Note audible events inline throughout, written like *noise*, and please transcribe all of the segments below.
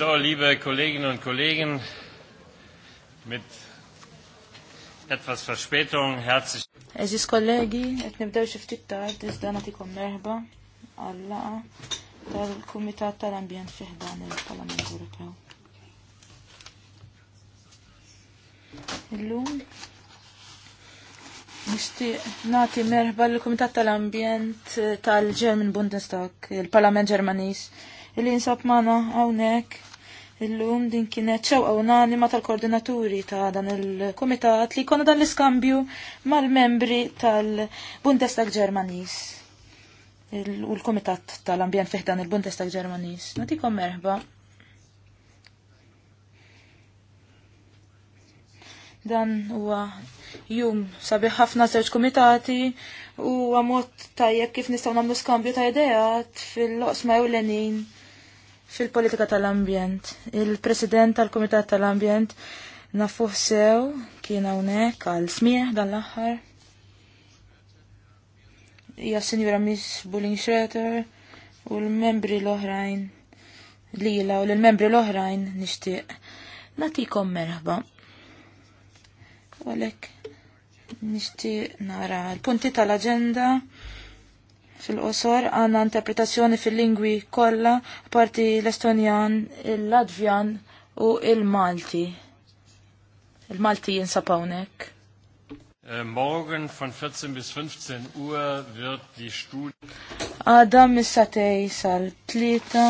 So, liebe Kolleginnen und Kollegen, mit etwas Verspätung herzlich. Eżis kollegi, et nibdew xiftit tard, iżda natikom merħba għalla tal-Kumitat tal-Ambjent fiħdan il-Parlament Ewropew. Illum nixtieq nagħti merħba l-Kumitat tal-Ambjent tal-German Bundestag, il-Parlament Ġermaniż, illi jinsab magħna hawnhekk Illum din kienet ċewqa unanima tal-koordinaturi ta' dan il-komitat li kona dan l-iskambju mal-membri tal-Bundestag Ġermanis. U l-komitat tal-ambjent fih dan il-Bundestag Ġermanis. Natikom merħba. Dan huwa jum sabiħ ħafna żewġ komitati u għamot tajjeb kif nistgħu nagħmlu skambju ta' ideat fil-loqsma ewlenin. l-enin fil-politika tal-ambjent. Il-president tal-komitat tal-ambjent nafuħ sew kien hawnhekk għal smieħ dan l-aħħar. Hija sinjura Miss Bulling Schroeder u l-membri l-oħrajn lila u l-membri l-oħrajn nixtieq. Natikom merħba. U għalhekk nixtieq nara l-punti tal-aġenda fil-qosor għanna interpretazzjoni fil-lingwi kolla, parti l-Estonjan, il-Latvjan u il-Malti. Il-Malti jinsapawnek. Äh, morgen von 14 bis 15 Uhr wird die Studie. Għada missatej sal-tlieta.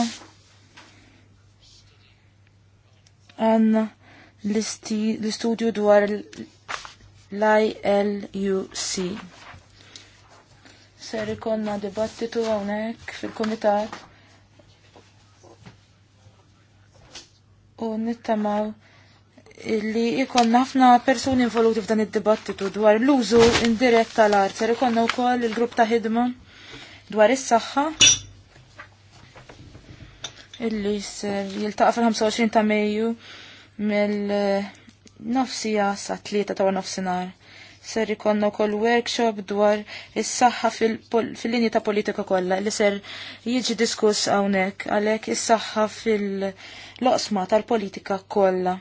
Anna l-istudju dwar l-ILUC ser ikonna dibattitu hawnhekk fil-kumitat u nittamaw li ikonna ħafna persuni involuti f'dan id-dibattitu dwar l-użu indirett tal-art. Ser ikonna wkoll il-grupp ta' ħidma dwar is-saħħa illi ser jiltaqa' fil-25 ta' Mejju mill-nofsija sa' tlieta ta' nofsinhar ser ikonna wkoll workshop dwar is-saħħa fil-linji ta' politika kollha li ser jiġi diskuss hawnhekk għalhekk is-saħħa fil-loqsma tal-politika kollha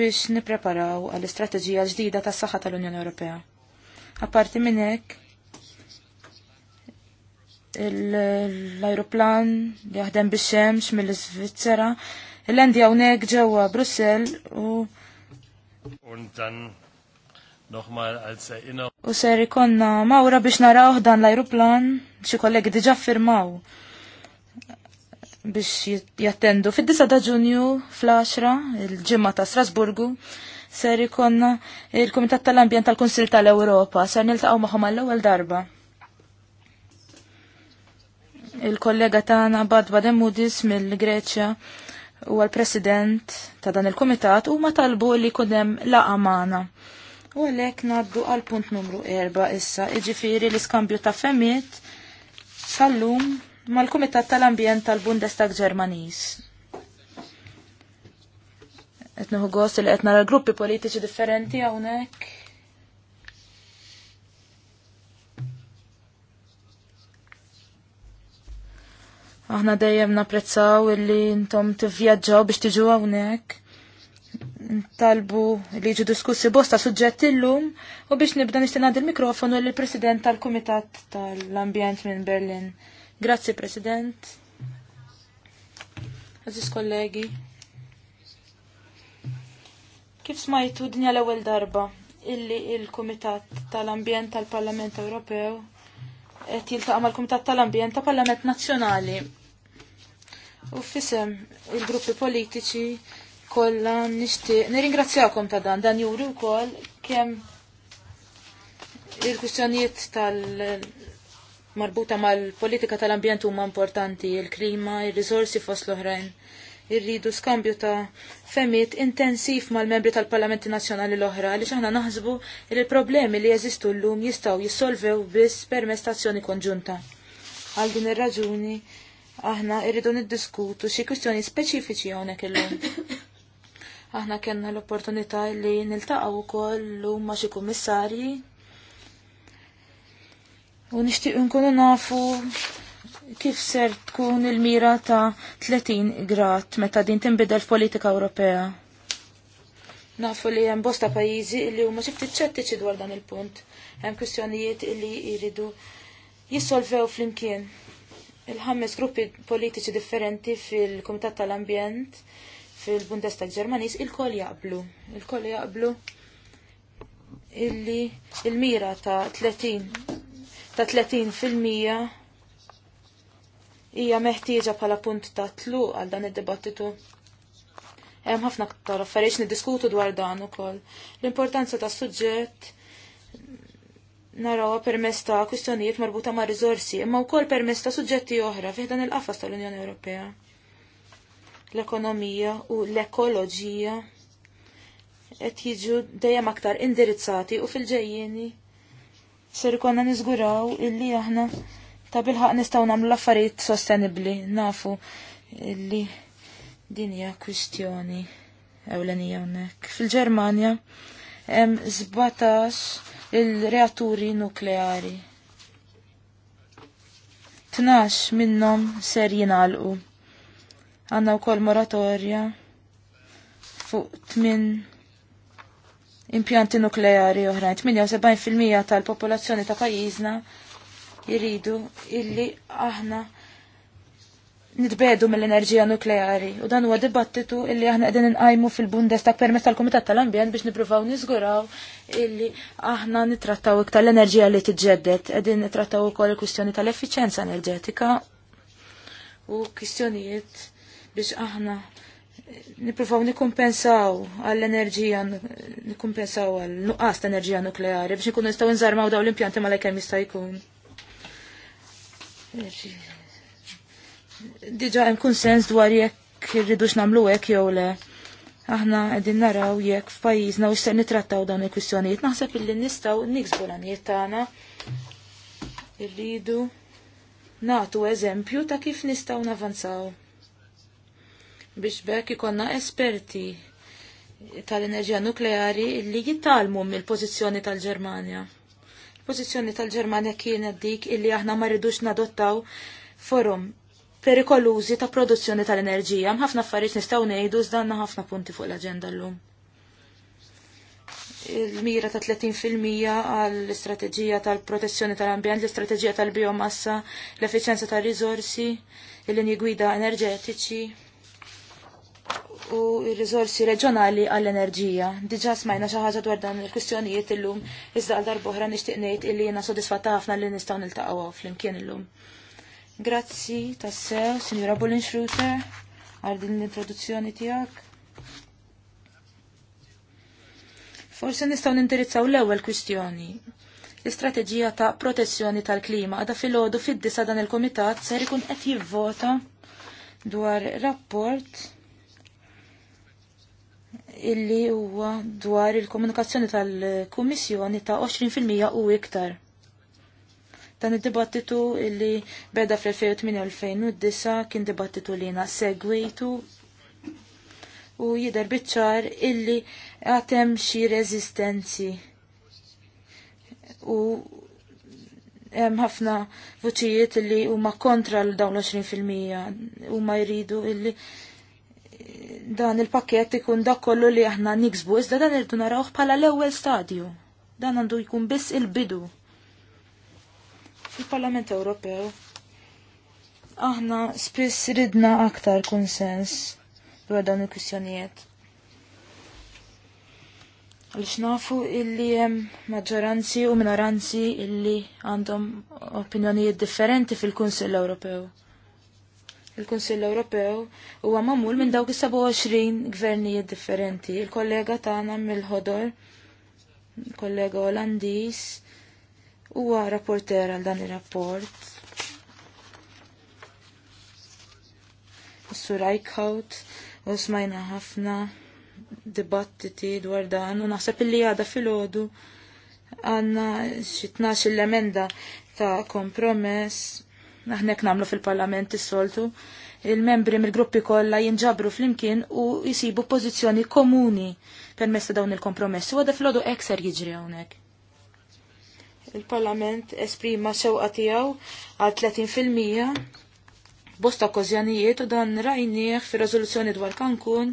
biex nippreparaw għall istrateġija ġdida tas saħħa tal-Unjoni Ewropea. Apparti minn hekk l-ajruplan li jaħdem biex xemx mill-Svizzera, l-endi hawnhekk ġewwa Brussell u Und dann U ser ikonna mawra biex narawh dan l-ajruplan xi kollegi diġa firmaw biex jattendu. Fid-9 ta' Ġunju fl-10 il-ġimgħa ta' Strasburgu ser ikonna il-Kumitat tal-Ambjent tal-Kunsil tal-Ewropa ser niltaqgħu magħhom għall-ewwel darba. Il-kollega tagħna Bad Bademudis mill-Greċja u għal-president ta' dan il-komitat u ma talbu li kunem laqa maħna U għalek naddu għal punt numru 4 issa, iġifiri l-iskambju ta' femiet sal-lum mal-Kumitat tal-Ambjent tal-Bundestag Ġermanis. Etnuħu għos li etna l-gruppi politiċi differenti għawnek. Aħna dejjem napprezzaw illi intom tivvjaġġaw biex tiġu hawnhekk ntalbu li ġu diskussi bosta suġġett illum u biex nibda nishtina il-mikrofonu l-President tal-Kumitat tal-Ambjent minn Berlin. Grazzi, President. Aziz kollegi. Kif smajtu dinja l ewwel darba illi il-Kumitat tal-Ambjent tal-Parlament Ewropew qed ma mal-Kumitat tal-Ambjent tal-Parlament Nazzjonali. U fisem il-gruppi politiċi Kolla nixtieq nirringrazzjakom ta' dan dan juri wkoll kemm il-kwistjonijiet tal- marbuta mal-politika tal-ambjent huma importanti, il-klima, il-risorsi fost l-oħrajn. Irridu skambju ta' femiet intensiv mal-membri tal-Parlamenti Nazzjonali l-oħra li aħna naħsbu li l-problemi li jeżistu llum jistgħu jissolvew biss permezz ta' azzjoni konġunta. Għal din ir-raġuni aħna irridu niddiskutu xi kwistjoni speċifiċi hawnhekk illum. Aħna kellna l-opportunità li niltaqgħu wkoll lum ma' xi kummissarji. U nixtieq nkunu nafu kif ser tkun il-mira ta' 30 grad meta din tinbidel f'politika Ewropea. Nafu li hemm bosta pajjiżi li huma xi ftit ċettiċi dwar dan il-punt. Hemm kwistjonijiet li jridu jissolvew flimkien il-ħames gruppi politiċi differenti fil kumitat tal-Ambjent fil-Bundestag Ġermanis il-kol jaqblu. Il-kol jaqblu illi il-mira ta' 30 ta' 30 fil-mija hija meħtieġa bħala punt ta' tlu għal dan id-dibattitu. Hemm ħafna ktar affarijiet niddiskutu dwar dan ukoll. L-importanza ta' suġġett narawha permezz ta' kwistjonijiet marbuta ma' riżorsi, imma wkoll permezz ta' suġġetti oħra fih dan il-qafas tal-Unjoni Ewropea l-ekonomija u l-ekoloġija qed jiġu dejjem aktar indirizzati u fil-ġejjieni ser ikonna niżguraw illi aħna ta' bilħaq nistgħu nagħmlu l-affarijiet sostenibbli nafu illi din hija kwistjoni ewlenija hawnhekk. Fil-Ġermanja hemm 17 il-reatturi nukleari. Tnax minnhom ser jingħalqu għanna u kol moratorja fuq tmin impjanti nukleari oħrajn. 78% tal-popolazzjoni ta' pajjiżna jiridu illi aħna nitbedu mill-enerġija nukleari u dan huwa dibattitu illi aħna qegħdin inqajmu fil-Bundestag permezz tal-Kumitat tal-Ambjent biex nippruvaw niżguraw illi aħna nittrattaw iktar l-enerġija li tiġġedded, qegħdin nittrattaw ukoll il-kwistjoni tal-effiċjenza enerġetika u kwistjonijiet biex aħna niprofaw nikompensaw għall-enerġija, nikompensaw għall-nuqqas ta' enerġija nukleari biex nkunu nistaw nżarmaw daw l-impjanti ma lajkem jista' jkun. Diġa hemm kunsens dwar jekk irridux nagħmlu hekk jew le. Aħna qegħdin naraw jekk f'pajjiżna u x'ser nitrattaw dawn il-kwistjonijiet. Naħseb illi nistgħu niksbu l-għanijiet tagħna irridu nagħtu eżempju ta' kif nistgħu navanzaw biex bekk ikonna esperti tal-enerġija nukleari li jittalmu mill-pożizzjoni tal-Ġermanja. Il-pożizzjoni tal-Ġermanja kienet dik illi aħna ma rridux nadottaw forum perikolużi ta' produzzjoni tal-enerġija. Mħafna affarijiet nistgħu ngħidu danna ħafna punti fuq l-aġenda llum. Il-mira ta' 30% għall-istrateġija tal-protezzjoni tal-ambjent, l-istrateġija tal-biomassa, l efficienza tal rizorsi il-linji gwida enerġetiċi, u r rizorsi reġjonali għall-enerġija. Diġà smajna xi ħaġa dwar dan il-kwistjonijiet illum iżda għal darb'oħra nixtieq ngħid illi jiena sodisfatta ħafna li nistgħu niltaqgħu flimkien illum. Grazzi tassew, Sinjura Bolin Schruter, għal din l-introduzzjoni tiegħek. Forse nistgħu nindirizzaw l-ewwel kwistjoni l-istrateġija ta' protezzjoni tal-klima. Għada fil-ħodu fid-disa dan il-komitat ser ikun qed jivvota dwar rapport illi huwa dwar il-komunikazzjoni tal-Kummissjoni ta' 20% u iktar. Dan id-dibattitu illi beda fl-2008-2009 kien dibattitu li na segwitu u jider bitċar illi għatem xi rezistenzi u hemm ħafna voċijiet illi huma kontra l dawn l-20% huma jridu illi dan il-pakket ikun dak kollu li aħna niksbu, iżda dan irdu narawh bħala l-ewwel stadju. Dan għandu jkun biss il-bidu. Il-Parlament Ewropew aħna spiss ridna aktar konsens dwar dawn il-kwistjonijiet. Għalix nafu illi jem maġġoranzi u minoranzi illi għandhom opinjonijiet differenti fil-Kunsill Ewropew il-Kunsill Ewropew huwa mamul minn dawk is-27 gvernijiet differenti. Il-kollega tagħna mill-ħodor, kollega Olandiż, huwa rapporter għal dan ir-rapport. Sur Eichhout, u smajna ħafna dibattiti dwar dan u naħseb illi għada fil-ħodu għanna xitnax l-emenda ta' kompromess naħnek namlu fil-parlament is-soltu, il-membri mill-gruppi kollha jinġabru fl-imkien u jisibu pożizzjoni komuni permessa dawn il kompromess u għada fil-ħodu ekser jiġri hawnhekk. Il-Parlament esprima xewqa tiegħu għal 30% bosta okkożjonijiet u dan rajnieh fir riżoluzzjoni dwar Cancun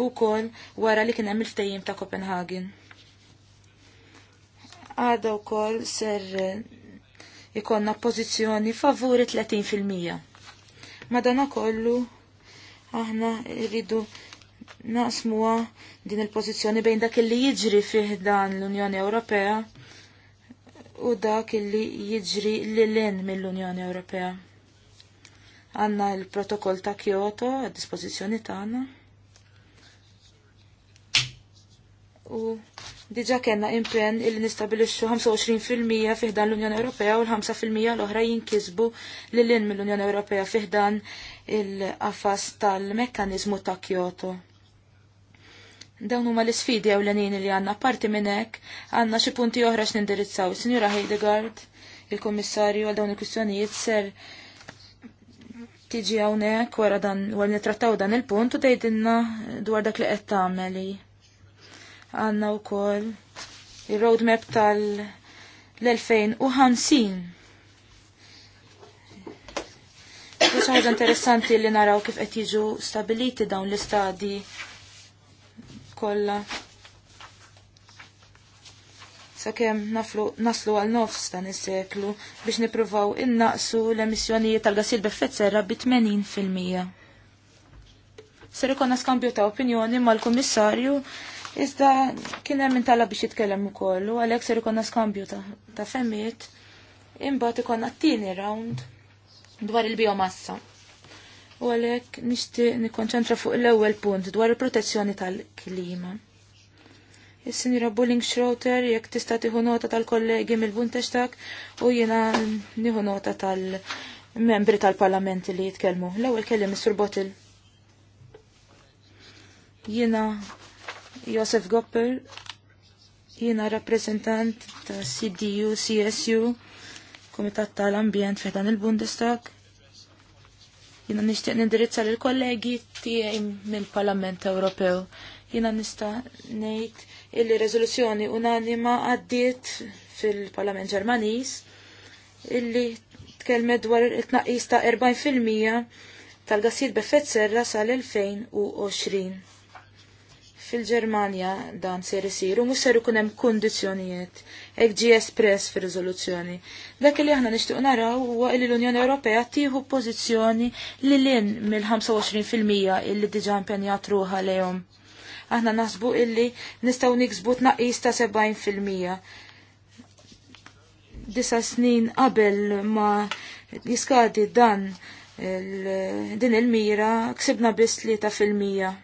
u kol wara li kien hemm il-ftejjim ta' Copenhagen. Għada wkoll ser ikonna pożizzjoni favuri 30%. Madana kollu aħna rridu naqsmuha din il-pożizzjoni bejn dak li jiġri fih dan l-Unjoni Ewropea u dak li jiġri lil-in mill-Unjoni Ewropea. Għanna il-protokoll ta' Kyoto għad dispożizzjoni tagħna. U Diġa kena impen il nistabilixxu 25% fiħdan l-Unjoni Ewropea u l-5% l-oħra jinkisbu l lin mill-Unjoni Ewropea fiħdan il-qafas tal-mekkanizmu ta' Kyoto. Dawn huma l-isfidi ewlenin li għandna parti minn hekk għandna xi punti oħra x'nindirizzaw. Sinjura Heidegard, il-Kummissarju għal dawn il-kwistjonijiet ser tiġi hawnhekk wara dan wara nittrattaw dan il-punt u tgħidilna dwar dak li qed tagħmel għanna u kol il-roadmap tal-2050. Biex ħaġa interessanti li naraw kif qed jiġu stabiliti dawn l-istadi kollha. Sakemm naslu għal nofs dan is-seklu biex nippruvaw innaqsu l-emissjonijiet tal-gassil b'effett serra bi 80 fil-mija. Ser ikonna skambju ta' opinjoni mal-Kummissarju Iżda kien hemm intala biex jitkellem ukoll u għalhekk ser ikonna skambju ta' femmiet imbagħad ikonna t-tieni round dwar il-biomassa. U għalhekk nixtieq nikkonċentra fuq l-ewwel punt dwar il-protezzjoni tal-klima. Is-sinjura Bulling Schroeter jekk tista' tieħu nota tal-kollegi mill-Bundestag u jiena nieħu nota tal-membri tal-parlamenti li jitkellmu. L-ewwel kelli, is-Sur Jiena Josef Gopper, jiena rappresentant ta' CDU, CSU, Komitat tal-Ambjent fih dan il-Bundestag. Jiena nixtieq nindirizza lil kollegi tiegħi mill-Parlament Ewropew. Jiena nista' ngħid illi reżoluzzjoni unanima għaddiet fil-Parlament Ġermaniż illi tkellmet dwar it-tnaqqis ta' 40% tal-gassijiet b'effett serra sal-2020 Fil-Ġermanja dan ser isir u mhux ser ikun hemm kundizzjonijiet hekk ġie espress fir-riżoluzzjoni. Dak li aħna nixtieq naraw huwa li l-Unjoni Ewropea tieħu pożizzjoni li lin mill-25% illi diġà impenjat ruħha lejhom. Aħna naħsbu illi nistgħu niksbu tnaqis ta' 70%. Disa snin qabel ma jiskadi dan din il-mira ksibna biss li ta' fil-mija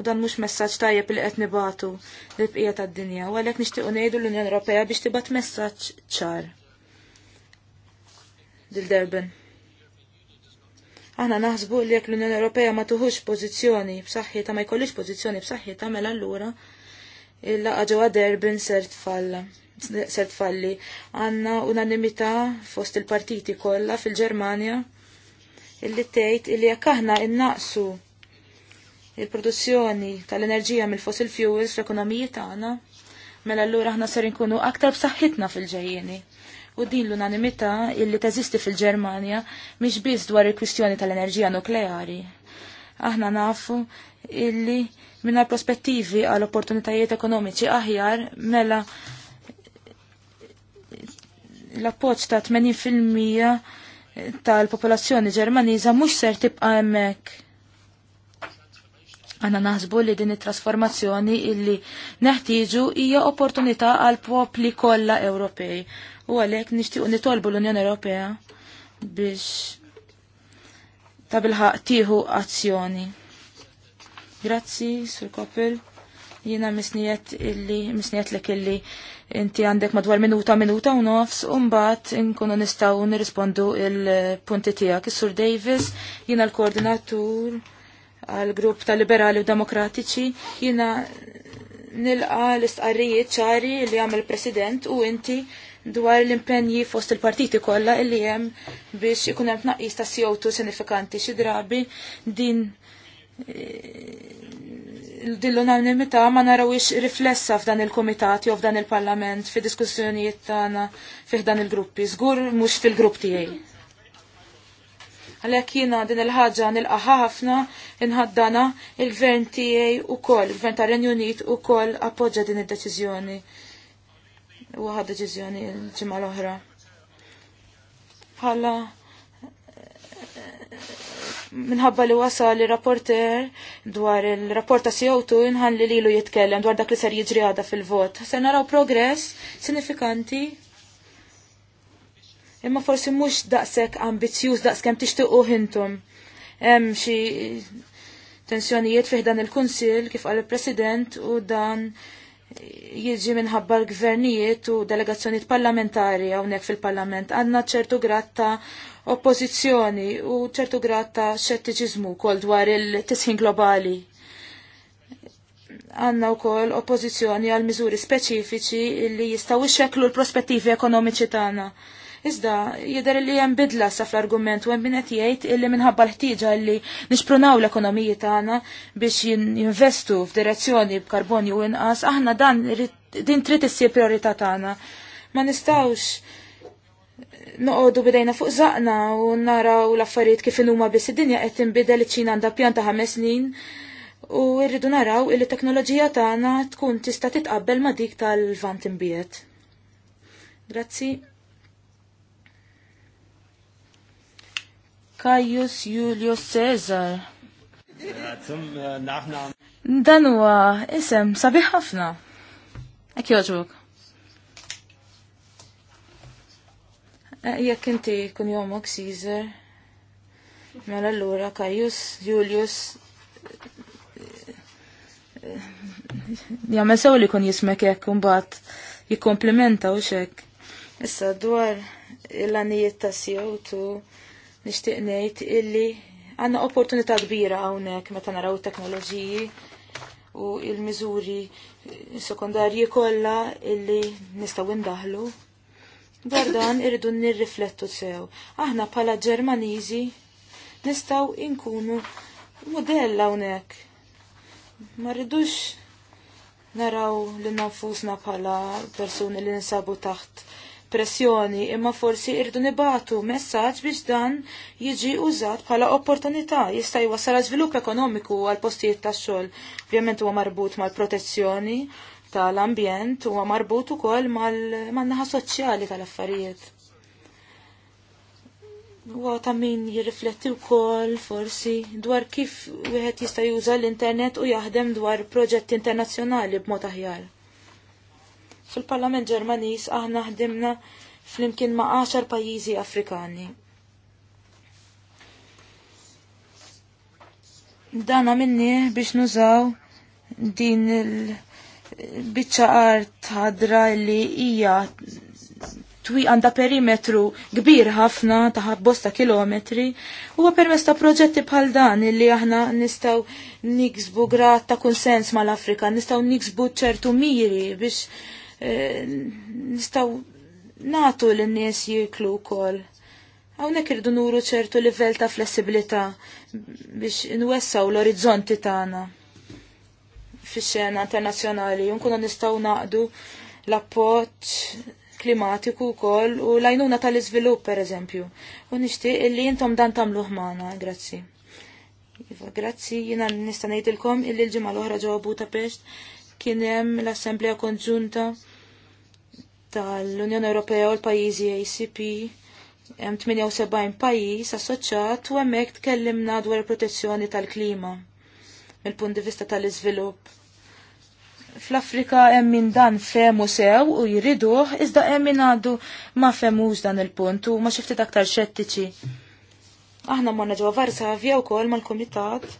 U dan mhux messaġġ tajjeb li qed nibatu lill-bqija tad-dinja, u għalhekk nixtiequ ngħidu l-Unjoni Ewropea biex tibgħat messaġġ ċar. Dil derben. Aħna naħsbu li jekk l-Unjoni Ewropea ma tuħux pożizzjoni b'saħħitha ma jkollix pożizzjoni b'saħħitha mela allura il-laqa ġewwa derbin ser tfalla ser tfalli. Għanna unanimità fost il-partiti kollha fil-Ġermanja illi tgħid illi jekk aħna innaqsu il-produzzjoni tal-enerġija mill-fossil fuels fl-ekonomiji tagħna, mela allura aħna ser inkunu aktar b'saħħitna fil ġejjieni U din l-unanimità illi teżisti fil-Ġermanja mhix biss dwar il-kwistjoni tal-enerġija nukleari. Aħna nafu illi minna prospettivi għal opportunitajiet ekonomiċi aħjar mela l-appoċ ta' 80% tal-popolazzjoni ġermaniża mhux ser tibqa' hemmhekk. Għanna naħsbu li din it-trasformazzjoni illi neħtieġu hija opportunità għal popli kollha Ewropej. U għalhekk nixtiequ nitolbu l-Unjoni Ewropea biex tabilħaq tieħu azzjoni. Grazzi, Sur Koppel. Jiena misniet illi, misniet lek illi inti għandek madwar minuta minuta u nofs, mbagħad inkunu nistaw nirrispondu il-punti tijak. Sur Davis, jiena l-koordinatur għal grupp ta' liberali u demokratiċi jina nilqa l-istqarrijiet ċari li għam il-president u inti dwar l-impenji fost il-partiti kolla illi jem biex ikun hemm tnaqqis ta' CO2 sinifikanti xi drabi din eh, din l-unanimità ma narawix riflessa f'dan il komitati u f'dan il-parlament fi diskussjonijiet tagħna fih dan il-gruppi. Żgur mhux fil-grupp tiegħi. Għalhekk jiena din il-ħaġa nilqa ħafna inħaddana il-gvern tiegħi ukoll, il-gvern tar renju Unit ukoll appoġġa din id-deċiżjoni. U deċiżjoni deċizjoni ġimgħa l-oħra. Bħala minħabba li wasal li rapporter dwar il-rapport ta' CO2 inħalli lilu jitkellem dwar dak li ser jiġri għada fil-vot. Se naraw progress sinifikanti Imma forsi mhux daqshekk ambizjuż daqskemm tixtiequ hintom. Hemm xi tensjonijiet fih dan il kunsil kif qal il-President u dan jiġi minħabba l-gvernijiet u delegazzjoniet parlamentari hawnhekk fil-Parlament għandna ċertu grat ta' oppożizzjoni u ċertu grat ta' xettiċiżmu kol dwar il-tisħin globali. Għanna u kol oppożizzjoni għal miżuri speċifiċi li jistaw ixxeklu l-prospettivi ekonomiċi tagħna. Iżda jidher li hemm bidla saf l argument u hemm min qed jgħid illi minħabba l-ħtieġa li nixprunaw l-ekonomiji tagħna biex jinvestu f'direzzjoni b'karbonju inqas, aħna dan din trid issir priorità tagħna. Ma nistgħux noqogħdu bidejna fuq zaqna u naraw l-affarijiet kif huma biss id-dinja qed tinbidel iċ-Ċina għandha pjanta ħames snin u rridu naraw il teknoloġija tagħna tkun tista' titqabbel ma' dik tal-vant imbiet. Grazzi. Kajus Julius Cesar. Äh, Dan huwa isem sabiħ ħafna. Ek joġbok. Eh, jekk inti kun jomok Caesar, mela l-lura Kajus Julius eh, jagħmel sew li kun jismek hekk imbagħad jikkomplimenta u xek. Issa dwar il-għanijiet ta' CO2 Nixtieq ngħid illi għandna opportunità kbira hawnhekk meta naraw teknoloġiji u il-miżuri sekondarji kollha illi nistgħu indaħlu. Dwar dan irridu nirriflettu sew. Aħna bħala Ġermaniżi nistgħu inkunu modell hawnhekk. Ma rridux naraw li nafusna bħala persuni li nsabu taħt pressjoni, imma forsi irdu nibatu messaġġ biex dan jiġi użat bħala opportunità jista' jwassal żvilupp ekonomiku għal postijiet tax-xogħol. Ovvjament huwa marbut mal-protezzjoni tal-ambjent huwa marbut ukoll mal-naħa soċjali tal-affarijiet. Huwa ta' min jirrifletti wkoll forsi dwar kif wieħed jista' juża l-internet u jaħdem dwar proġetti internazzjonali b'mod aħjar. Fil-Parlament Ġermaniż aħna ħdimna flimkien ma' 10 pajjiżi Afrikani. Dana minni biex nużaw din il-bicċa art ħadra li hija twi għanda perimetru kbir ħafna ta' bosta kilometri u permess ta' proġetti bħal dan li aħna nistaw niksbu grat ta' konsens mal-Afrika, nistaw niksbu ċertu miri biex Eh, nistaw natu l-nies jirklu kol. Għawnek irdu nuru ċertu livell ta' flessibilità biex nwessaw l-orizzonti tagħna fix-xena internazzjonali, nkunu nistgħu naqdu l appoċ klimatiku wkoll u l-għajnuna tal-iżvilupp pereżempju. U nixtieq illi jintom dan tagħmluh magħna, grazzi. Iva, grazzi, jina nista' ngħidilkom illi l-ġimgħa l-oħra ġewwa Budapest kien hemm l-Assembleja Konġunta tal-Unjoni Ewropea u l-pajjiżi ACP hemm 78 pajjiż assoċjat u hemmhekk tkellimna dwar il-protezzjoni tal-klima mill-punt di vista tal-iżvilupp. Fl-Afrika hemm min dan femu sew u jriduh, iżda hemm min għadu ma femux dan il-punt u ma xi ftit aktar xettiċi. Aħna morna ġewwa Varsavja wkoll mal-Kumitat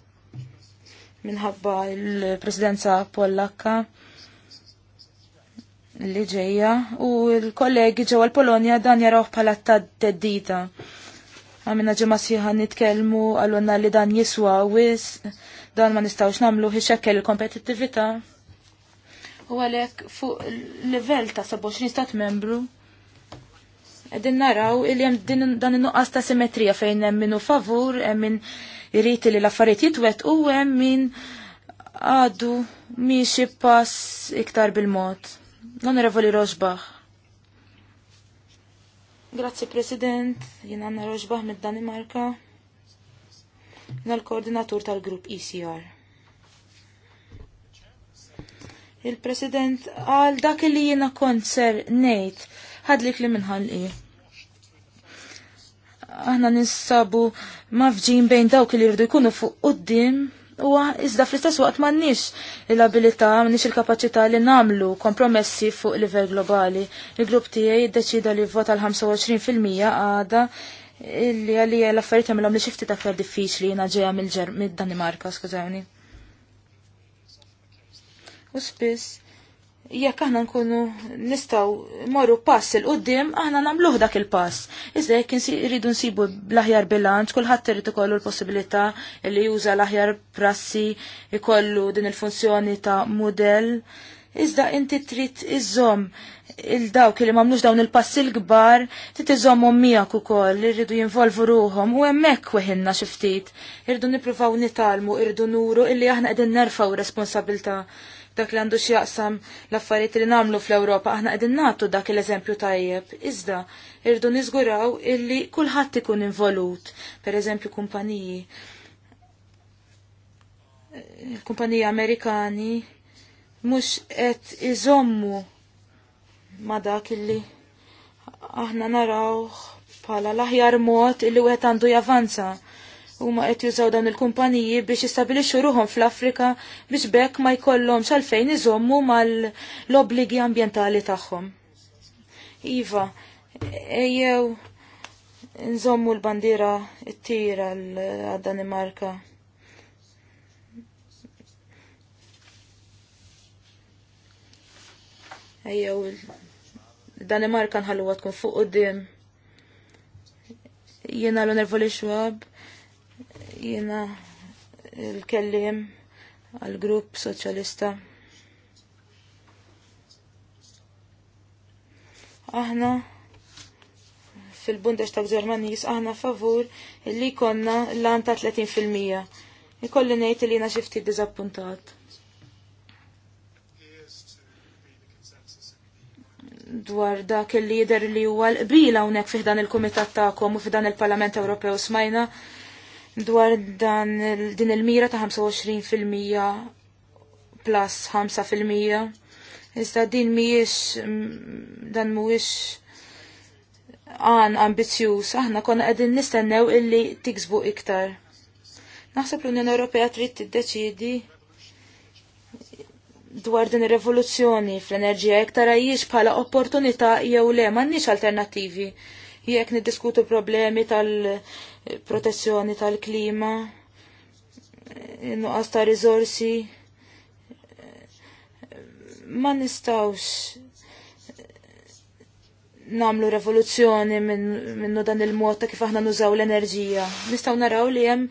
minħabba l-Presidenza Pollakka li ġejja u l-kollegi ġew l-Polonja dan jarawh bħala tad-teddita. Għamina ġimma sħiħa nitkellmu għallonna li dan jiswa wis, dan ma nistawx namlu ħiċekkel il-kompetittivita. U għalek fuq level ta' 27 stat membru, Għedin naraw il jem dan il-nuqqas ta' simetrija fejn hemm minu favur, hemm min irriti li l-affarijiet jitwet u hemm min għadu miexi pass iktar bil-mod. L-Onorevoli Rosbach. Grazzi President, jien Anna Rosbach mid-Danimarka, jien l-koordinatur tal-grupp ECR. Il-President għal dak li jiena kont nejt, ħadlik li i. Aħna ninsabu mafġin bejn dawk li jirdu jkunu fuq qoddim u iżda fl-istess waqt m'għandniex l-abilità, m'għandniex il-kapaċità li nagħmlu kompromessi fuq livell globali. Il-grupp tiegħi jiddeċida li vvota l-25% għada li għalija l-affarijiet għamilhom li xifti aktar diffiċli jiena ġejja mill-Danimarka, skużawni. U spiss jekk aħna nkunu nistaw morru pass il-qoddim, aħna namluħ dak il-pass. Iżda jekk irridu nsibu l-aħjar bilanċ, kulħadd irid ikollu l-possibilità li juża l-aħjar prassi, ikollu din il-funzjoni ta' modell. Iżda inti trid iżomm il-dawk li m'għamlux dawn il pass il kbar trid iżommhom miegħek ukoll, li rridu jinvolvu ruhom u hemmhekk weħinna xi ftit. Irridu nippruvaw nitalmu, irridu nuru illi aħna qegħdin nerfaw responsabilta' dak li għandu x'jaqsam l-affarijiet li nagħmlu fl-Ewropa aħna qegħdin nagħtu dak l-eżempju tajjeb. Iżda irdu niżguraw illi kulħadd ikun involut, pereżempju kumpaniji. Kumpaniji Amerikani mhux qed iżommu ma dak illi aħna narawh bħala l-aħjar mod illi wieħed għandu javanza huma qed jużaw dawn il-kumpaniji biex jistabilixxu ruhom fl-Afrika biex bekk ma jkollhomx għalfejn iżommu mal obbligi ambjentali tagħhom. Iva, ejjew nżommu l-bandira t-tira għad-Danimarka. Ejjew, Danimarka nħallu tkun fuq u Jena l-onervoli xwab Jiena il-kellim għal-grupp soċjalista. Aħna fil ta' Ġermanis aħna favur li konna l-an ta' 30%. Ikolli ngħid li jiena xi ftit diżappuntat. dwar dak il-lider li huwa l qbila hawnhekk fih dan il-Kumitat tagħkom u fih dan il-Parlament Ewropew smajna dwar dan din il-mira ta' 25% plus 5%. Iżda din mhijiex dan mhuwiex għan ambizzjuż, aħna konna qegħdin nistennew illi tiksbu iktar. Naħseb l-Unjoni Ewropea trid tiddeċiedi dwar din ir-revoluzzjoni fl-enerġija iktar għajjiex bħala opportunità jew le m'għandniex alternattivi. Jekk niddiskutu problemi tal- protezzjoni tal-klima, nuqqas ta' rizorsi, Ma nistawx namlu revoluzzjoni minnu dan il-mod ta' kif aħna nużaw l-enerġija. Nistaw naraw li hemm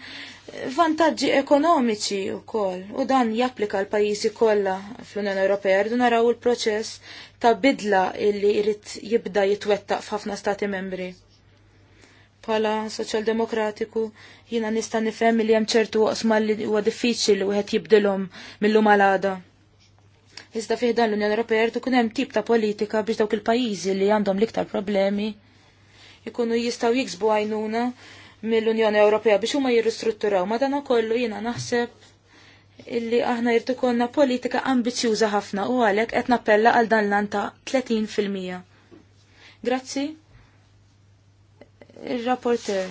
vantaġġi ekonomiċi wkoll u dan japplika l pajjiżi kollha fl-Unjoni Ewropea rridu naraw il-proċess ta' bidla illi jrid jibda jitwettaq f'ħafna stati membri pala soċjaldemokratiku jina nista' nifhem li hemm ċertu oqsma li huwa diffiċli wieħed jibdilhom mill għalada. Iżda fih dan l-Unjoni Ewropea jrid ikun hemm tip ta' politika biex dawk il-pajjiżi li għandhom l-iktar problemi ikunu jistgħu jiksbu għajnuna mill-Unjoni Ewropea biex huma jirristrutturaw. Madana kollu jiena naħseb illi aħna jrid ikunna politika ambizjuża ħafna u għalhekk qed nappella għal dan l-anta 30 fil-mija. Grazzi. Il-rapporter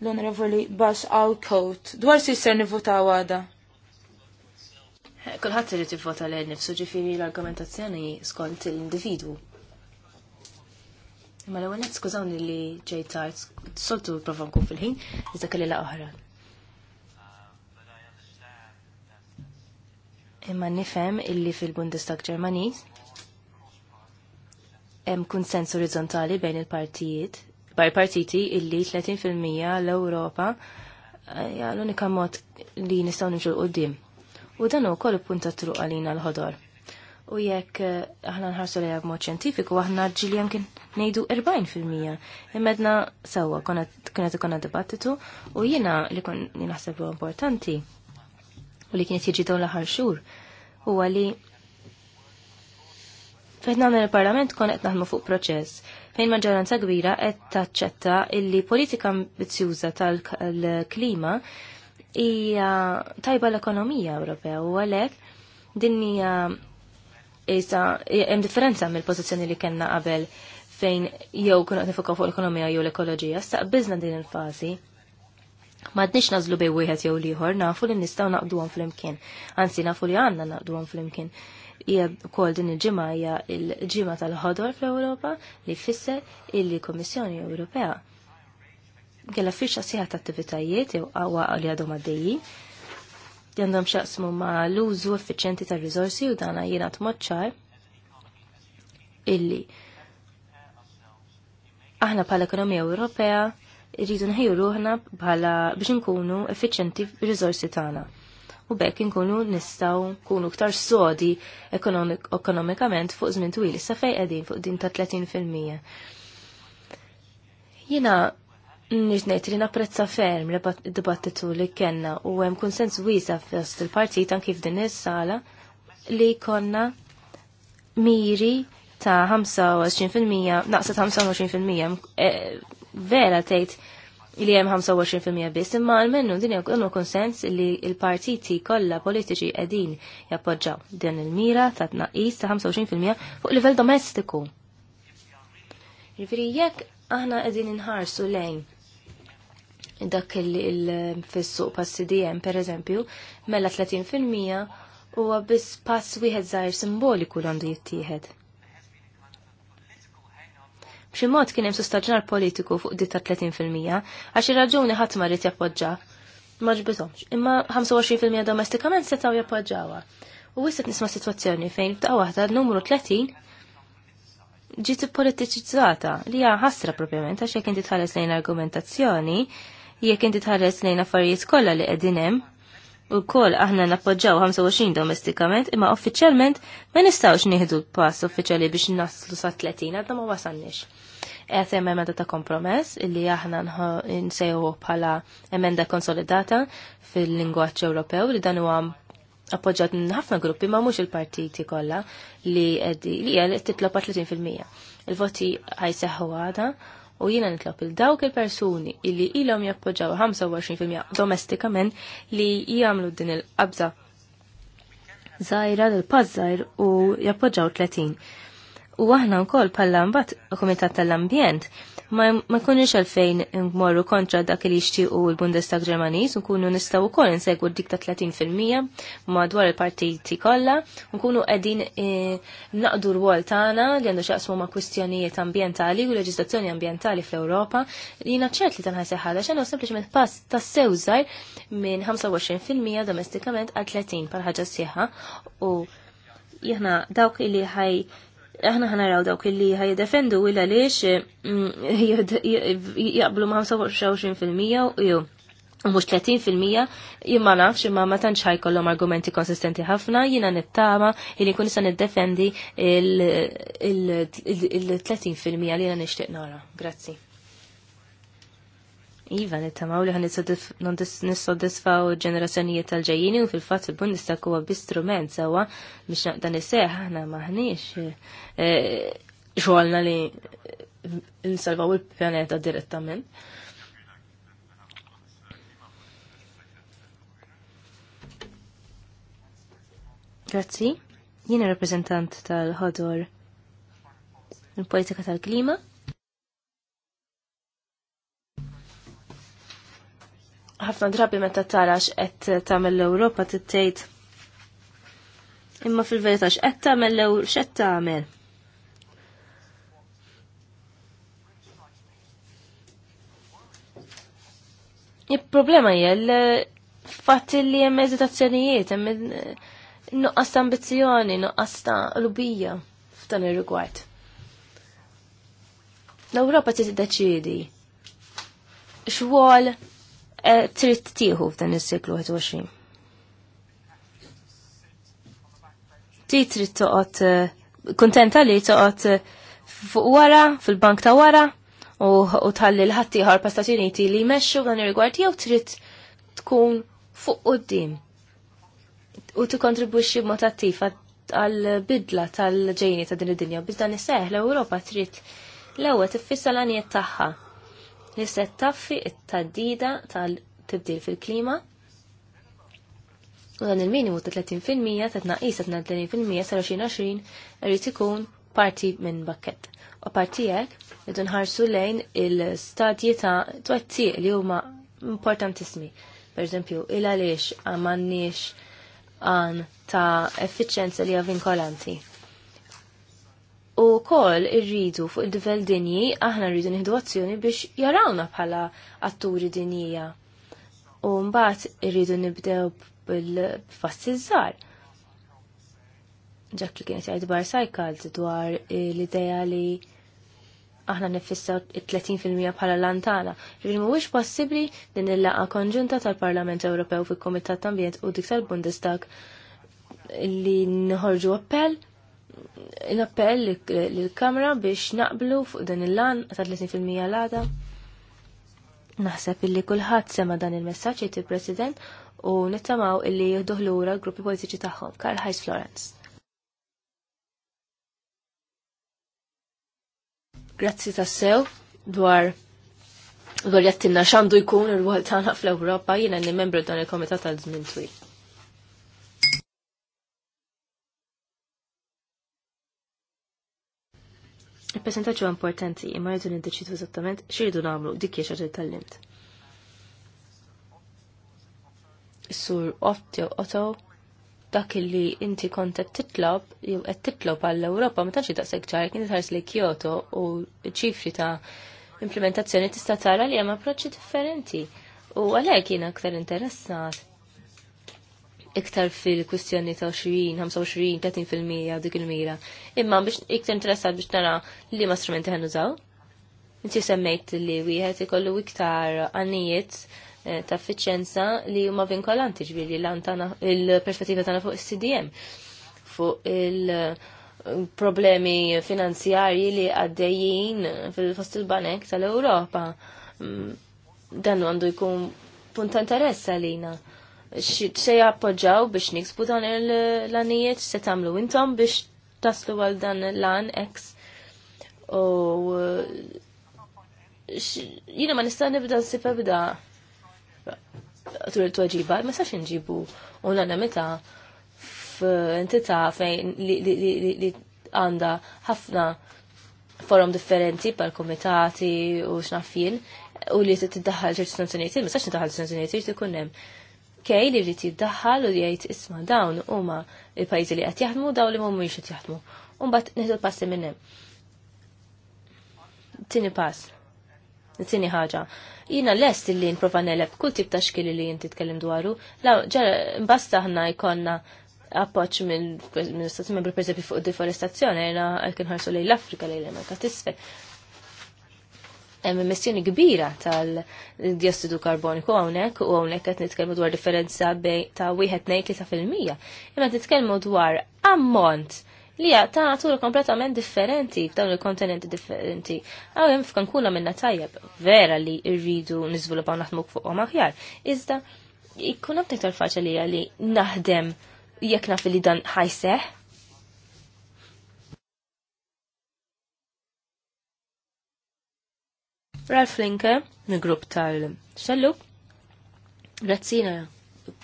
l-onorevoli Bas Alcoat dwar si ser nivvota għada. Kulħadd irid jivvota lejn nifsu ġifieri l-argumentazzjoni skont l-individwu. Imma l-ewwel skużawni li ġej tard, soltu provanku nkun fil-ħin, iżda kelli la oħra. Imma nifhem illi fil-Bundestag Ġermaniż hemm konsens orizzontali bejn il-partijiet, bar partiti illi 30% l-Ewropa hija l-unika mod li nistgħu nimxu l-qudiem. U dan ukoll punta truq għalina l-ħodor. U jekk eh, aħna nħarsu li mod ċentifiku aħna ġili jemkin nejdu 40%. Immedna sewwa kienet ikonna dibattitu u jiena li kon naħsebu importanti u li kienet jiġi dawn l-aħħar xhur huwa li Fejn nagħmel il-Parlament kon qed naħdmu fuq proċess fejn maġġoranza kbira qed taċċetta illi politika ambizzjuża tal-klima hija tajba l-ekonomija Ewropea u għalhekk din hija issa hemm differenza mill-pożizzjoni li kellna qabel fejn jew kun qed nifokaw fuq l-ekonomija jew l-ekoloġija, staqbiżna din il-fażi Madnix nażlu bej wieħed jew liħor, nafu li nistgħu naqduhom flimkien. Anzi nafu li għandna naqduhom flimkien hija wkoll din il-ġimgħa hija l-ġimgħa tal-ħodor fl-Ewropa li jfisser illi Kummissjoni Ewropea kellha firxa sieħa ta' attivitajiet jew għawa li għadhom għaddejjin li għandhom xaqsmu ma' l-użu effiċjenti tar rizorsi u dana jiena tmoċċar illi aħna bħala ekonomija Ewropea irridu nħejju ruħna bħala biex nkunu effiċjenti rizorsi tagħna u bekk inkunu nistaw kunu ktar sodi ekonomikament fuq żmien twil issa fej qegħdin fuq din ta' 30%. Jiena Nirnejt li napprezza ferm dibattitu li kenna u hemm konsens wiesa fost il-partit anki f'din is-sala li konna miri ta' 25% naqsa ta' 25% e, vera tgħid li jem 25% biss, imma għal-mennu din jgħu konsens li il-partiti kollha politiċi qegħdin jappoġġaw din il-mira ta' tnaqis ta' 25% fuq livell domestiku. Jiġifieri jekk aħna qegħdin inħarsu lejn dak il-fissuq pass CDM per eżempju, mela 30% huwa biss pass wieħed zaħir simboliku l għandu jittieħed B'xi mod kien hemm sostaġnar politiku fuq di ta' 30% għax ir-raġuni ħadd ma rrid jappoġġa. Ma ġbitomx. Imma 25% domestikament setgħu jappoġġawha. U wisset nisma' sitwazzjoni fejn f'daqqa waħda numru 30 ġiet politiċizzata li hija ħasra propjament għax jekk inti tħares lejn argumentazzjoni, jekk inti tħares lejn affarijiet kollha li qegħdin hemm, u kol aħna nappoġġaw 25 domestikament imma uffiċjalment ma nistawx nieħdu pass uffiċjali biex naslu sa 30 għadna ma wasalniex. Għet emenda ta' kompromess illi aħna nsejħu bħala emenda konsolidata fil-lingwaċ Ewropew li dan huwa appoġġat ħafna gruppi ma mhux il-partiti kollha li li hija titlob 30%. Il-voti ħajseħħu għada u jiena nitlob il dawk il-persuni illi ilhom jappoġġaw 25% domestikament li jagħmlu din il-qabża żgħira l pażżajr u jappoġġaw 30 u aħna wkoll bħala mbagħad Komitat tal-ambjent ma jkunux għalfejn mmorru kontra dak li jixtiequ l-Bundestag Ġermaniż nkunu nistgħu ukoll insegwu dik ta' 30% madwar il-partiti kollha nkunu qegħdin e, naqdu rwol tagħna li għandu x'aqsmu ma' kwistjonijiet ambjentali u leġiżlazzjoni ambjentali fl-Ewropa li naċċert li tanħaj seħħala x'għandu sempliċement pass ta' sew minn 25% domestikament għal 30 bħal ħaġa sieħa u jihna dawk li ħaj aħna ħana raw dawk illi ħajdefendu il għaliex mm, jaqblu ma' 25% jew u mux 30% jimma nafx imma ma tantx kollom argumenti konsistenti ħafna jiena nittama illi kun issa niddefendi il-30% li jiena nixtieq nara. Grazzi. Iva, nittamaw li għan nissodisfaw ġenerazzjonijiet tal-ġajjini u fil-fat il-Bundestag għab istrument sawa biex dan is-seħ aħna maħniex eh, eh, xogħolna li nsalvaw il-pjaneta direttament. Grazzi, jiena rappresentant tal-ħodor il-politika tal-klima. ħafna drabi meta tarax qed tagħmel l-Ewropa tittejt imma fil-verità x'qed tagħmel l x'qed tagħmel. Il-problema hija l-fatt li hemm eżitazzjonijiet, hemm nuqqas ta' ambizzjoni, nuqqas ta' lubija f'dan ir-rigward. L-Ewropa trid tiddeċiedi x'wol Eh, trid tieħu f'dan is-siklu 21. Ti trid toqgħod eh, kuntenta li toqgħod eh, fuq wara, fil-bank ta' wara, u tħalli l-ħattijħar pa' Stati Uniti li jmexxu dan ir-rigward jew trid tkun fuq qudiem u tikkontribwixxi b'mod attiv għall bidla tal-ġejni ta' din id-dinja. Biż dan is-seħ l-Ewropa trid l-ewwel tiffissa l tagħha li se taffi it-taddida tal-tibdil fil-klima u dan il-minimu ta' 30% ta' tnaqis ta' 30% sa' 2020 irrid ikun parti minn bakket. U parti hekk idu nħarsu lejn il-stadji ta' twettiq li huma importantissimi. Per eżempju, il għaliex għamanniex għan ta' effiċenza li vinkolanti u kol irridu fuq il divell dinji aħna rridu nieħdu azzjoni biex jarawna bħala atturi dinjija. U mbagħad irridu nibdew bil iż żgħar. Ġak li kienet jgħid bar cycles dwar l-idea li aħna fil 30% bħala lantana. Ġifri mhuwiex possibbli din il laqgħa konġunta tal-Parlament Ewropew fil-Kumitat Ambjent u dik tal-Bundestag li nħorġu appell inappell l-Kamra biex naqblu fuq dan il-lan ta' 30% l-għada. Naħseb illi kulħadd sema dan il-messaġġ jgħid il-President u nittamaw illi jieħduh lura l-gruppi politiċi tagħhom. Karl Heinz Florence. Grazzi tassew dwar dwar jattinna xandu jkun ir-rwol tagħna fl-Ewropa jiena li membru dan il-Komitat tal-Żmien Twil. il percentaċu importanti, imma rridu niddeċidu eżattament x'iridu nagħmlu dik hija xi tal-lint. Is-sur Otto Otto dak li inti kont qed titlob jew qed titlob għall ewropa ma tantx daqshekk ċar kien tħares li Kyoto u ċifri ta' implementazzjoni tista' tara li hemm approċċi differenti. U għalhekk jien aktar interessat iktar fil-kwistjoni ta' 20-25-30% dik il-mira. Imma biex iktar interessat biex nara li ma strumenti għan użaw. Inti semmejt li wieħed ikollu iktar għannijiet eh, ta' efficienza li huma vinkolanti ġbiri l-antana il-perspettiva tagħna fuq is-CDM fuq il-problemi finanzjarji li għaddejjin fil-fost il-banek tal-Ewropa. Mm, dan għandu jkun punt interess għalina se jappoġġaw biex niksbu dan l-anijiet, se tagħmlu intom biex taslu għal dan l-an ex. U uh, jiena ma nista' nibda nsib bda tul il tuħġiba ma sax nġibu u l-għana meta f'entità fejn li għanda ħafna forum differenti pal komitati u xnaffin u li t-tiddaħħal ċertu sanzjonijiet, ma sax t-tiddaħħal sanzjonijiet, ikun hemm kej li rrit jiddaħħal u jgħid isma dawn huma il-pajjiżi li qed jaħdmu daw li mhumiex qed jaħdmu. Mbagħad nieħdu l-passi minn hemm. Tieni pass. Tieni ħaġa. Jina lest li nprova nelef kull tip ta' xkili li jinti tkellem dwaru, la ġara mbasta ħna jkollna appoċ minn stati membri per fuq deforestazzjoni, jena kien ħarsu lejn l-Afrika lejn l-Amerika tisfel hemm emissjoni kbira tal-diossidu karboniku hawnhekk u hawnhekk qed nitkellmu dwar differenza bej ta' wieħed ngħid tlieta fil-mija. Imma titkellmu dwar ammont li ta' natura kompletament differenti f'dawn il-kontinenti differenti. Għaw hemm f'kankuna minna tajjeb vera li rridu niżviluppaw naħdmu fuqhom aħjar. Iżda jkun hemm iktar faċli li naħdem jekk naf li dan ħajseħ Ralf Linke, mill-grupp tal-xellu. Grazzina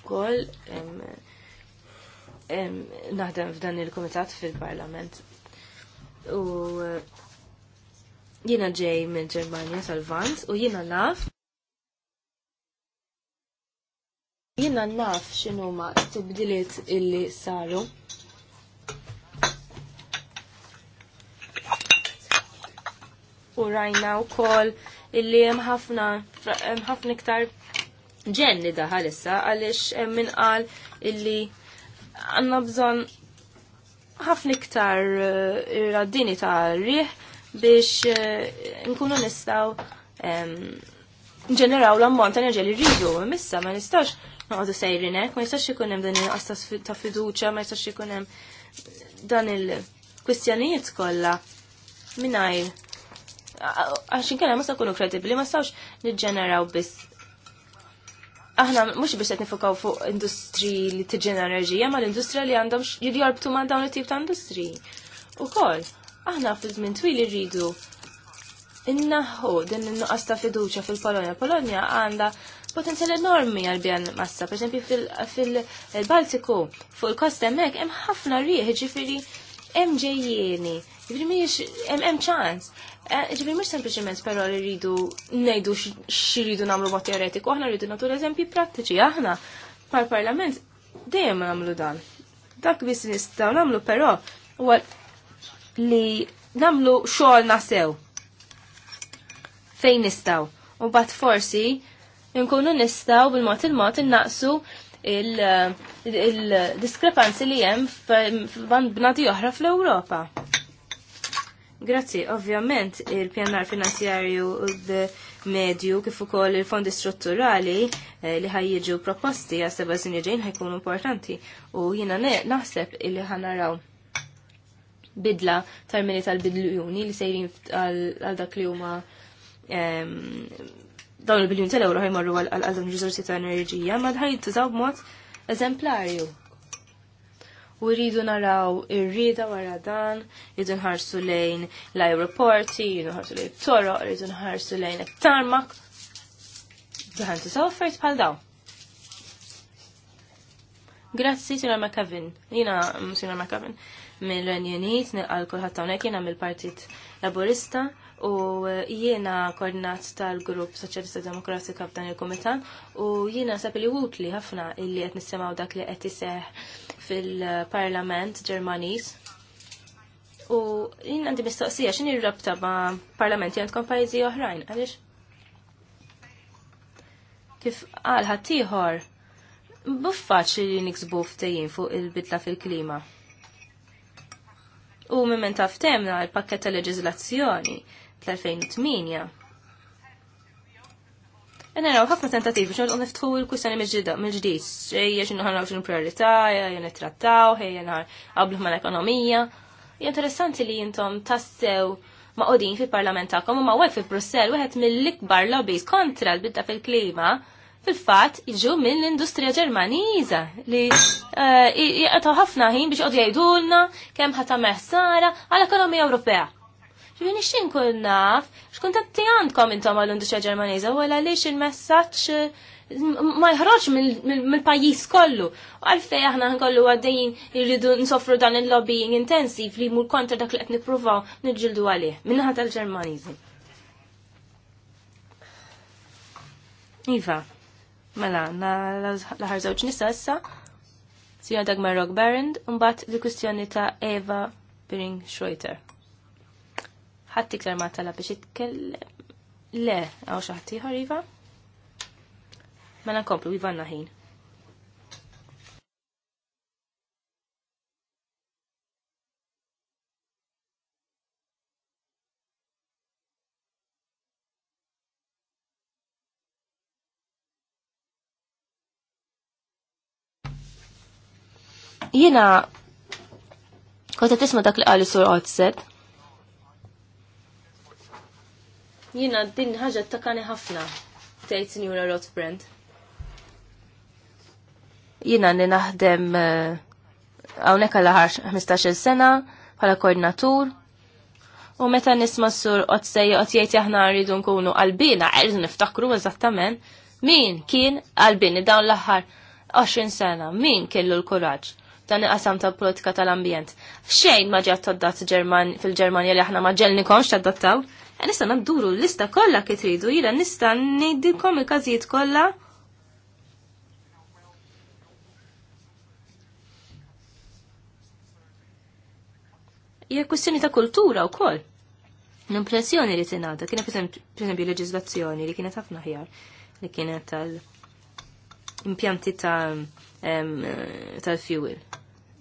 ukoll naħdem f'dan il-komitat fil-parlament. U eh, jiena ġej minn Ġermanja tal-Vant u jiena naf jiena naf xinu ma tibdiliet illi saru. U rajna wkoll illi hemm ħafna iktar ġenni daħal issa għaliex hemm min qal illi għandna bżonn ħafna iktar eh, raddini ta' rieħ biex eh, nkunu nistgħu nġeneraw l-ammont ta' enerġija li rridu, missa ma nistax noqogħdu sejrinek, ma jistax ikun hemm din il ta' fiduċja, ma jistax ikun hemm dan il-kwistjanijiet kollha mingħajr għaxin kena ma kunu kredibli, ma sawx nġeneraw bis. Aħna mux biex qed nifukaw fuq industri li t-ġenera reġija, ma l-industrija li għandhom jidjorbtu ma' dawn it-tip ta' industri. kol, aħna fil-żmien twili rridu innaħħu din in-nuqqas ta' fiduċja fil-Polonja. Polonja għandha potenzjal enormi għal bjan massa, per esempio fil-Baltiku, fuq il-kosta mek, hemm ħafna rieħ, ġifiri, hemm ġejjieni, ġifiri miex, hemm ċans. Eh, Ġifri mux sempliciment pero li rridu nejdu xiridu namlu ma teoretiku, aħna rridu natu eżempji prattiċi, aħna par parlament dejjem namlu dan. Dak bis nistaw namlu pero li namlu xogħol nasew. Fejn nistaw? U bat forsi nkunu nistaw bil-mod il-mod innaqsu il-diskrepanzi li jem f'band bnadi oħra fl-Ewropa Grazzi, ovvjament il-pjanar finanzjarju medju kif ukoll il-fondi strutturali eh, li ħajjiġu proposti għas seba' żmien ġejn ħajkunu importanti u jiena naħseb illi ħanaraw bidla termini tal bidljuni li sejrin għal dak li huma dawn il-biljun tal-euro ħajmarru għal dawn il-rizorsi ta' enerġija, ma dħajt b'mod eżemplarju u rridu naraw ir-rida wara dan, rridu nħarsu lejn l-aeroporti, rridu nħarsu lejn toro, rridu nħarsu lejn it-tarmak. Daħan t offert bħal daw. Grazzi, Sina McAvin! Jina, mm, Sina McAvin, mill-Renjoniet, nil-għal kullħat jina mill-Partit Laburista u e, jiena koordinat tal-grupp Soċjalista Demokratika f'dan il-Kumitan u jiena sab li wutli ħafna illi qed nisimgħu dak li qed iseħħ fil-Parlament Ġermaniż. U jien għandi mistoqsija x'inhi r-rabta ma' parlamenti għandkom pajjiżi oħrajn għaliex? Kif qal ħaddieħor buffaċ li niksbu ftejjin fuq il-bidla fil-klima. U minn minn taftemna l-pakket ta' leġizlazzjoni tal-2008. Enna raw ħafna tentativi xogħol u niftħu l-kwistjoni mill-ġdid. Ejja x'inhu ħanraw x'inhu priorità, ejja nittrattaw, ejja nhar qablu mal-ekonomija. interessanti li intom tassew ma' qodin fil-parlament tagħkom u ma' wek fil-Brussell wieħed mill-ikbar lobbies kontra l-bidda fil-klima fil-fatt jiġu mill-industrija Ġermaniża li eh, jgħataw ħafna ħin biex qogħdu jgħidulna kemm ħata meħsara għall-ekonomija Ewropea. Ġifi xin kun naf, x'kuntatti għandkom intom għall-industrija Ġermaniza, u għaliex il-messaġġ eh, ma jħroġ mill-pajjiż kollu. Għalfej aħna nkollu għaddejjin irridu nsofru dan il-lobbying intensiv li mur kontra dak li qed nippruvaw niġġildu għalih minnaħa tal-Ġermaniżi. Iva, mela, laħar żewġ nisa issa, Sija Dagmar Rock Barend, mbagħad li kwistjoni ta' Eva Bering Schroeter ħadd iktar ma tala biex jitkellem. Le, għaw xaħat ieħor iva? Mela nkomplu ivanna ħin. Jena, kota tisma dak li għali sur Otzed, Jina din ħaġa takani ħafna, tgħid Sinjura Rotbrand. Jina li naħdem eh, hawnhekk għal ħar 15-il sena bħala koordinatur. U meta nisma' sur qod sejja qod jgħid aħna rridu nkunu qalbina, qed niftakru eżattament min kien qalbini dawn l-aħħar 20 sena, min kellu l-kuraġġ dan il-qasam ta' politika tal-ambjent. Xejn ma ġat tad-dat fil-Ġermanja li aħna ma ġelnikomx tad-dattaw. E nista' nabduru l-lista kollha kif tridu, jiena nista' ngħidilkom il-każijiet kollha. Hija kwestjoni ta' kultura wkoll. L-impressjoni li tingħata kienet pereżempju leġislazzjoni li kienet ħafna ħjar li kienet tal-impjanti eh, tal-fuel tal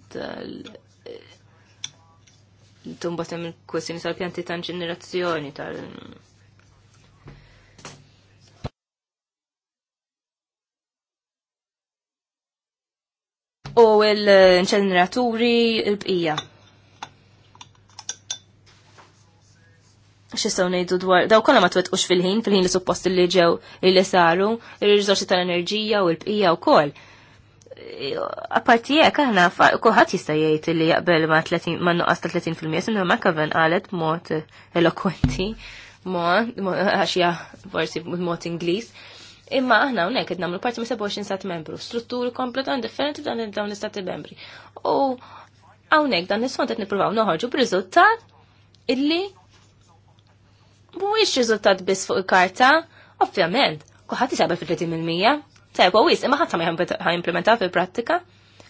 ta' tal-fjuwil tumbat hemm il-kwestjoni tal-pjanti ta' ġenerazzjoni tal- U l-ġeneraturi l bqija xistaw nejdu dwar, daw kolla ma twetqux fil-ħin, fil-ħin li suppost li ġew li saru, il-rizorsi tal-enerġija u l-bqija u koll jek aħna kuħat jista' jgħid li jaqbel ma' 30 ma' nuqqas ta' 30% sinna kaven qalet b'mod elokwenti għax għaxja forsi b'mod Ingliż. Imma aħna hawnhekk qed nagħmlu parti ma' 27 stat membru, strutturi kompletament differenti dan dawn l-istati membri. U hawnhekk dan is-sont qed nippruvaw noħorġu b'riżultat illi mhuwiex riżultat biss fuq il-karta, ovvjament, kuħadd isabel fil-30 mija tajba wis, imma ħadd ma implementaw fil-prattika.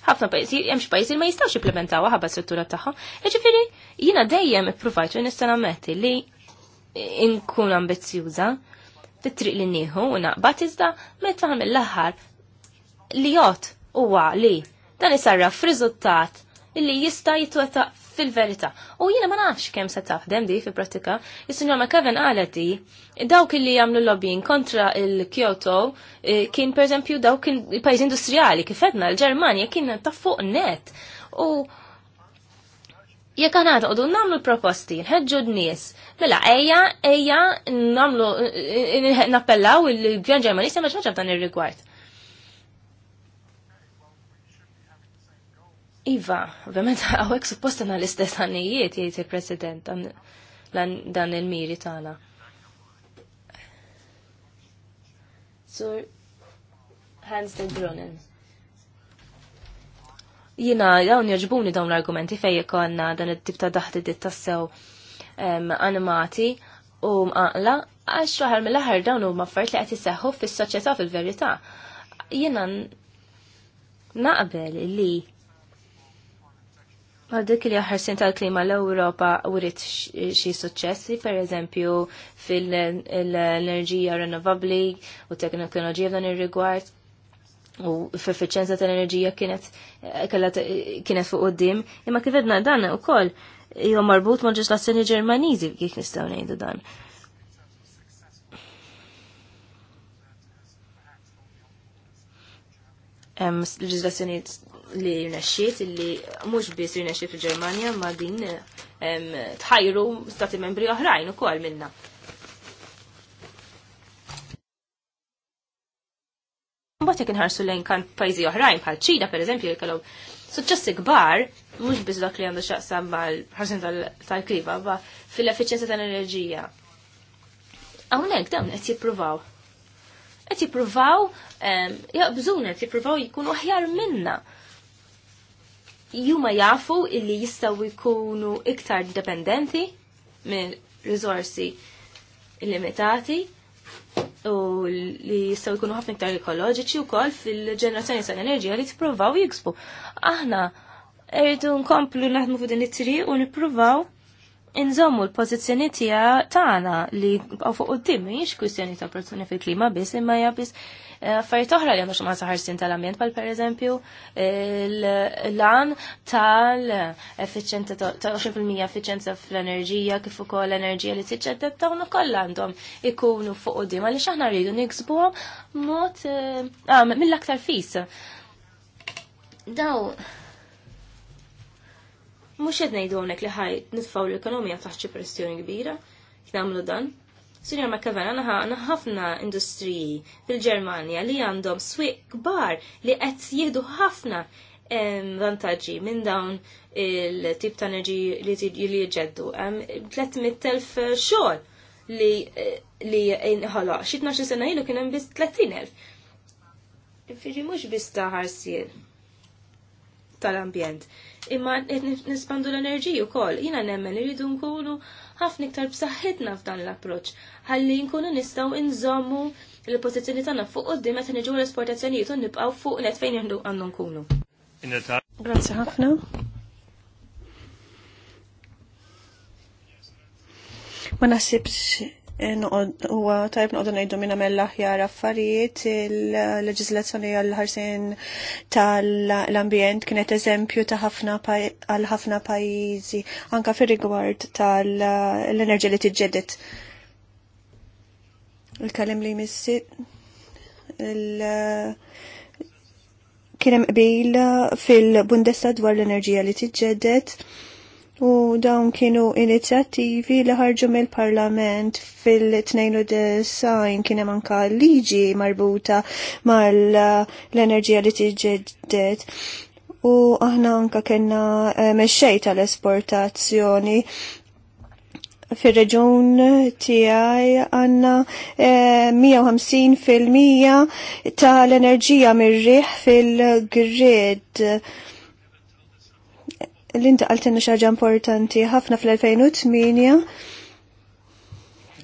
Ħafna pajjiżi hemm xi pajjiżi ma jistgħux implementaw ħabba struttura tagħhom. Jiġifieri jiena dejjem ippruvajt u nista' nammetti li inkun ambizzjuża fit-triq li nieħu u naqbad iżda meta mill-aħħar li jgħod huwa li dan isarraf f'riżultat li jista' jitwettaq fil-verità. U jiena ma nafx kemm se taħdem di fil-prattika, is-Sinjor Kevin qalet di dawk li jagħmlu lobbying kontra il-Kyoto eh, kien pereżempju dawk il-pajjiż industrijali kif edna l-Ġermanja kien ta' net. U jekk aħna għadu nagħmlu proposti, nħedġu d-nies, mela ejja ejja nagħmlu eh, eh, nappellaw il-Gvern Ġermaniż ma ġabdan ir-rigward Iva, ovvjament *laughs* għawek suppost għanna l-istess għannijiet jgħid il-President dan il-miri tagħna. Sur Hans de Gronen. Jina, dawn joġbuni dawn l-argumenti fej konna dan it-tip ta' daħt id tassew animati u mqaqla għax raħar mill-aħar dawn huma affarijiet li qed seħu fis-soċjetà fil-verità. Jiena naqbel li Ma' dik li ħarsin tal-klima l-Ewropa writ xi suċċessi, per eżempju fil-enerġija rinnovabbli u teknoloġija f'dan ir-rigward u f'effiċenza tal-enerġija kienet kienet fuq qudiem, imma kif edna dan ukoll jew marbut ma' ġeslazzjoni Ġermaniżi kif nistgħu ngħidu dan. leġislazzjoni li rinaxxiet li mhux biss rinaxxiet fil-Ġermanja ma din tħajru stati membri oħrajn ukoll minna. Mbagħad jekk inħarsu lejn kan pajjiżi oħrajn bħal ċina pereżempju li kellhom suċċessi kbar mhux biss dak li għandu x'aqsam mal-ħarsin tal-kliba, ba' fil-effiċjenza tal-enerġija. Hawnhekk dawn qed jippruvaw qed jippruvaw ehm, jaqbżun qed jippruvaw jkunu aħjar minna. Juma jafu illi jistgħu jkunu iktar dipendenti minn rizorsi illimitati u li jistgħu jkunu ħafna iktar ekoloġiċi wkoll fil-ġenerazzjoni tal-enerġija li tippruvaw jiksbu. Aħna rridu nkomplu naħdmu fuq din it-triq u nippruvaw inżommu l-pozizjoni tija tana li għaw fuq uddim, miex kwistjoni ta' protezzjoni fil-klima bis, imma hija bis eh, affarijiet oħra li għamax ma' saħarsin tal-ambjent, pal per eżempju l-lan tal-efficienza ta' 20% efficienza fl-enerġija kif ukoll l-enerġija li ta' dawn ukoll għandhom ikunu fuq uddim għaliex aħna rridu niksbuhom mod eh, ah, mill-aktar fis. Daw, Mux qed ngħidu li ħaj nitfaw l-ekonomija taħt xi pressjoni kbira, nagħmlu dan. Sinjor McAvena, naħa ħafna industriji fil-Ġermanja li għandhom swieq kbar li qed jieħdu ħafna vantaġġi minn dawn il-tip ta' enerġi li jġeddu. 300.000 eh, xogħol li eh, li inħala. Xi 12 sena ilu kien hemm biss 30,000. Firri mhux biss ta' ħarsien tal-ambjent imma qed nispandu l-enerġiju wkoll. Jiena nemmen irridu nkunu ħafna iktar b'saħħitna f'dan l-approċċ ħalli nkunu nistgħu nżommu l-pożizzjoni tagħna fuq qudiem meta niġu l-esportazzjonijiet u nibqgħu fuq net fejn jieħdu għandu nkunu. Grazzi ħafna. Ma nasibx Eh, huwa tajb noqogħdu ngħidu minn għamel l-aħjar affarijiet il-leġiżlazzjoni għall-ħarsin tal-ambjent kienet eżempju ta' ħafna għal ħafna pajjiżi anka fir-rigward tal-enerġija li tiġġedet. Il-kalim li missi il- kienem qbil fil-Bundessa dwar l-enerġija li tiġġedet u dawn kienu inizjattivi li ħarġu mill-Parlament fil-92 kien hemm anka liġi marbuta mal-enerġija l li tiġġedded. U aħna anka kena eh, meċċej tal-esportazzjoni fil-reġun tiegħi għandna 150% eh, tal-enerġija mir-riħ fil-grid. fil grid l-inti għaltinna xaġa importanti ħafna fl-2008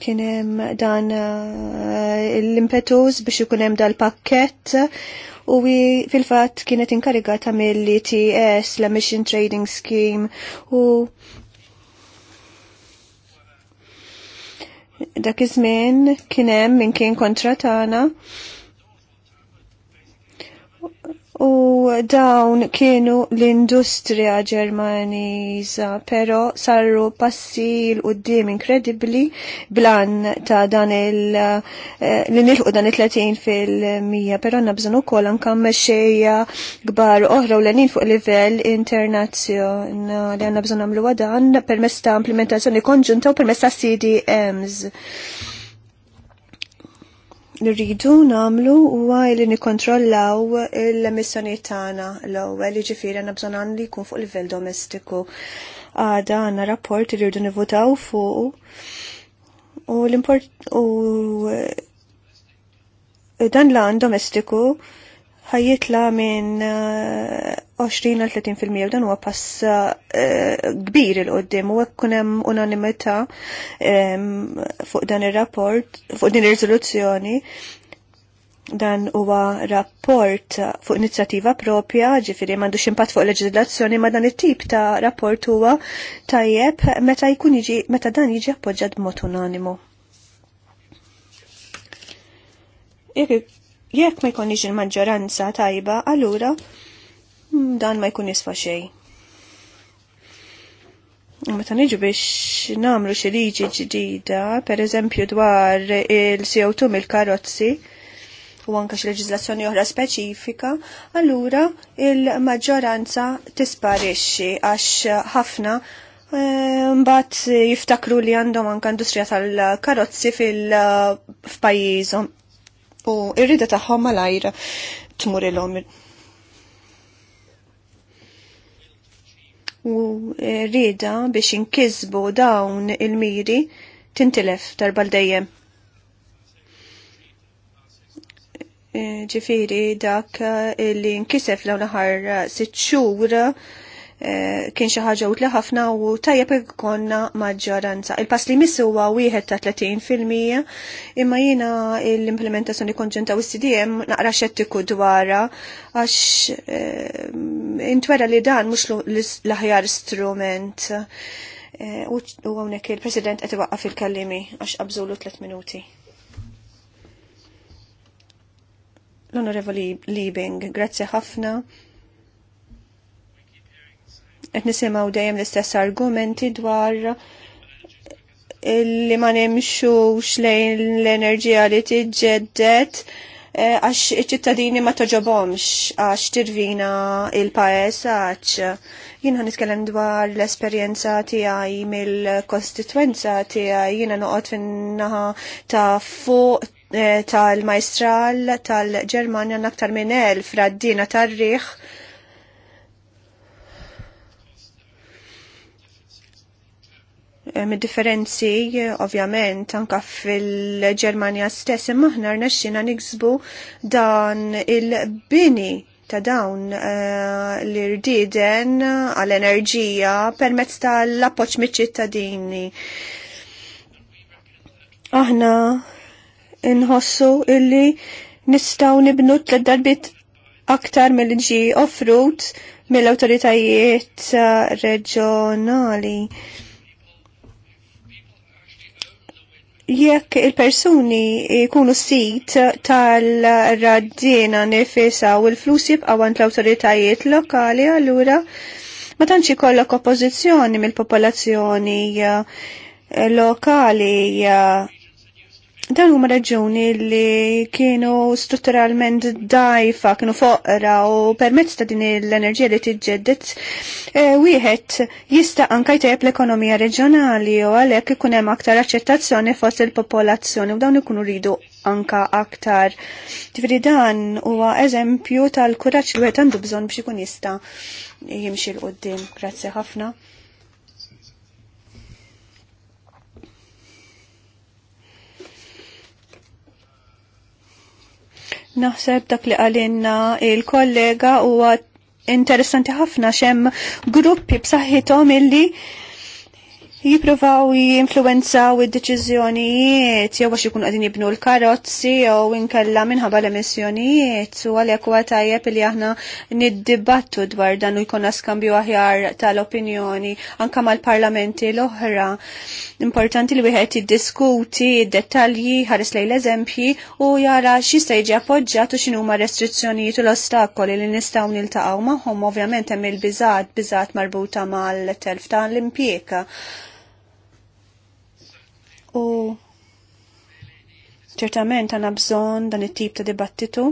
kienem dan eh, l-impetus biex ikunem dal-pakket u fil-fat kienet inkarigata mill-ETS, l-Emission Trading Scheme u dak iż-żmien kien hemm min kien kontra tagħna U dawn kienu l-industrija ġermaniza, pero sarru passi l-qoddim inkredibli blan ta' dan il- eh, li nilħu dan il-30 fil-100, pero nabżan u kolan ankan meċxejja gbar oħra u l-għanin fuq livell internazzjonali għanna bżon għamlu għadan permess ta' implementazzjoni konġunta u permess ta' CDMs. Nirridu namlu huwa li nikkontrollaw l-emissjoni tagħna l-ewwel jiġifieri għandna bżonn li jkun fuq livell domestiku. Għada għanna rapport li rridu nivutaw fuq u l-import u dan l-għan domestiku ħajjitla minn 20 eh, 30% u dan huwa pass eh, kbir il qoddim u hekk kun hemm unanimità fuq dan ir-rapport, fuq din ir-riżoluzzjoni dan huwa rapport fuq inizjattiva propja, ġifiri m'għandux impatt fuq leġiżlazzjoni, ma dan it-tip ta' rapport huwa tajjeb meta jkun jiġi meta dan jiġi appoġġjat b'mod unanimu jekk ma jkunix il-maġġoranza tajba, allura dan ma jkun jisfa xej. Meta niġu biex namlu xi liġi ġdida, per eżempju dwar il-CO2 mill-karozzi, u anka xi leġiżlazzjoni oħra speċifika, allura il-maġġoranza tisparixxi għax ħafna eh, mbagħad jiftakru li għandhom anke industrija tal-karozzi fil-pajjiżhom u irrida tagħhom malajr tmur ilhom. U rrida biex inkisbu dawn il-miri tintilef darba dejjem e, Ġifiri dak e, li nkisef l-għu naħar sitxura Eh, kien xi ħaġa utli ħafna u tajjeb ikonna maġġoranza. Il-pass li missu huwa wieħed ta' 30 fil-mija, imma jiena l-implementazzjoni konġenta u CDM naqra xettiku dwarha għax eh, intwera li dan mhux l-aħjar strument. Eh, u għonek il-President qed iwaqqa fil-kallimi għax qabżulu 3 minuti. L-Onorevoli Liebing, grazie ħafna qed nisimgħu dejjem l-istess argumenti dwar li ma nimxux lejn l-enerġija li tiġġeddet eh, għax iċ-ċittadini ma toġobomx għax tirvina il paes għax ħan nitkellem dwar l-esperjenza tiegħi mill-kostituenza tiegħi jiena noqgħod fin-naħa ta' fuq eh, tal-majstral tal-Ġermanja aktar minn elf raddina tar-riħ Eh, differenzi ovvjament anka fil germania stess imma aħna rnexxina niksbu dan il-bini ta' dawn eh, l-irdiden għall-enerġija permezz tal-appoċ miċ-ċittadini. Aħna inħossu illi nistaw nibnu tlet darbit aktar mill-ġi offrut mill-autoritajiet eh, reġjonali. jekk il-persuni jkunu sit tal-radjena nifisa u l-flus jibqaw għand l-autoritajiet lokali, allura ma tantx ikollok oppożizzjoni mill-popolazzjoni eh, lokali eh, Dan huma raġuni li kienu strutturalment dajfa, kienu foqra u permezz ta' din l-enerġija li tiġġedded eh, wieħed jista' anka jtejjeb l-ekonomija reġjonali u għalhekk ikun hemm aktar aċċettazzjoni fost il-popolazzjoni u dawn ikunu ridu anka aktar. Tifri dan huwa eżempju tal-kuraġġ li wieħed għandu bżonn biex ikun jista' jimxi l-qudiem. Grazzi ħafna. Naħseb dak li għalinna il-kollega huwa interessanti ħafna xem gruppi b'saħħithom illi jipruvaw jinfluenzaw id-deċizjonijiet jew għax ikun għadin jibnu l-karozzi jew inkella minħabba l-emissjonijiet u għalhekk huwa tajjeb li aħna niddibattu dwar dan u jkollna skambju aħjar tal-opinjoni anke mal-parlamenti l-oħra. Importanti li wieħed jiddiskuti id-dettalji ħares lejn l-eżempji u jara x'jista' jiġi appoġġjat u x'inhu huma restrizzjonijiet u l-ostakoli li nistgħu niltaqgħu magħhom ovvjament hemm il-biżgħat biżgħat marbuta mal-telf l impjeka u ċertament għana bżon dan it-tip ta' dibattitu.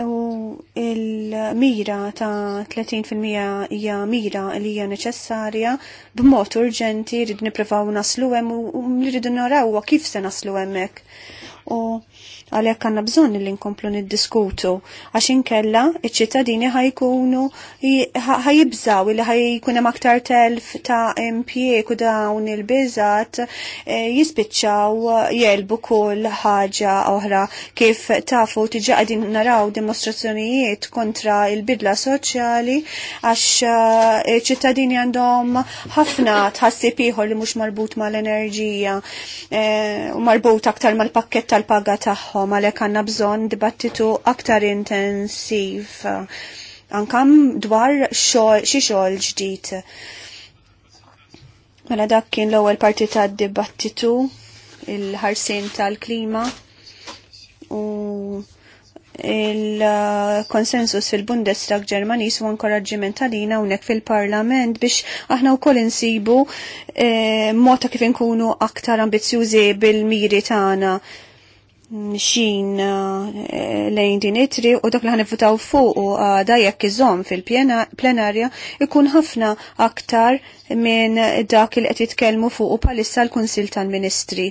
U il-mira ta' 30% hija mira li hija neċessarja b'mod urġenti rridu nippruvaw naslu hemm u rridu narawha kif se naslu hemmhekk. U għalhekk għandna bżonn li nkomplu niddiskutu għax inkella iċ-ċittadini ħajkunu ħajibżaw li ħajkun hemm aktar telf ta' impjieg u dawn il-biżat e, jispiċċaw jelbu kull ħaġa oħra kif tafu tiġa qegħdin naraw dimostrazzjonijiet kontra il-bidla soċjali għax e, ċittadini għandhom ħafna tħassib ieħor li mhux marbut mal-enerġija e, u marbut aktar mal-pakket tal-paga tagħhom tagħhom għalhekk għandna bżonn dibattitu aktar intensiv eh, ankam dwar xi xogħol ġdid. Mela dak kien l-ewwel parti tad-dibattitu il-ħarsin tal-klima u il-konsensus fil-Bundestag Ġermanis u inkoraġġiment għalina unek fil-Parlament biex aħna wkoll insibu eh, mod ta' kif inkunu aktar ambizjużi bil-miri tagħna Xin eh, lejn din itri u dak li ħan votaw fuq u għada jekk iżom fil-plenarja ikun ħafna aktar minn dak li qed jitkellmu fuq u palissa l-Kunsil tal-Ministri.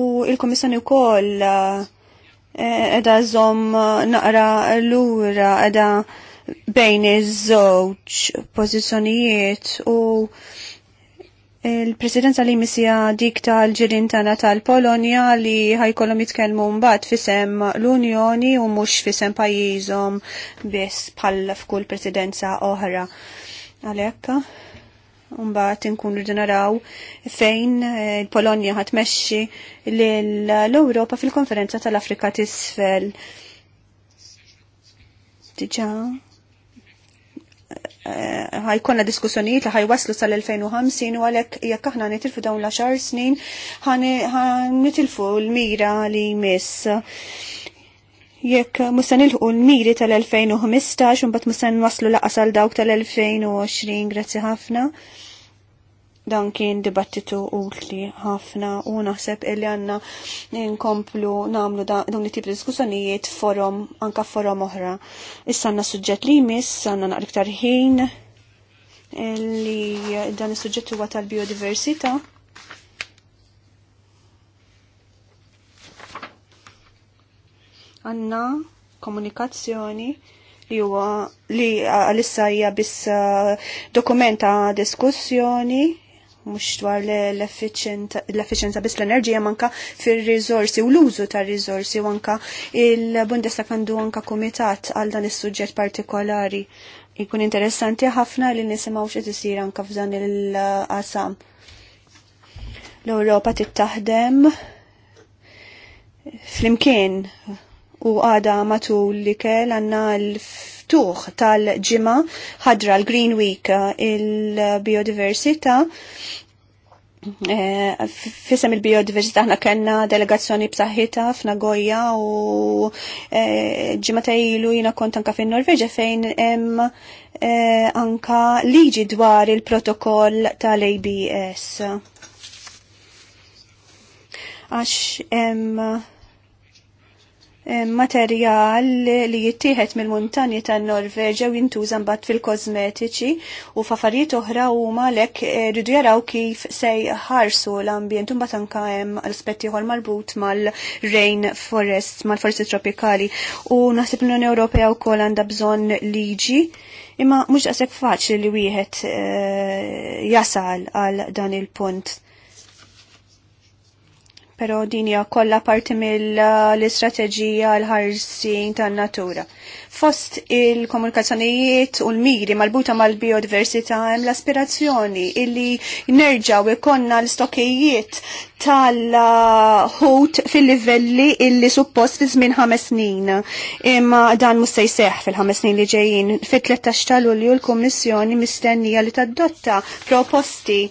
U il-Komissjoni wkoll eh, edha żomm eh, naqra lura edha bejn iż-żewġ pożizzjonijiet u Il-presidenza li misija dik tal-ġirin tana tal-Polonja li ħajkolom jitkelmu mbagħad fisem l-Unjoni u mhux fisem pajjiżhom biss bħal f'kull presidenza oħra. Għalhekk mbagħad inkunu naraw fejn eh, il-Polonja ħatmexxi l-Ewropa fil-Konferenza tal-Afrika t'isfel. Diġà ħajkonna diskussjonijiet li ħajwaslu sal-2050 u għalhekk jekk aħna nitilfu dawn l-10 snin ħanitilfu l-mira li jmiss. Jekk musan ilħu l-miri tal-2015 un bat musan waslu laqasal dawk tal-2020, grazzi ħafna dan kien dibattitu utli ħafna u naħseb illi għanna nkomplu namlu dawn it-tip diskussjonijiet forum anka forum oħra. Issa għanna suġġett li jmiss, għanna naqriktar ħin li dan is-suġġett huwa tal-biodiversità. Għanna komunikazzjoni li huwa li għalissa hija biss eh, dokumenta diskussjoni mhux dwar l-effiċenza biss l-enerġija manka fir rizorsi u l-użu tar-riżorsi u anka il-Bundestag għandu anka kumitat għal dan is-suġġett partikolari. Ikun interessanti ħafna li nisimgħu xi tisir anka f'dan il-qasam. L-Ewropa tittaħdem flimkien u għada matul li kell għanna l miftuħ tal-ġimgħa ħadra l-Green Week eh, il-biodiversità E, Fisem il-biodiversità ħna kena delegazzjoni b'saħħita f'Nagoya u e, eh, ġimata ilu jina kont anka fin norveġa fejn hemm anka liġi dwar il-protokoll tal-ABS. Għax materjal li jittieħed mill-muntanji tan-Norveġa u jintuża mbagħad fil-kosmetiċi u f'affarijiet oħra huma lek eh, rridu jaraw kif se jħarsu l-ambjent u mbagħad anke hemm aspetti ieħor marbut mal-rain forest, mal-foresti tropikali u naħseb l-Unjoni Ewropea wkoll għandha bżonn liġi imma mhux daqshekk faċli li wieħed eh, jasal għal dan il-punt pero hija kollha parti mill-istrateġija l-ħarsin tan-natura. Fost il-komunikazzjonijiet u l-miri malbuta mal-biodiversità hemm l-aspirazzjoni illi nerġaw ikonna l-stokijiet tal-ħut fil-livelli illi suppost fi żmien ħames snin. Imma dan mhux se jseħħ fil-ħames snin li ġejjin. Fit-13 ta' Lulju l-Kummissjoni mistennija li tadotta proposti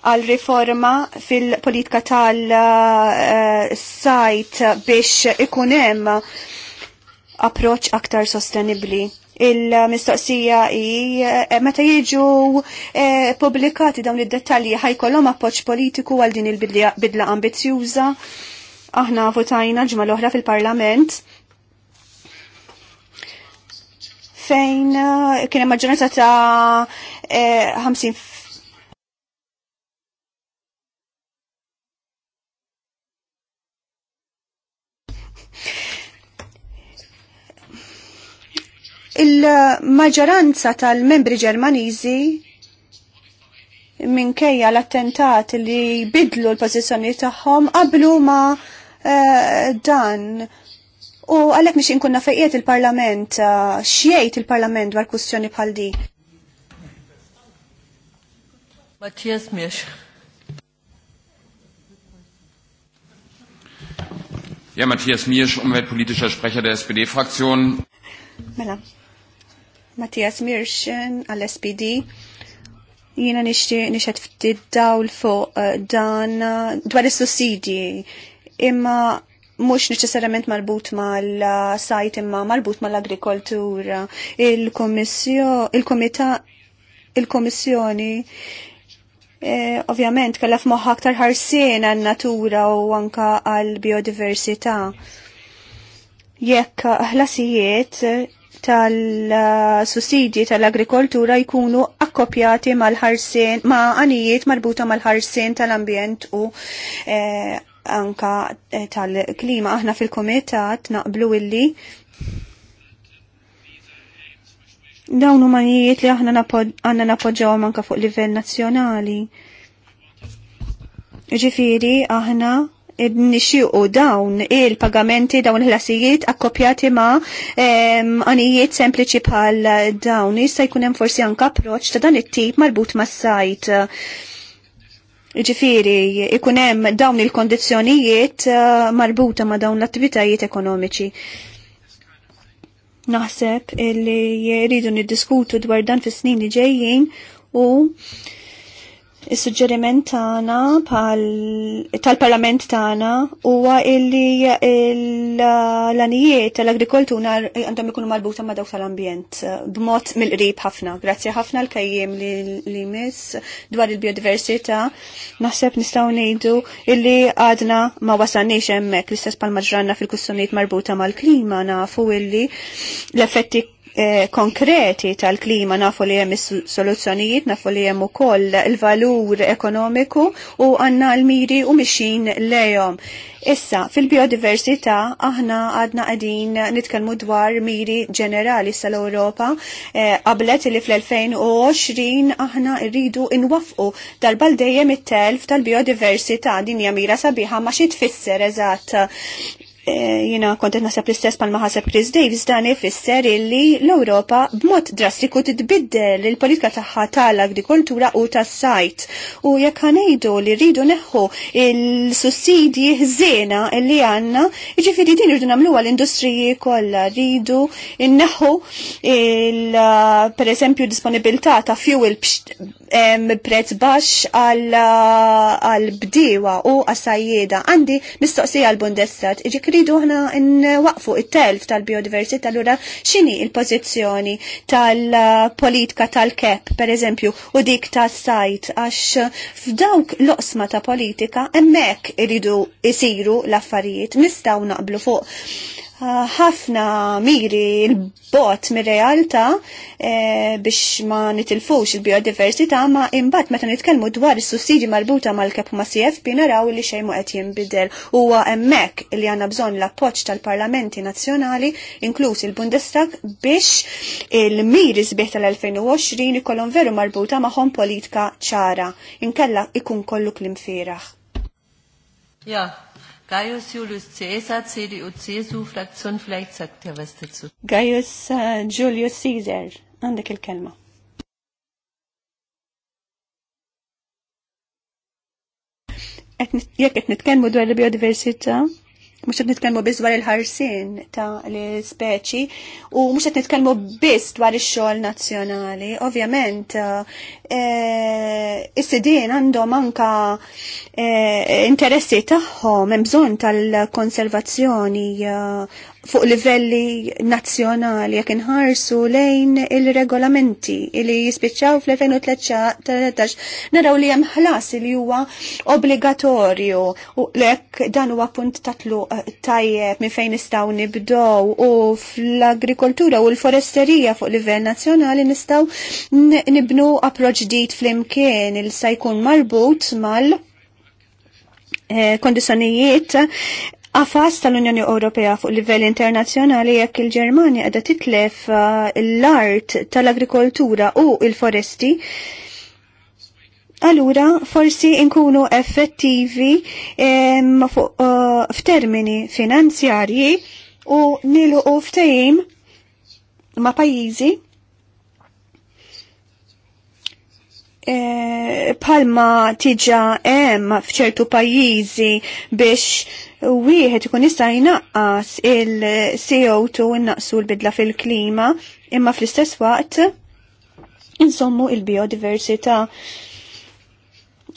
għal riforma fil-politika tal-sajt biex ikunem approċ aktar sostenibli. Il-mistoqsija i eh, meta jiġu eh, publikati dawn id-dettalji ħajkolom appoġġ politiku għal din il-bidla ambizjuża. Aħna votajna ġma l-oħra fil-Parlament fejn eh, kien maġġoranza ta' 50 Il-maġġoranza tal-membri Ġermaniżi minkejja l-attentat li bidlu l pozizjoni tagħhom qablu ma uh, dan U għalek nix inkunna fejqiet il-parlament, eh, xiejt il-parlament dwar kustjoni bħal di? Mattias Miex. Ja, Matthias Miersch, umweltpolitischer Sprecher der SPD-Fraktion. Mela, Mattias Mirschen għall-SPD. Jiena nishti nishet ftiddaw dawl fuq uh, dan dwar is-sussidji imma mux neċessarjament marbut mal-sajt imma marbut mal-agrikoltura. Il-komissjoni eh, ovvjament kalla moħħa aktar ħarsien għal natura u anka għal biodiversità. Jekk ħlasijiet tal-sussidji tal-agrikoltura jkunu akkopjati mal-ħarsien, ma' għanijiet marbuta mal-ħarsien tal-ambjent u eh, anka eh, tal-klima. Aħna fil-komitat naqblu illi dawn manijiet li aħna għanna napoġġaw manka fuq livell nazzjonali. Ġifiri, aħna nixiqu dawn il-pagamenti dawn il-ħlasijiet akkopjati ma għanijiet sempliċi bħal dawn. Issa jkun hemm forsi anke approċċ ta' dan it-tip marbut mas-sajt. Ġifiri, ikun hemm dawn il-kondizzjonijiet eh, marbuta ma' dawn l-attivitajiet ekonomiċi. Naħseb illi jridu niddiskutu dwar dan fis-snin li ġejjin u Is-suġġeriment tagħna tal-Parlament tagħna huwa illi l-anijiet tal-agrikoltura għandhom ikunu marbuta ma' dawk tal-ambjent eh, b'mod mill-qrib ħafna. Grazzi ħafna l-kajjem li miss dwar il-biodiversità. Naħseb nistgħu ngħidu illi għadna ma wasalniex hemmhekk l-istess palma ġranna fil-kussjonijiet marbuta mal-klima nafu illi l-effetti Eh, konkreti tal-klima nafu li hemm soluzzjonijiet, nafu li hemm ukoll il-valur ekonomiku u għandna l-miri u mixin lejhom. Issa, fil-biodiversità aħna għadna għadin nitkellmu dwar miri ġenerali sal-Ewropa eh, qablet li fl-2020 aħna rridu inwafqu darbal dejjem it-telf tal-biodiversità din hija mira sabiħa ma xi tfisser eżatt Eh, jina kontet nasab l-istess pal maħasab Chris Davis dan ifisser illi l-Europa b'mod drastiku titbiddel il-politika tagħha tal-agrikoltura u tas-sajt. U jekk ħanejdu li rridu neħħu il-sussidji ħżiena li għandna, jiġifieri din irridu nagħmluha l-industriji kollha rridu inneħħu il per disponibilità ta' fuel prezz baxx għal bdiewa u għas-sajjieda. Għandi mistoqsija għal-Bundestat, iġi jiġifieri rridu ħna n-waqfu it-telf tal-biodiversità ura x'inhi il-pożizzjoni tal-politika tal-kep pereżempju u dik tas-sajt għax f'dawk l osma ta' politika hemmhekk iridu isiru l-affarijiet nistgħu naqblu fuq ħafna miri l-bot mir realtà e, biex ma nitilfux il-biodiversità ma imbat meta nitkellmu dwar is-sussidji marbuta mal kep ma' CFP naraw li xejn qed jinbidel. Huwa hemmhekk li għandna bżonn l-appoġġ tal-Parlamenti Nazzjonali inklus il-Bundestag biex il-miri sbieħ tal-2020 ikollhom veru marbuta magħhom politika ċara. Inkella ikun kollu klimfiraħ. Ja, Gaius Julius Caesar, CDU, CSU, Fraktion, vielleicht sagt er was dazu. Gaius uh, Julius Caesar, għandek il-kelma. Jekk qed nitkellmu dwar il-biodiversità, mux għed nitkelmu biz dwar il-ħarsin ta' l-speċi u mux għed nitkelmu biz dwar il-xol nazjonali. Ovvjament, eh, eh, is-sidin għandhom anka eh, interessi tagħhom hemm bżonn tal-konservazzjoni fuq livelli nazzjonali jekk inħarsu lejn il-regolamenti li jispiċċaw fl-2013 naraw li hemm ħlas li huwa obbligatorju u lek dan huwa punt tatlu eh, tajjeb minn fejn nistgħu nibdow u fl-agrikoltura u l-foresterija fuq livell nazzjonali nistgħu nibnu approċ ġdid flimkien il se jkun marbut mal eh, kondizjonijiet Għafas tal-Unjoni Ewropea fuq livell internazzjonali jekk il-Ġermanja qiegħda titlef uh, l-art tal-agrikoltura u il-foresti, allura forsi nkunu effettivi uh, f'termini finanzjarji u nilħu ftehim ma' pajjiżi e, palma tiġa hemm f'ċertu pajjiżi biex wieħed ikun jista' jnaqqas il-CO2 innaqsu l-bidla fil-klima imma fl-istess waqt insommu il-biodiversità.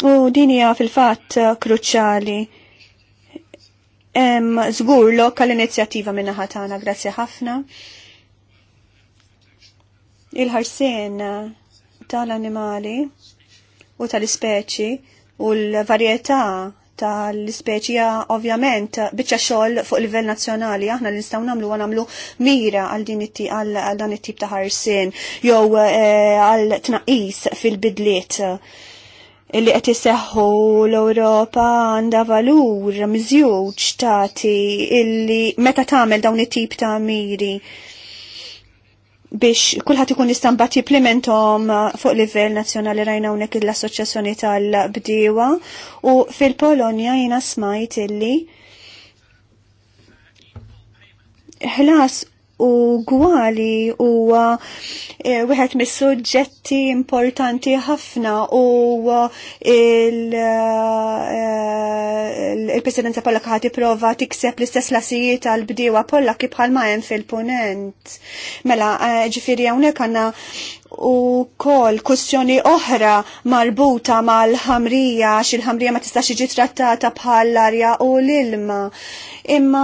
U din hija fil-fatt kruċjali. Hemm żgur għall inizjattiva minn naħa tagħna, grazzi ħafna. Il-ħarsien tal-animali u tal-ispeċi u l-varjetà tal-ispeċja ovvjament biċċa xogħol fuq livell nazzjonali aħna li nistgħu nagħmlu wa nagħmlu mira għal din għal dan it-tip ta' ħarsien jew eh, għal tnaqqis fil-bidliet illi eh, qed iseħħu l-Ewropa għandha valur miżjuġ tagħti illi meta tagħmel dawn it-tip ta' miri biex kullħat ikun istambat jiplimentom uh, fuq livell nazzjonali rajna unek l-Assoċjazzjoni tal-Bdiewa u fil-Polonja jina smajt illi ħlas u gwali huwa eh, wieħed mis-suġġetti importanti ħafna u eh, il-Presidenza eh, Pollakka ħati prova tikseb l-istess lasijiet għal bdiewa Polla bħal ma hemm fil-punent. Mela, ġifieri hawnhekk għandna u kol kussjoni oħra marbuta mal-ħamrija, xil-ħamrija ma tistax iġi trattata bħal l-arja u l-ilma. Imma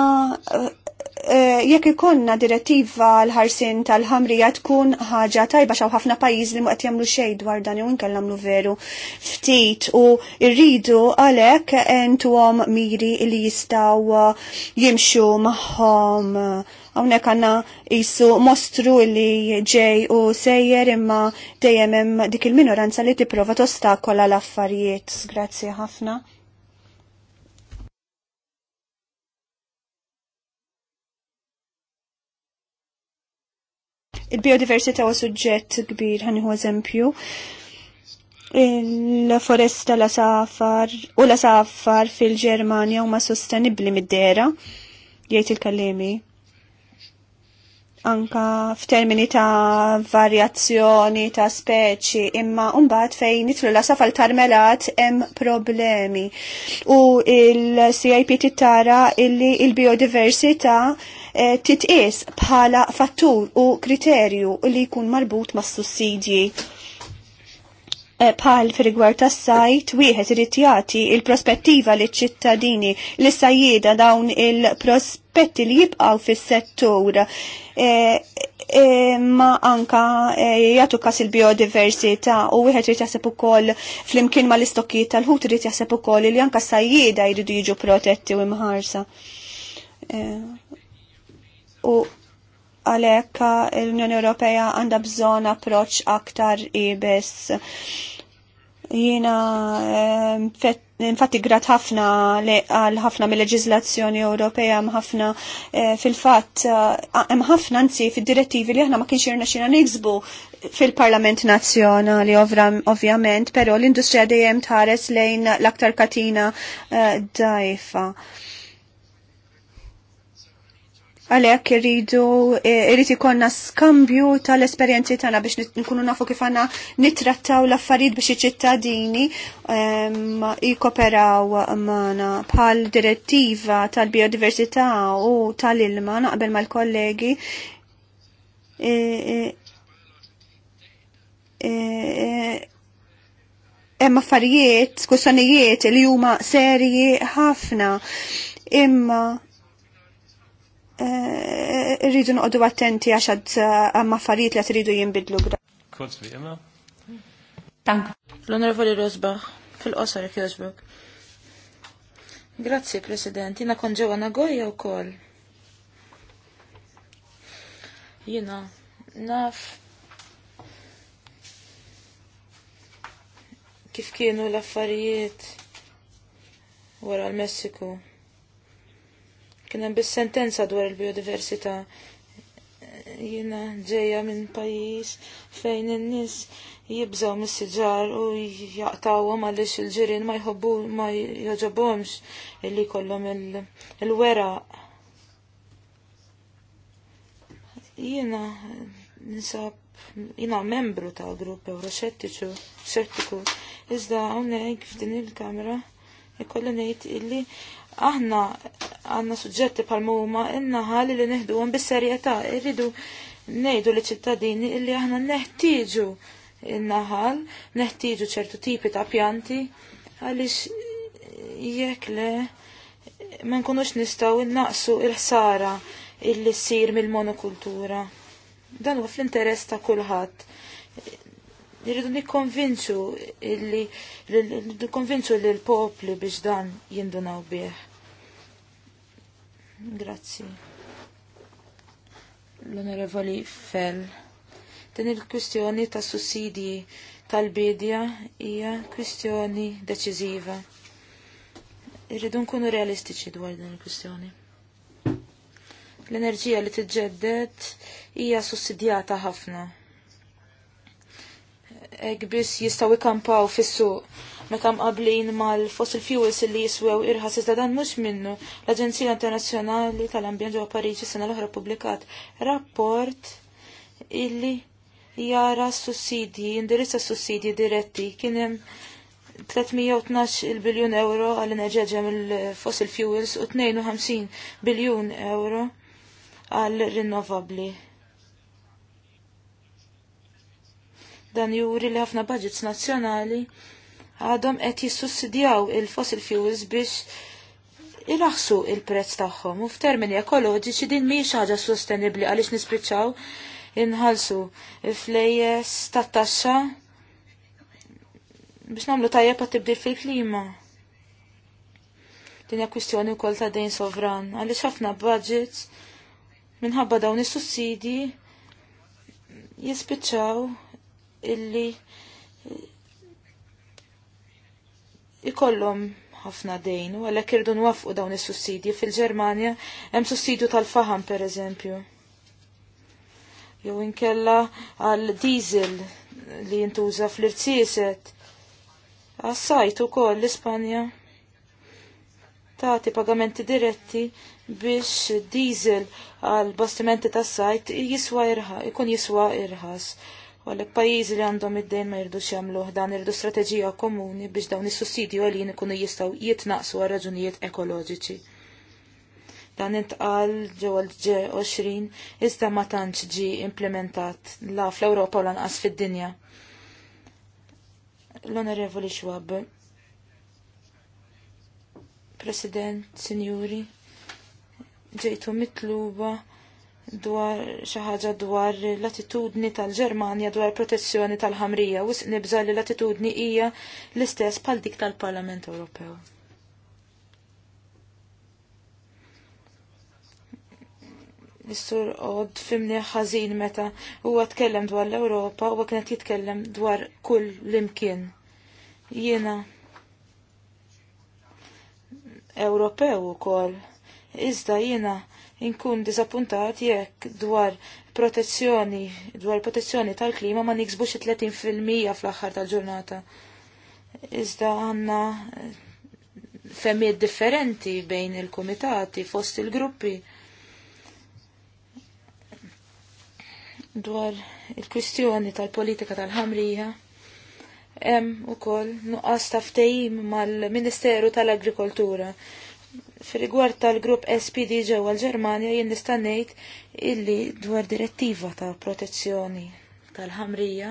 Eh, jekk ikonna direttiva l-ħarsin tal-ħamrija tkun ħaġa tajba xaw ħafna pajjiż li muqgħed jagħmlu xejn dwar dan jew inkella nagħmlu veru ftit u rridu għalhekk entuhom miri li jistgħu eh, jimxu magħhom hawnhekk għandna qisu mostru li ġej u sejjer imma dejjem hemm dik il-minoranza li tipprova tostakola l-affarijiet. Grazzi ħafna. Il-biodiversità huwa suġġett kbir ħaniħu eżempju. Il-foresta la safar u la safar fil-Ġermanja huma sostenibbli mid-dera, jgħid il-kallemi. Anka f'termini ta' varjazzjoni ta' speċi, imma mbagħad fejn nitlu la safar tarmelat hemm problemi. U il-CIP tittara illi il-biodiversità il biodiversità E, titqies bħala fattur u kriterju li jkun marbut mas sussidji e, bħal fi rigward tas-sajt wieħed irid jagħti il-prospettiva li ċittadini li jieda dawn il-prospetti li jibqgħu fis-settur e, ma anka jagħtu kas il-biodiversità u wieħed irid jaħseb ukoll flimkien mal istokkijiet tal-ħut irid jaħseb ukoll li anka sajjieda jridu jiġu protetti u imħarsa u għalhekk l-Unjoni Ewropea għandha bżonn approċċ aktar ibes. Jiena ehm, infatti grat ħafna għal ħafna mill leġizlazzjoni Ewropea ħafna eh, fil-fatt eh, hemm ħafna anzi fid-direttivi li aħna ma kienx irna xina niksbu fil-Parlament Nazzjonali ovvjament, però l-industrija dejjem tħares lejn l-aktar katina eh, dajfa. Għalek irridu e, irrid ikonna skambju tal-esperjenzi tagħna biex nkunu nafu kif għandna nittrattaw l-affarijiet biex iċ-ċittadini jikoperaw magħna bħal direttiva tal-biodiversità u tal-ilma naqbel mal-kollegi e, e, hemm affarijiet, kwistjonijiet li huma serji ħafna imma Eh, irridu noqogħdu attenti għax għad eh, maffarijiet li tridu jinbidlu. Kurz wie L-Onorevoli Rosbach, fil-qosor jek Grazzi, President. Jina konġewa ġewa Nagoya u kol. Jina, naf. Kif kienu l-affarijiet wara l-Messiku. Kien hemm bis-sentenza dwar il-biodiversità. Jiena ġejja minn pajjiż fejn in-nies jibżaw mis-siġar u jaqtawhom għaliex il-ġirien ma jħobbu ma joġobhomx illi jkollhom il-weraq. Jiena nisab jiena membru ta' grupp euroxettiċu, xettiku, iżda għonek f'din il-kamra ikolli ngħid illi aħna għanna suġġetti pal muma innaħali li neħdu għan bis-serjetà, irridu nejdu li ċittadini illi aħna neħtieġu innaħal, neħtieġu ċertu tipi ta' pjanti, għalix jekk le ma nkunux nistaw innaqsu il-ħsara illi ssir mill-monokultura. Dan huwa fl-interess ta' kulħadd jiridu nikkonvinċu illi nikkonvinċu li l-popli biex dan jindunaw bih. Grazzi. L-Onorevoli Fell. Din il-kwistjoni ta' sussidji tal-bidja hija kwistjoni deċiżiva. Irridu nkunu realistiċi dwar din il-kwistjoni l-enerġija li tiġġedded hija sussidjata ħafna biss jistaw ikampaw fissu meta mqablin mal-fossil fuels li jiswew irħas iżda dan mhux minnu. L-Aġenzija Internazzjonali tal-Ambjent ġewwa Pariġi sena l-oħra publikat rapport illi jara s-sussidji, indirizza s-sussidji diretti kien hemm 312 biljun euro għall ġem mill-fossil fuels u 52 biljun euro għall rinnovabli. Dan juri li ħafna budgets nazzjonali għadhom qed jissussidjaw il-fossil fuels biex ilaħsu il-prezz tagħhom. U f'termini ekoloġiċi din mhijiex ħaġa sostenibbli għaliex nispiċċaw inħalsu flejjes tat-taxxa biex nagħmlu tajjeb għat tibdil fil-klima. Din hija kwistjoni wkoll ta' dejn sovran għaliex ħafna budgets minħabba dawn is-sussidji jispiċċaw illi ikollom ħafna dejn u għalek irdu nwafqu dawn is-sussidji fil-Ġermanja hemm sussidju tal per pereżempju. Jew inkella għal diesel li jintuża fl-irtieset. Għas-sajt ukoll l-Ispanja tagħti pagamenti diretti biex diesel għal bastimenti tas-sajt jiswa irħas, ikun jiswa irħas. Irha u l pajjiżi li għandhom id-dejn ma jirdux jamlu dan irdu strateġija komuni biex dawn is-sussidju għalin ikunu jistgħu jitnaqsu għal raġunijiet ekoloġiċi. Dan intqal ġewwa l-G20 iżda ma tantx ġi implementat la fl-Ewropa u lanqas fid-dinja. L-Onorevoli Schwab. President, Sinjuri, ġejtu mitluba dwar xi ħaġa dwar l-attitudni tal-Ġermanja dwar protezzjoni tal-ħamrija u nibża li l-attitudni hija l-istess bħal dik tal-Parlament Ewropew. Is-sur Odd fimni ħażin meta huwa tkellem dwar l-Ewropa u kien jitkellem dwar kull l-imkien. Jiena Ewropew ukoll. Iżda jiena inkun dizappuntat jekk dwar protezzjoni, dwar protezzjoni tal-klima ma niksbux 30% fl-axħar tal-ġurnata. Iżda għanna eh, femmiet differenti bejn il-komitati, fost il-gruppi. Dwar il-kwistjoni tal-politika tal-ħamrija, hemm ukoll nuqqas taftejim mal-Ministeru tal-Agrikoltura. tal agrikoltura Fir-rigward tal-grupp SPD ġew l-Ġermanja jien nista' ngħid illi dwar direttiva ta' protezzjoni tal-ħamrija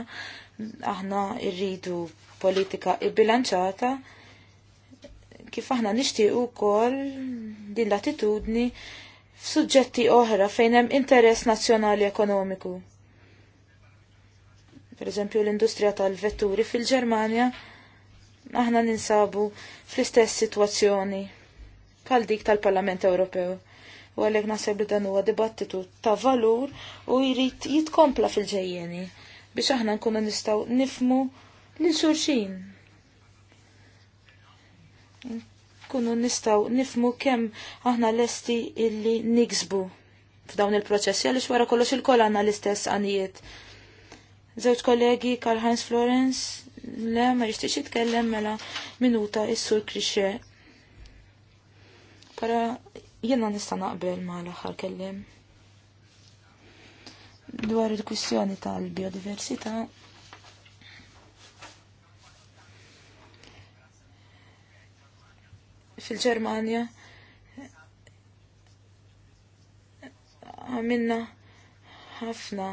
aħna rridu politika bilanċata kif aħna nixtiequ wkoll din l-attitudni f'suġġetti oħra fejn hemm interess nazzjonali ekonomiku. Pereżempju l-industrija tal-vetturi fil-Ġermanja aħna ninsabu fl-istess sitwazzjoni bħal dik tal-Parlament Ewropew. U għalhekk naħseb li dan huwa dibattitu ta' valur u jrid jitkompla fil-ġejjeni biex aħna nkunu nistgħu nifmu lil xulxin. Nkunu nistgħu nifmu kemm aħna lesti illi niksbu f'dawn il-proċessi għaliex wara kollox il-kol għandna l-istess għanijiet. Żewġ kollegi Karl Heinz Florence le ma jixtiex jitkellem mela minuta is-sur Krixe Para jiena nista' naqbel ma l axar kellim. Dwar il-kwistjoni tal-biodiversità, fil-Ġermanja għamilna ħafna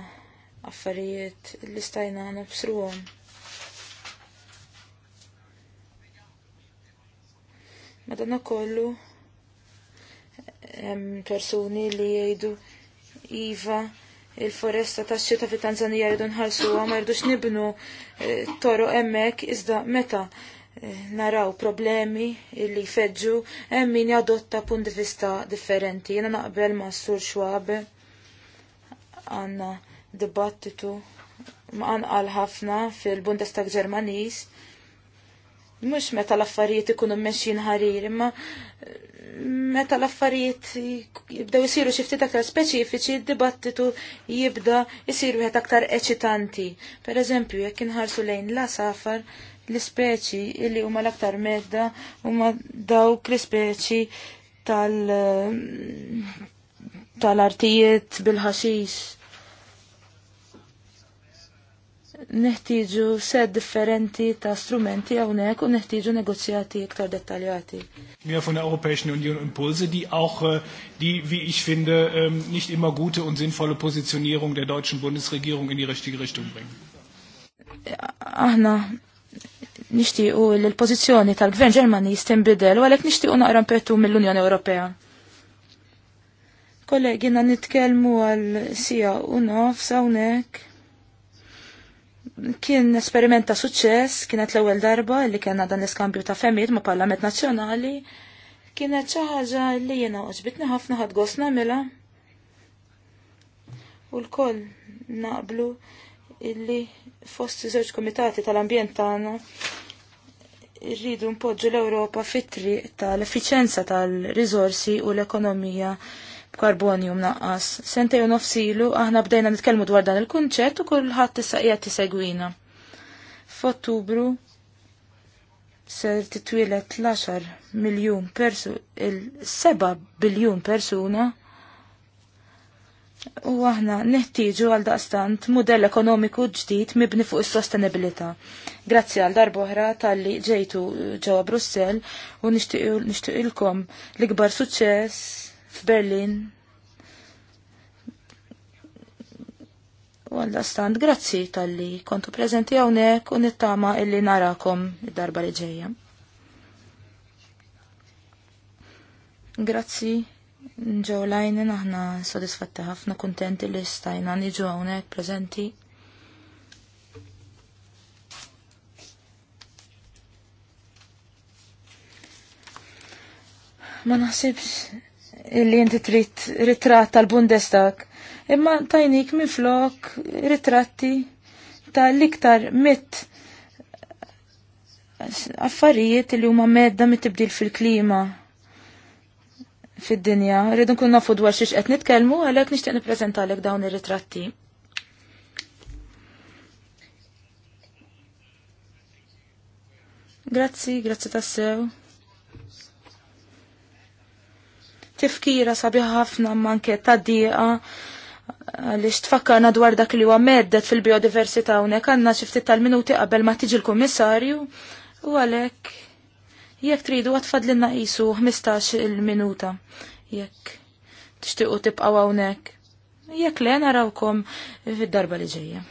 affarijiet li stajna nobsruhom. Madonna kollu Hemm persuni li jgħidu iva il-foresta tax xita fi Tanzania rridu nħarsu ma rridux nibnu eh, toro hemmhekk iżda meta eh, naraw problemi illi feġġu hemm min jadotta punt di vista differenti. Jiena naqbel ma' Sur Schwab għandna dibattitu ma' anqal ħafna fil-Bundestag Ġermaniż mux meta l-affarijiet ikunu mmexxin ħarir, ma' meta l-affarijiet jibdew isiru xi ftit aktar speċifiċi, d-dibattitu jibda jisiru wieħed aktar eċitanti. Pereżempju, jekk inħarsu lejn la safar, l-ispeċi illi huma l-aktar medda huma dawk l-ispeċi tal tal-artijiet bil-ħaxix neħtieġu sed differenti ta' strumenti hawnhekk u neħtieġu negozjati iktar dettaljati. Mehr von der Europäischen Union Impulse, die auch äh, die, wie ich finde, ähm, nicht immer gute und sinnvolle Positionierung der deutschen Bundesregierung in die richtige Richtung bringen. Aħna nixtiequ li l-pożizzjoni tal-Gvern Ġermani tinbidel u għalhekk nixtiequ naqra mpetu mill-Unjoni Ewropea. Kollegi, na nitkelmu għal sija u nofs hawnhekk kien esperimenta ta' suċċess, kienet l-ewwel darba li kena dan l-iskambju ta' femmid ma' Parlament Nazzjonali, kienet xi ħaġa li jiena oġbitni ħafna ħadd gost nagħmilha. U l-koll naqblu illi fost żewġ komitati tal-ambjent tagħna rridu npoġġu l-Ewropa fit-triq tal-effiċenza tal-riżorsi u l-ekonomija karbonium naqqas. Sentej u nofsilu, aħna bdejna nitkellmu dwar dan il-kunċett u kullħat issa qiegħed tisegwina. F'Ottubru se titwilet l-10 miljun persu il-7 biljun persuna u aħna neħtieġu għal daqstant modell ekonomiku ġdid mibni fuq is-sostenibilità. Grazzi għal darboħra tal-li ġejtu ġewwa Brussell u nixtieq ilkom l-ikbar suċċess f'Berlin. U għalla stand, grazzi tal-li kontu prezenti għawnek u nittama illi narakom id-darba li ġeja. Grazzi, ġew lajni aħna sodisfatti ħafna kontenti li stajna niġu għawnek prezenti. Ma naħsibx illi inti trid ritratt tal-Bundestag. Imma tajnik minn flok ritratti tal-iktar mit affarijiet li huma medda mit-tibdil fil-klima fid-dinja. Rridu nkun nafu dwar xiex qed nitkellmu għalhekk nixtieq nippreżentalek dawn ir-ritratti. Grazzi, grazzi tassew. tifkira sabiħ ħafna manke ta' diqa għalix tfakkarna dwar dak li huwa meddet fil-biodiversità hawnhekk għandna xi ftit tal-minuti qabel ma tiġi l-kummissarju u għalhekk jekk tridu għatfadlinna qisu 15 il-minuta jekk tixtiequ tibqgħu hawnhekk jekk le narawkom fid-darba li ġejja.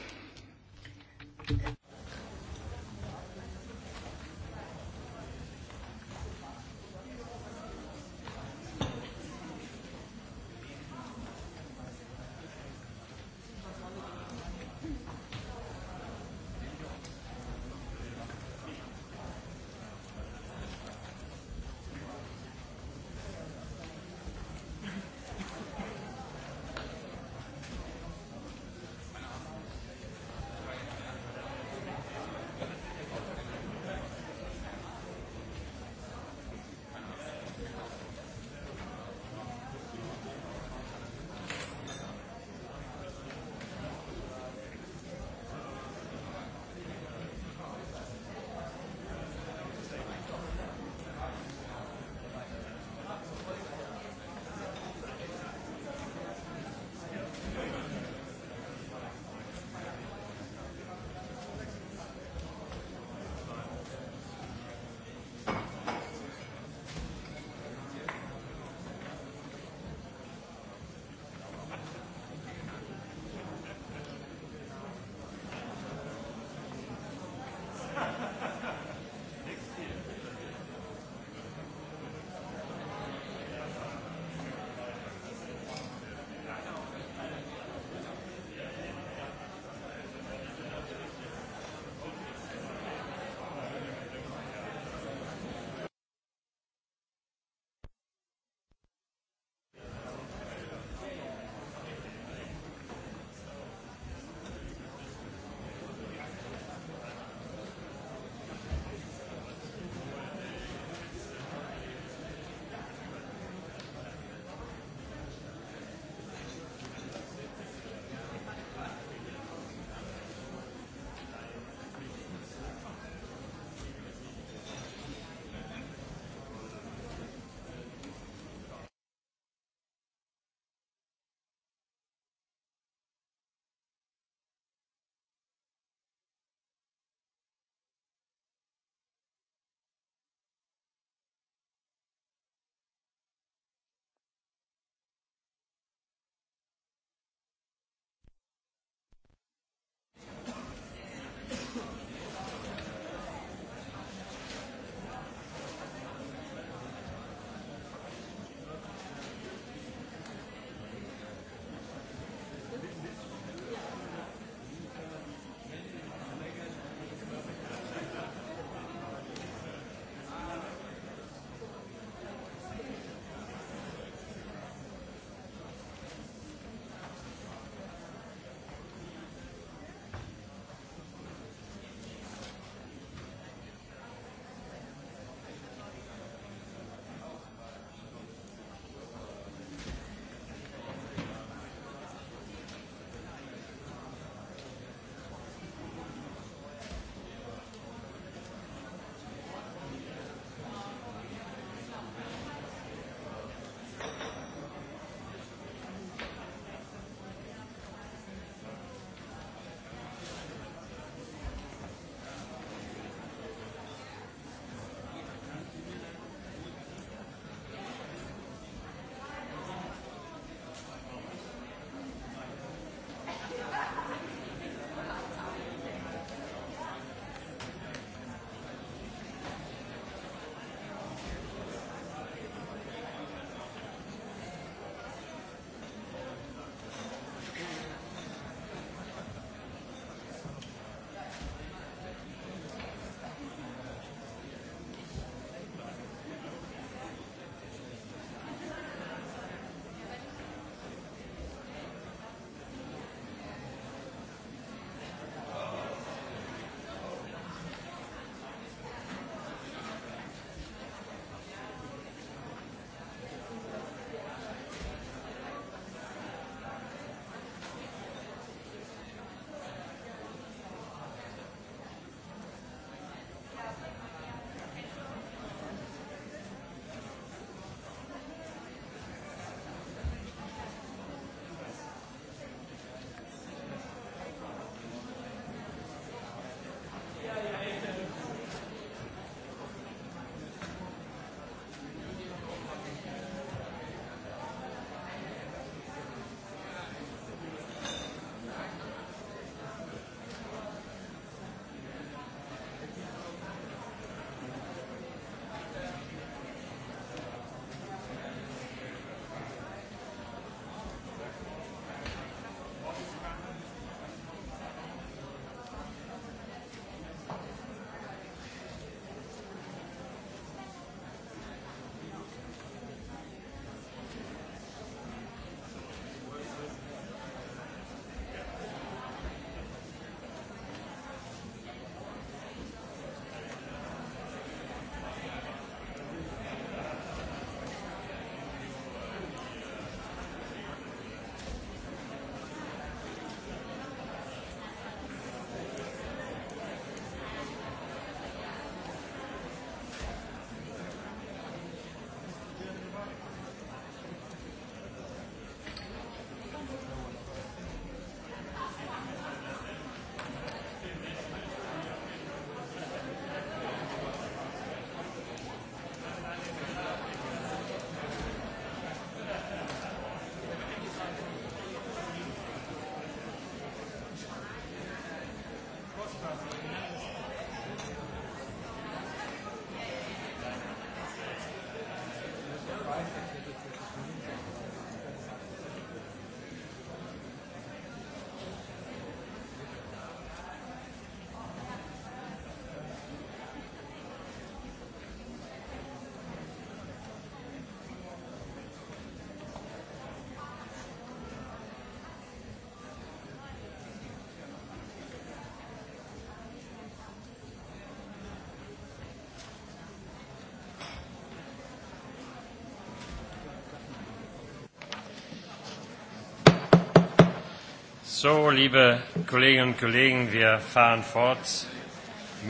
So, liebe Kolleginnen und Kollegen, wir fahren fort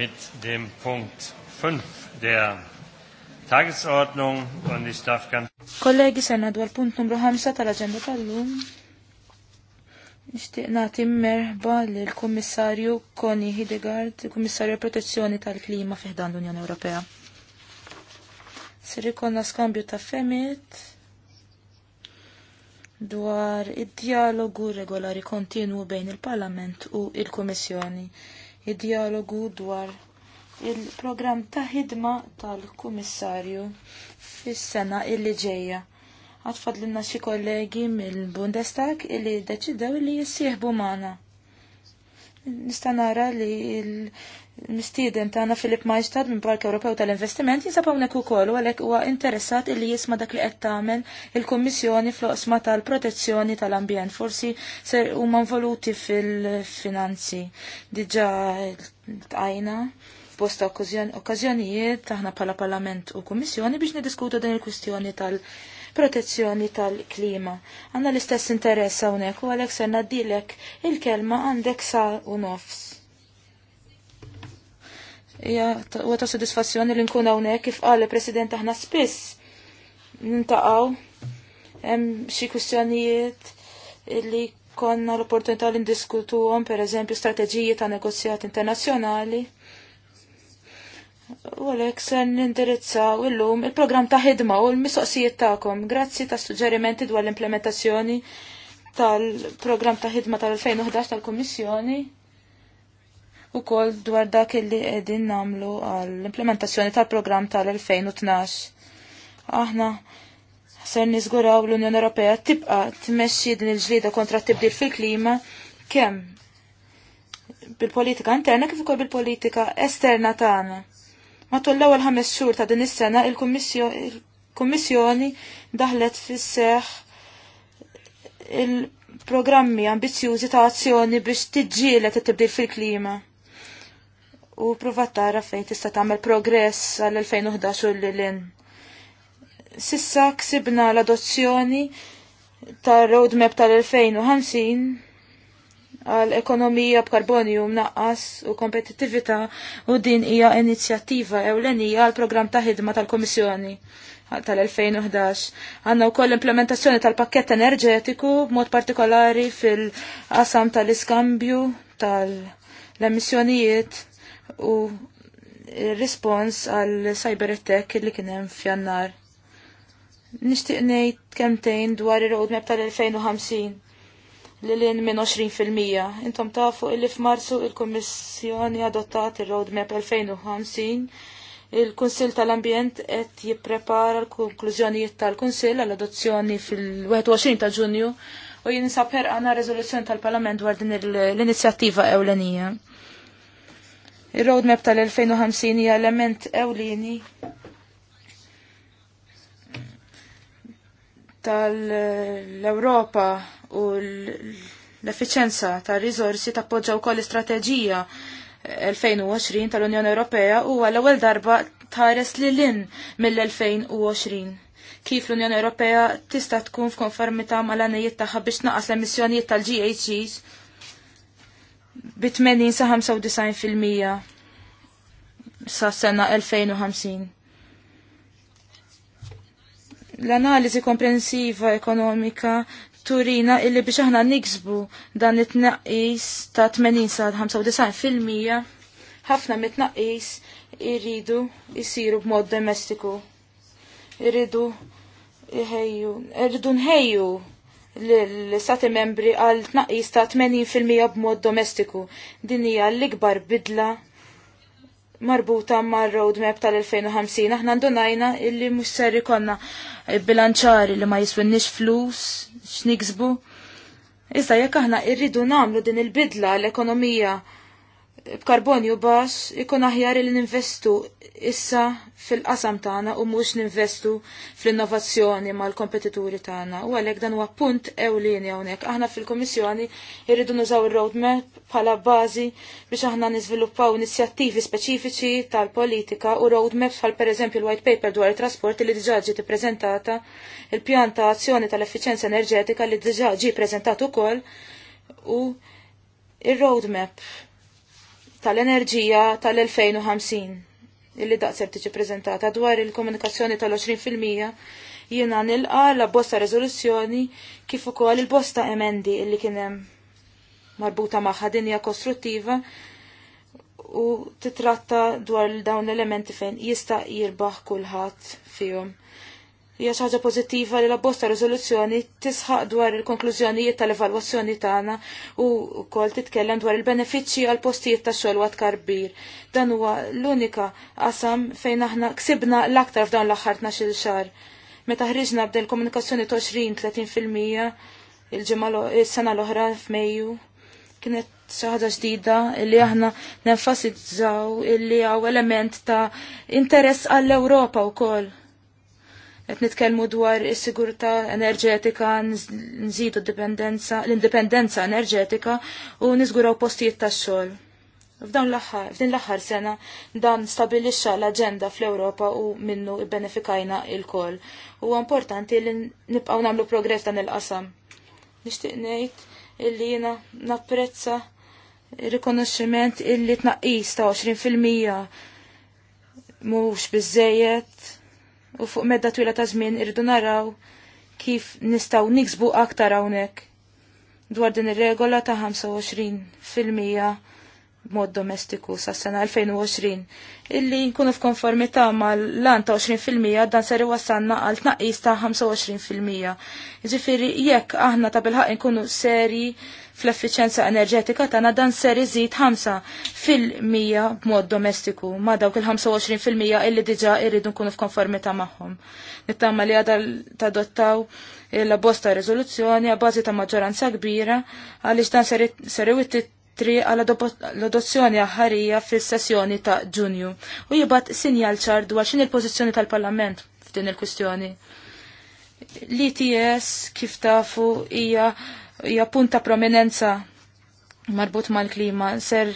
mit dem Punkt 5 der Tagesordnung und ich darf ganz... Kollegi, sena dwar punt numru 5 tal-agenda tal-lum. Nishtiq nagħti merħba lill-Kummissarju Koni Hidegard, Kummissarju Protezzjoni tal-Klima fiħdan l-Unjoni Ewropea. Sir ikolna skambju ta' femit dwar id-dialogu regolari kontinwu bejn il-Parlament u il-Kummissjoni. Id-dialogu dwar il-programm ta' ħidma tal-Kummissarju fis-sena illi ġejja. Għatfadlinna xi kollegi mill-Bundestag illi deċidew li jissieħbu magħna. Nista' nara li mistieden tagħna Filip Majstad minn Park Ewropew tal-Investiment jinsab hawnhekk ukoll u għalhekk huwa interessat illi jisma' dak li qed tagħmel il-Kummissjoni fl-oqsma tal-protezzjoni tal-ambjent. Forsi ser huma involuti fil-finanzi. Diġà tqajna posta okkażjonijiet aħna bħala Parlament u Kummissjoni biex niddiskutu din il-kwistjoni tal- protezzjoni tal-klima. Għanna l-istess interess hawnhekk u għalhekk ser nadilek il-kelma għandek sa u nofs huwa ta' sodisfazzjoni li nkun hawnhekk kif qal il-President aħna spiss nintaqgħu hemm xi kwistjonijiet li konna l-opportunità li ndiskutuhom pereżempju strateġiji ta' negozjat internazzjonali. U għalhekk se nindirizzaw illum il programm ta' ħidma u l-mistoqsijiet tagħkom. Grazzi ta' suġġerimenti dwar l-implementazzjoni tal programm ta' ħidma tal-2011 tal kummissjoni u kol dwar dak illi edin namlu għall-implementazzjoni tal-programm tal-2012. Aħna ser nizguraw l-Unjoni Ewropea tibqa tmexxi din il-ġlida kontra tibdil fil-klima kemm bil-politika interna kif ukoll bil-politika esterna tagħna. Matul l-ewwel ħames xhur ta' din is-sena il-Kummissjoni daħlet fis-seħħ il-programmi ambizjużi ta' azzjoni biex tiġġielet it-tibdil fil-klima u prova tara fejn tista' tagħmel progress għal 2011 u lilin. Sissa ksibna l-adozzjoni tar roadmap tal-2050 għal ekonomija b'karbonju mnaqqas u kompetittività u din hija inizjattiva ewlenija għal programm ta' ħidma tal-Komissjoni tal-2011. Għanna u koll implementazzjoni tal-pakket enerġetiku b'mod partikolari fil-qasam tal-iskambju tal-emissjonijiet u respons għal cyber attack li kien hemm f'jannar. Nixtieq ngħid kemmtejn dwar ir-roadmap tal-2050 li l-in minn 20%. Intom tafu illi f'Marzu il-Kummissjoni adottat ir-roadmap il 2050 il-Kunsil tal-Ambjent qed jipprepara l-konklużjonijiet tal-Kunsil għall-adozzjoni fil-21 ta' Ġunju u jinsab ħerqana riżoluzzjoni tal-Parlament dwar din l-inizjattiva ewlenija. Il-roadmap tal-2050 hija element ewlieni tal-Europa u l-efficienza tal-rizorsi tappoġġa wkoll l-istrateġija 2020 tal-Unjoni Ewropea u għal ewwel darba tħares li lin mill-2020. Kif l-Unjoni Ewropea tista' tkun f'konformità mal-għanijiet tagħha biex naqas l-emissjonijiet tal-GHGs bi 80 sa 95% sa sena 2050. L-analizi komprensiva ekonomika turina illi biex aħna niksbu dan it-naqis ta' 80 sa 95% ħafna mit-naqis irridu jisiru b'mod domestiku. Irridu iħejju, irridu nħejju l-Stati membri għal tnaqqis ta' 80% b'mod domestiku. Din hija l-ikbar bidla marbuta mar roadmap tal-2050. Aħna ndunajna illi mhux ser ikonna bilanċari li ma jiswinnix flus, x'niksbu. Iżda jekk aħna irridu nagħmlu din il-bidla l-ekonomija b'karbonju bas ikun aħjar li ninvestu issa fil-qasam tagħna u mhux ninvestu fl-innovazzjoni mal-kompetituri tagħna. U għalhekk dan huwa punt ewlieni hawnhekk. Aħna fil-Kummissjoni irridu nużaw ir-roadmap bħala bażi biex aħna niżviluppaw inizjattivi speċifiċi tal-politika u roadmaps bħal pereżempju l-white paper dwar it-trasport li diġà ġiet ippreżentata, il-pjan ta' azzjoni tal-effiċenza enerġetika li diġà ġie preżentat ukoll u il-roadmap tal-enerġija tal-2050 illi daqseb tiġi prezentata dwar il-komunikazzjoni tal-20% jiena nilqa la bosta rezoluzzjoni kif ukoll il-bosta emendi illi kien hemm marbuta magħha dinja kostruttiva u titratta dwar dawn l-elementi fejn jista' jirbaħ kulħadd fihom hija xi ħaġa pożittiva li l-abbosta riżoluzzjoni tisħaq dwar il-konklużjonijiet tal-evalwazzjoni tagħna u wkoll titkellem dwar il-benefiċċji għal postijiet ta' xogħol wad karbir. Dan huwa l-unika qasam fejn aħna ksibna l-aktar f'dawn l-aħħar tnax-il xahar. Meta ħriġna bdel komunikazzjoni 20-30% il-ġimgħa is-sena l-oħra f'Mejju kienet xi ħaġa ġdida li aħna nenfasizzaw illi hawn element ta' interess għall-Ewropa wkoll qed nitkellmu dwar is-sigurtà enerġetika, nżidu dipendenza, l-indipendenza enerġetika u niżguraw postijiet tax-xogħol. F'dan l-aħħar, f'din l-aħħar sena dan stabilixxa l-aġenda fl-Ewropa u minnu bbenefikajna il-koll. Huwa importanti li nibqgħu nagħmlu progress dan il-qasam. Nixtieq ngħid illi jiena napprezza rikonoxximent illi tnaqqis ta' 20 fil-mija mhux biżejjed u fuq medda twila ta' żmien irridu naraw kif nistaw niksbu aktar hawnhekk dwar din ir-regola ta' 25 fil-mija b'mod domestiku sa' sena 2020 illi nkunu f'konformità mal-lan ta' 20 fil-mija dan ser iwassalna għal tnaqqis ta' 25 fil-mija. Ġifieri jekk aħna ta' bilħaq nkunu serji fl-effiċenza enerġetika tagħna dan ser iżid 5 fil-mija b'mod domestiku ma' dawk il-25 fil-mija illi diġà irridu nkunu f'konformità magħhom. Nittama li għadha tadottaw la bosta riżoluzzjoni bażi ta' maġġoranza kbira għaliex dan ser iwitti tri għal adozzjoni aħħarija fis-sessjoni ta' Ġunju u jibgħat sinjal ċar dwar x'in il-pożizzjoni tal-Parlament f'din il-kwistjoni. L-ITS kif tafu hija hija ta' prominenza marbut mal-klima. Ser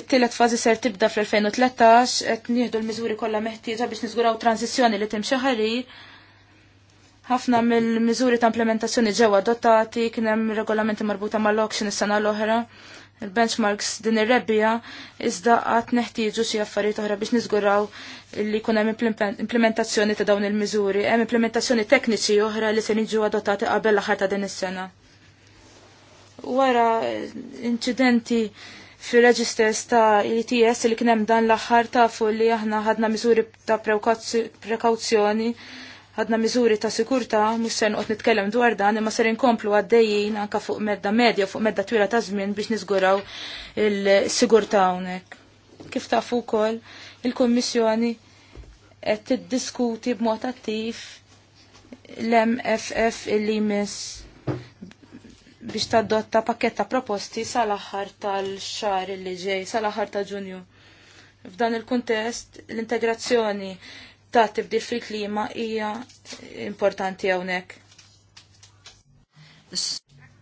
it-tielet fażi ser tibda fl-2013 qed nieħdu l-miżuri kollha meħtieġa biex niżguraw transizjoni li timxi ħari, Ħafna mill-miżuri ta' implementazzjoni ġewa adottati kien hemm regolamenti marbuta mal-auction is-sena l-oħra. Il-benchmarks din ir-rebbija iżda qatt neħtieġu xi affarijiet oħra biex niżguraw li jkun hemm implementazzjoni ta' dawn il-miżuri, hemm implementazzjoni tekniċi oħra li se jiġu adottati qabel l-aħħar ta' din is-sena wara incidenti fil-reġisters ta' ITS e li kienem dan l-axħar tafu li aħna ħadna miżuri ta' prekawzjoni, ħadna miżuri ta' sikurta, mux sen qot nitkellem dwar dan, imma ser inkomplu għaddejjin anka fuq medda medja, fuq medda twila ta' żmien biex niżguraw il-sigurta hawnhekk. Kif tafu wkoll il-Kummissjoni qed tiddiskuti b'mod attiv l-MFF illi miss biex tadotta pakketta proposti sal-aħħar tal-xar li ġej, sal-aħħar ta' ġunju. F'dan il-kuntest, l-integrazzjoni ta' tibdil fil-klima hija importanti hawnhekk.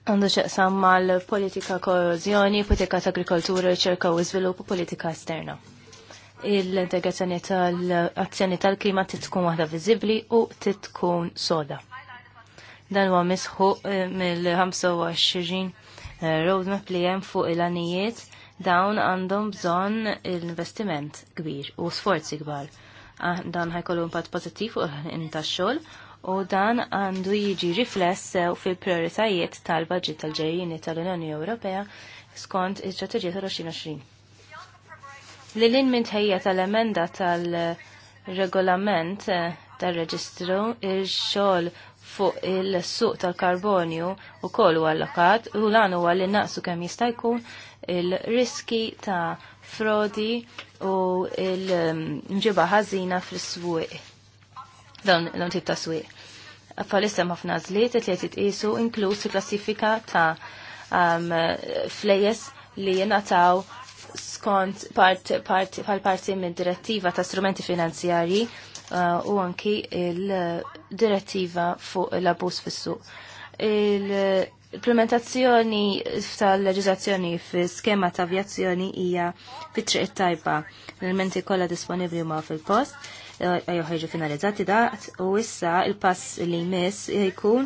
Għandu xaqsam mal-politika koezjoni, politika ta' agrikoltura, ċerka u żvilupp politika esterna l-integrazzjoni tal-azzjoni tal-klima titkun waħda viżibbli u titkun soda dan huwa misħu eh, mill-25 eh, roadmap li hemm fuq il-għanijiet dawn għandhom bżonn investiment kbir u sforzi kbar. Ah, dan ħajkollu impatt pożittiv fuq tax-xogħol u dan għandu jiġi rifless fil-prioritajiet tal-budget tal-ġejjini tal-Unjoni Ewropea skont iż-Strateġija tal-2020. Lilin minn tħejja tal-emenda tal-regolament eh, tal-reġistru, il-xogħol fuq il-suq tal-karbonju u u allokat u lan huwa li naqsu kemm jista' jkun il-riski ta' frodi u il-mġiba ħażina fis-swieq. Dawn tip ta' swieq. Palissa ħafna żliet li qed isu inkluż klassifika ta' um, flejes li jingħataw skont part, part, parti mid direttiva ta' strumenti finanzjarji u anki il-direttiva fuq l-abus fis-suq. Implementazzjoni tal-leġizazzjoni fil-skema ta' avjazzjoni hija fit-triq tajba l-elementi kollha disponibbli ma' fil-post eh, joħħeġu finalizzati daqt u issa il-pass li jmiss jkun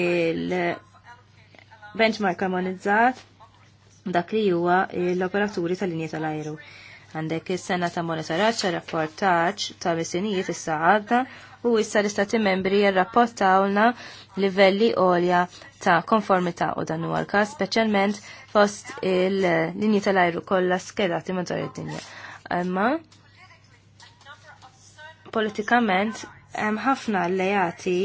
il-benchmark armonizzat dak li huwa l-operaturi tal-linja tal-ajru. Għandek is-sena ta' monitoraġġ rapportaġġ ta' misinijiet issa għadda u issa l-istati membri jirrapportawna livelli għolja ta' konformità u dan huwa l-każ speċjalment fost il-linji tal-ajru kollha skedati madwar id-dinja. Imma politikament hemm ħafna allejati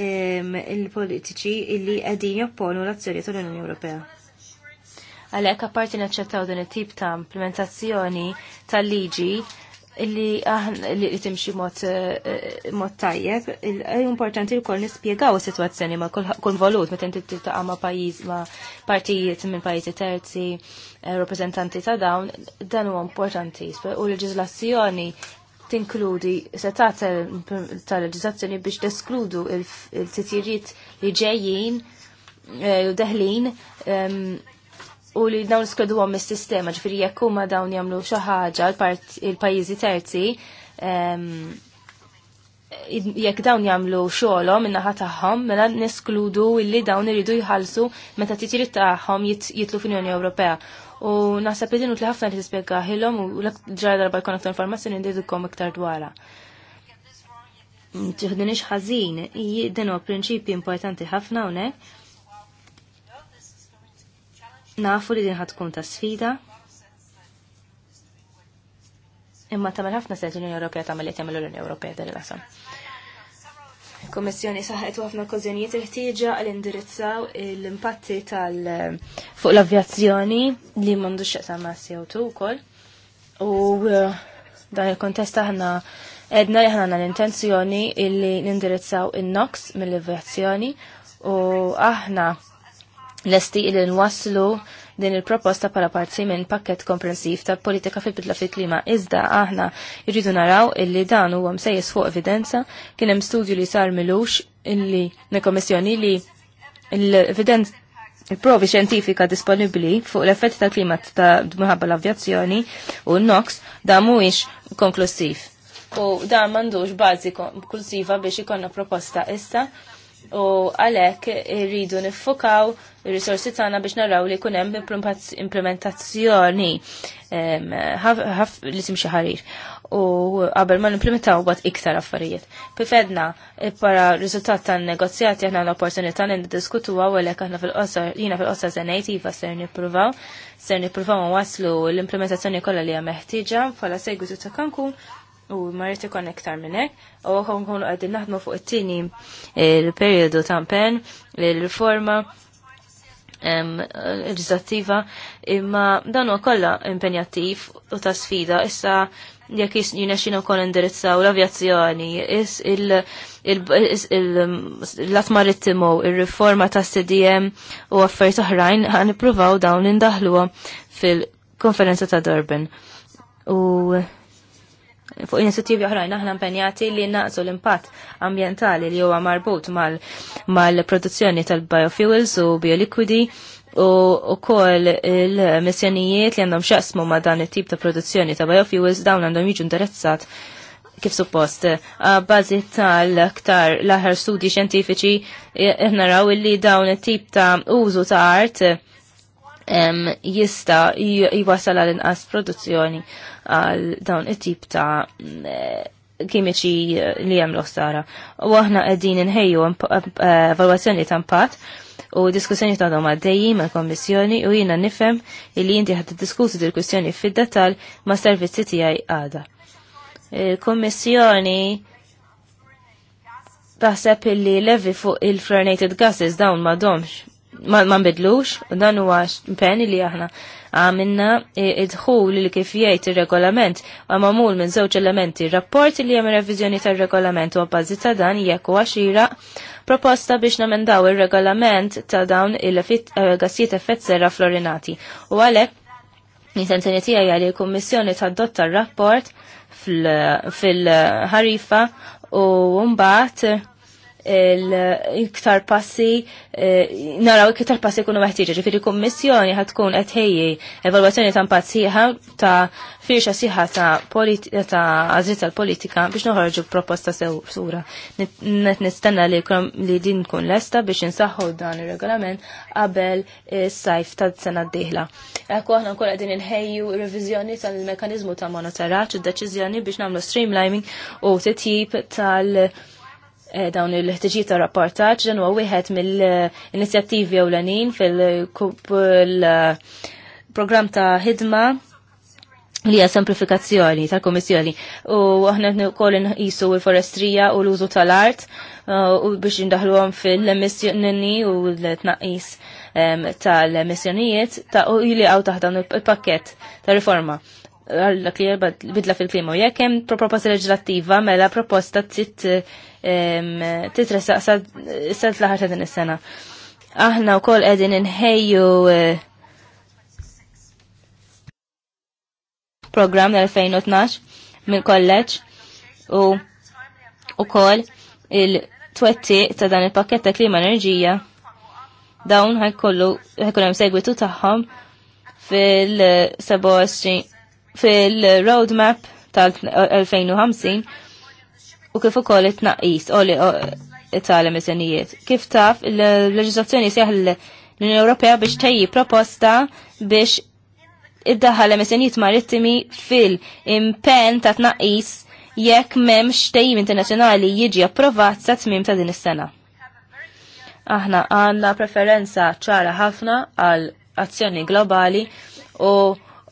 il-politiċi illi qegħdin jopponu l-azzjoni tal-Unjoni Ewropea Għalhekk apparti naċċettaw din it-tip ta' implementazzjoni tal-liġi li li timxi mod eh, mod tajjeb, eh, importanti wkoll nispjegaw is-sitwazzjoni ma' kull volut meta inti tiltaqa' ma' pajjiż ma' partijiet minn pajjiżi terzi, eh, rappreżentanti ta' dawn, dan huwa importanti u l leġiżlazzjoni tinkludi setat tal-leġiżlazzjoni biex deskludu il-titjiriet li ġejjin u deħlin ehm, u li dawn skedu għom il sistema ġifiri jekk huma dawn jagħmlu xi ħaġa il-pajjiżi terzi jekk dawn jagħmlu xogħolhom in-naħa tagħhom mela neskludu illi dawn iridu jħallsu meta titjiri taħħom jitlu fl-Unjoni Ewropea. U naħseb u din li ħafna spiega tispjegaħilhom u l ġara darba jkun aktar informazzjoni kom iktar dwarha tiħdinix ħażin, din huwa importanti ħafna unek, Nafu li din ħatkun ta' sfida. Imma ta' ħafna sejt l-Unjoni Ewropea ta' qed jagħmel l-Unjoni Ewropea dar il-qasam. Kommissjoni saħet ħafna okkażjonijiet il-ħtieġa għal indirizzaw l-impatti tal fuq l-avjazzjoni li m'għandux x'qsam ma' CO2 wkoll. U uh, dan il-kontest aħna edna li ħana l-intenzjoni illi nindirizzaw in-nox mill-avjazzjoni u aħna lesti il nwasslu din il-proposta pala parti minn pakket komprensiv ta' politika fil-bidla fil-klima. Iżda aħna irridu naraw illi dan huwa msejjes fuq evidenza kien hemm studju li sar milux illi nekomissjoni li l-evidenza il-provi xjentifika disponibli fuq l-effetti ta' klima ta' minħabba l-avjazzjoni u n-NOx da' mhuwiex konklusiv. U da' m'għandux bażi konklusiva biex ikonna proposta issa u għalek irridu nifokaw il-risorsi tagħna biex naraw li kunem implementazzjoni li simxie ħarir u qabel ma n-implementaw bat iktar affarijiet. Pifedna, para riżultat tan negozjati aħna l-opportunità li diskutu għaw għalhekk għahna fil qosar jina fil qosar zenajti ngħid iva, ser nippruvaw ser nippruvaw waslu l-implementazzjoni kollha li hija meħtieġa bħala segwitu ta' Cancun u marrit ikon iktar minnek, u għon kunu għaddin naħdmu fuq it-tini il-periodu eh, tampen, il-riforma legislativa, imma dan u kolla impenjattiv u ta' sfida, issa jekk jinaxina kol indirizzaw l-avjazzjoni, is l-lat marittimu, il-riforma ta' CDM u affarijiet oħrajn għan provaw dawn indaħluwa fil-konferenza ta' Durban. U fuq inizjattivi oħrajn aħna impenjati li naqsu l-impatt ambjentali li huwa marbut mal-produzzjoni tal-biofuels u bioliquidi u wkoll il-missjonijiet li għandhom xaqsmu ma' dan it-tip ta' produzzjoni ta' biofuels dawn għandhom jiġu interessat kif suppost, bazi tal-aktar laħar studji xjentifiċi eh, naraw illi dawn it-tip ta' użu ta' art jista jwasal għal inqas produzzjoni għal dawn it-tip ta' mm, kimiċi li jemlu s-sara. U aħna għedin nħejju eh, evaluazzjoni ta' impatt u diskussjoni ta' dom għaddejji ma' komissjoni u jina nifem li jinti għad diskussi dil kwistjoni fid-detal ma' servizzi tijaj għada. Kommissjoni taħseb li levi fuq il-fluorinated gases dawn ma' domx ma nbidlux, u dan huwa peni li aħna għamilna idħul li kif jgħid ir-regolament huwa magħmul minn żewġ elementi, R-rapporti li hemm reviżjoni tar-regolament u bbażi ta' dan jekk huwa xira proposta biex namendaw ir-regolament ta' dawn il-gassijiet eh, effett serra florinati. U għalhekk Nisentini tiegħi li l-Kommissjoni tadotta r-rapport fil-ħarifa u mbagħad iktar passi, eh, naraw iktar passi kunu meħtieġa, ġifiri kummissjoni ħad tkun qed ħejji evalwazzjoni ta' impatt sieħa ta' firxa sieħa ta' għażliet tal-politika biex noħorġu proposta sura. Net nistenna li li din kun lesta biex insaħħu dan ir-regolament qabel is-sajf ta' sena d-dieħla. Ekku aħna nkun din inħejju reviżjoni tal-mekanizmu ta' monitoraġġ id-deċiżjoni biex nagħmlu streamlining u titjib tal- Eh, dawn il-ħtiġijiet ta' rapportaġġ dan huwa wieħed mill-inizjattivi ewlenin fil-programm ta' ħidma li hija semplifikazzjoni tal kummissjoni U aħna wkoll nqisu l-forestrija u l-użu tal-art eh, u biex indaħluhom fil-emissjoni u l-tnaqqis eh, tal-emissjonijiet ta' u jili għaw taħdan il-pakket ta' riforma għallak li bidla fil-klima u jekk hemm proposta leġislattiva mela proposta trid titressaq sa l-aħħar ta' din is-sena. Aħna wkoll qegħdin inħejju e, program l-2012 minn kolleġġ u ukoll il-twetti ta' dan il-pakket ta' klima enerġija dawn ħajkollu ħajkun hemm segwitu tagħhom fil-27 fil-roadmap tal-2050 u kif ukoll it-tnaqqis oli tal Kif taf, il-leġislazzjoni seħ l-Unjoni Ewropea biex tejji proposta biex iddaħħal emissjonijiet marittimi fil-impen ta' tnaqqis jekk memx tejjim internazzjonali jiġi approvat sa' tmim ta' din is-sena. Aħna għandna preferenza ċara ħafna għal azzjoni globali u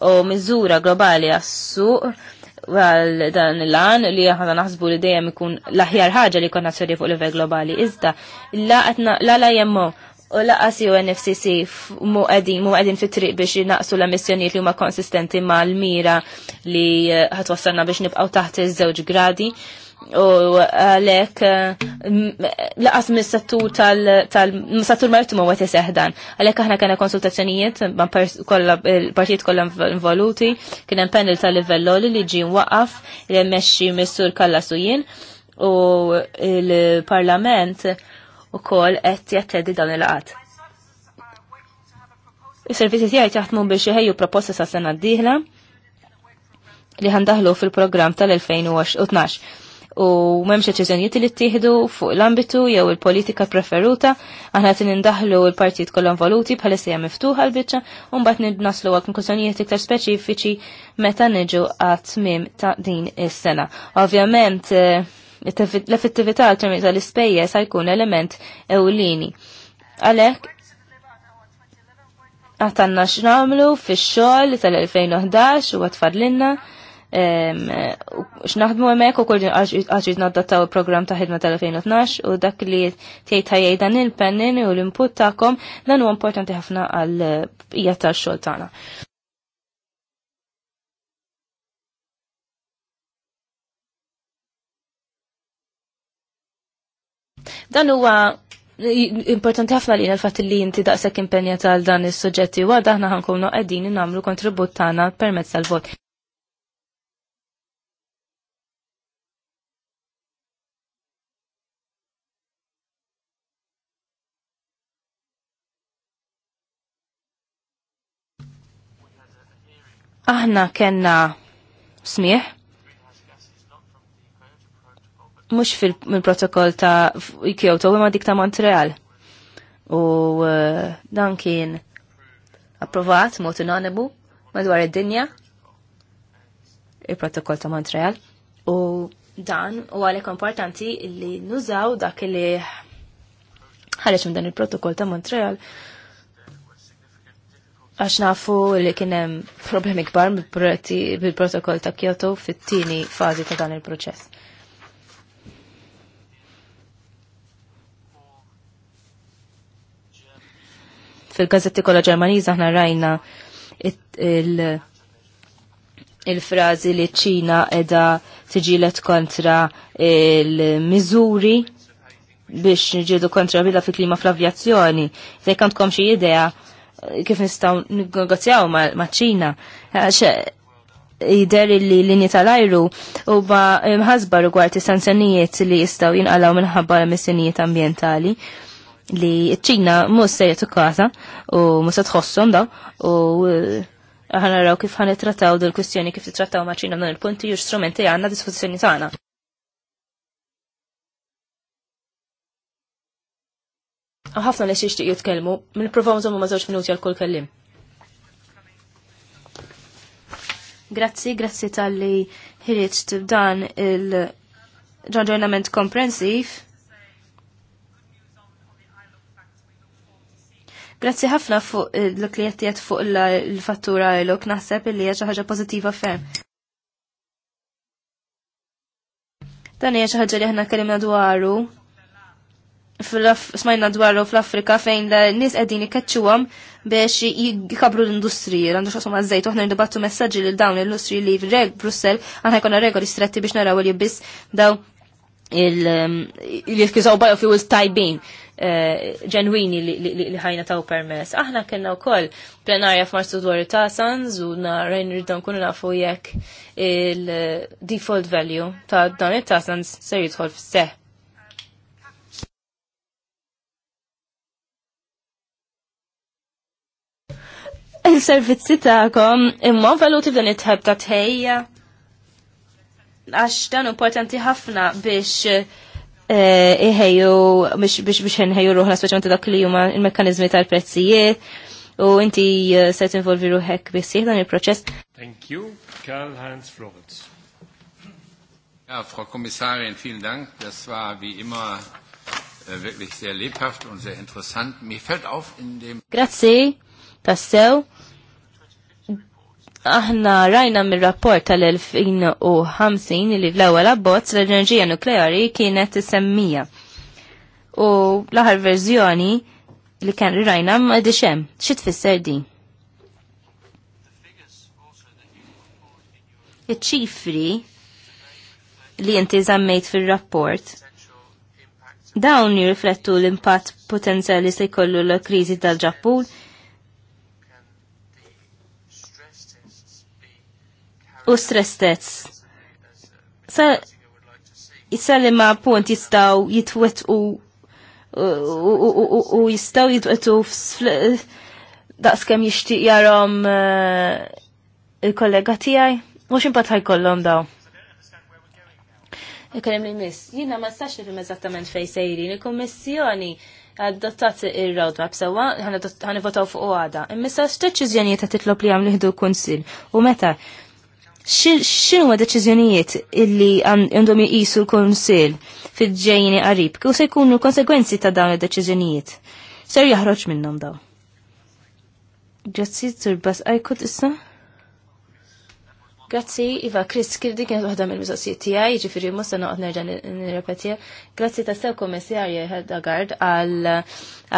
u miżura globali għas-suq għal dan l-an li aħna naħsbu li dejjem ikun l-aħjar ħaġa li s nazzjoni fuq level globali. Iżda, la la jemmu u laqas UNFCC mu għedin fit triq biex naqsu l-emissjoniet li huma konsistenti ma l-mira li eh, ħatwassalna biex nibqaw taħt iż-żewġ gradi u għalek eh, laqas mis-settur tal-settur marittimu għet seħdan. Għalek aħna kena konsultazzjonijiet ma' partijiet kollha involuti, kien hemm panel tal-livell li ġin waqaf li mmexxi mis-sur kalla u il-parlament u kol qed jattedi dawn il għat Is-servizzi tijaj jaħdmu biex iħejju proposta sa' sena d-dieħla li ħandaħlu fil-programm tal-2012 u memx deċiżjonijiet li ttieħdu fuq l-ambitu jew il-politika preferuta, aħna qed nindaħlu l-partijiet kollha involuti bħalissa hija miftuħa l-biċċa u mbagħad naslu n-kuzjonijiet iktar speċifiċi meta niġu għat mim ta' din is-sena. Ovvjament eh, l-effettività għal-termi tal-ispejja jkun element ewlini. Għalek, għatanna x'namlu fix-xogħol tal-2011 u l-inna x'naħdmu hemmhekk ukoll għax naddattaw il-programm ta' ħidma tal-2012 u dak li tgħid ħajjej dan il-pennin u l-input tagħkom dan huwa importanti ħafna għal bqija tax-xogħol tagħna. Dan huwa importanti ħafna li nal fatt li jinti daqshekk impenja tal dan is-suġġetti wa daħna ħankunu qegħdin nagħmlu kontribut tagħna permezz tal-vot. Aħna kena smieħ mux fil-protokoll ta' Kyoto ma' dik ta' Montreal. U uh, dan kien approvat mot unanimu madwar id-dinja il-protokoll ta' Montreal. U dan u għalek importanti li nużaw dak li ħareċ minn dan il-protokoll ta' Montreal għax nafu li kienem problemi kbar bil-protokoll ta' Kyoto fit-tini fazi ta' dan il-proċess. Fil-gazzetti kolla ġermaniza ħna rajna il-frazi li ċina edha tiġilet kontra il-Mizuri biex ġidu kontra bila fi klima fl-avjazzjoni. Zej kantkom xie idea kif nistaw negozjaw ma' ċina. Jider li l-linja tal-ajru u ba mħazba rigward is-sanzjonijiet li jistaw jinqalaw minħabba l-missjonijiet ambientali li ċina mus se jtukata u mus se tħossom da u eh, ħana raw kif ħan dil-kustjoni kif titrattaw ma' ċina dan il-punti u strumenti għanna dispożizzjoni tagħna. ħafna li xiex jitkellmu, minn provaw nżommu ma' żewġ minuti għal kull kellim. Grazzi, grazzi tal-li ħiriċt dan il-ġaġġornament komprensiv. Grazzi ħafna fuq eh, l-klijettijiet fuq l-fattura l-ok naħseb li hija xi ħaġa pożittiva ferm. Dan hija xi ħaġa li aħna kellimna dwaru smajna dwarru fl-Afrika fejn nis qegħdin ikaċċuhom biex jikabru l-industriji, għandu xasum għazzejt, uħna nibattu messagġi li dawn l-industri li reg Brussel, għanna jkun regoli stretti biex naraw li biss daw il-kizaw um, biofuels tajbin eh, ġenwini li ħajna taw permess. Aħna kena u koll plenarja f'Marsu dwar ta' Sans u narajn rridan kunu nafu jekk il-default eh, value ta' dan it-tasans ser jidħol f'seħ. il-servizzi ta'kom imma valuti f'dan it tħab ta' tħejja. Għax dan importanti ħafna biex eh, iħeju biex biex nħeju ruħna speċjalment dak li huma il-mekkaniżmi tal-prezzijiet u inti eh, se tinvolvi ruħek biex dan il-proċess. Thank you, Karl Heinz Florenz. Ja, Frau Kommissarin, vielen Dank. Das war wie immer äh, wirklich sehr lebhaft und sehr interessant. Mir fällt auf in dem Grazie tassew. Aħna rajna mir-rapport tal-2050 li l ewwel abbozz l-enerġija nukleari kienet semmija. U l-aħħar verżjoni li kien rajna ma dixem. Xi tfisser din? Iċ-ċifri li inti żammejt fir-rapport dawn jirriflettu l-impatt potenzjali se jkollu l-kriżi tal-Ġappun u stress tests. Sa ma punt jistaw jitwet u u jistaw jitwet u kem jishti jarom eh, il-kollega tijaj. Mux impat kollom daw. Ikkallim li miss, jina ma stax nifim eżattament fej sejri, il-kommissjoni adottat il-roadmap sewa, ħan votaw fuq għada. Imma x-deċizjoni ta' titlob li għamlu ħdu kunsil. U meta, xinu għad deċizjonijiet illi um, għandhom jisu l-konsil fil-ġejni qarib, kif se jkunu konsekwenzi ta' dawn id-deċizjonijiet? Ser jaħroġ minnhom daw. Grazzi, Turba's għajkut issa? Grazzi, Iva, Kris, kif dik kienet waħda mill-mistoqsijiet tiegħi, jiġifieri mhux se noqgħod nerġa' nirrepetiha. Grazzi ta' sew kummissarja Hedda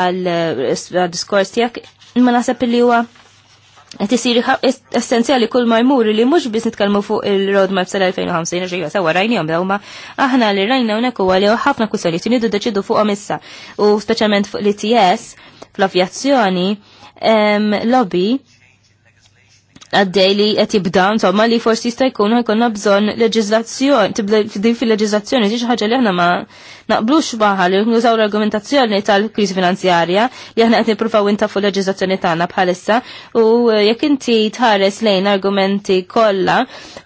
għal diskors tiegħek. Ma naħseb li huwa qed isir essenzjali kull ma jmur li mhux biss nitkellmu fuq il-roadmap sal-2050 sawa sewa rajnihom dawma aħna li rajna hawnhekk huwa li ħafna t-nidu deċidu fuqhom issa u speċjalment fuq l-ITS fl-avjazzjoni lobby għaddej li qed jibda insomma li forsi jista' jkun ħajkonna bżonn leġiżlazzjoni tibda fil-leġiżlazzjoni xi ħaġa li għana ma naqblux baħal li nużaw l-argumentazzjoni tal-kriżi finanzjarja li aħna qed nippruvaw intafu l-leġiżlazzjoni tagħna bħalissa u jekk inti tħares lejn argumenti kollha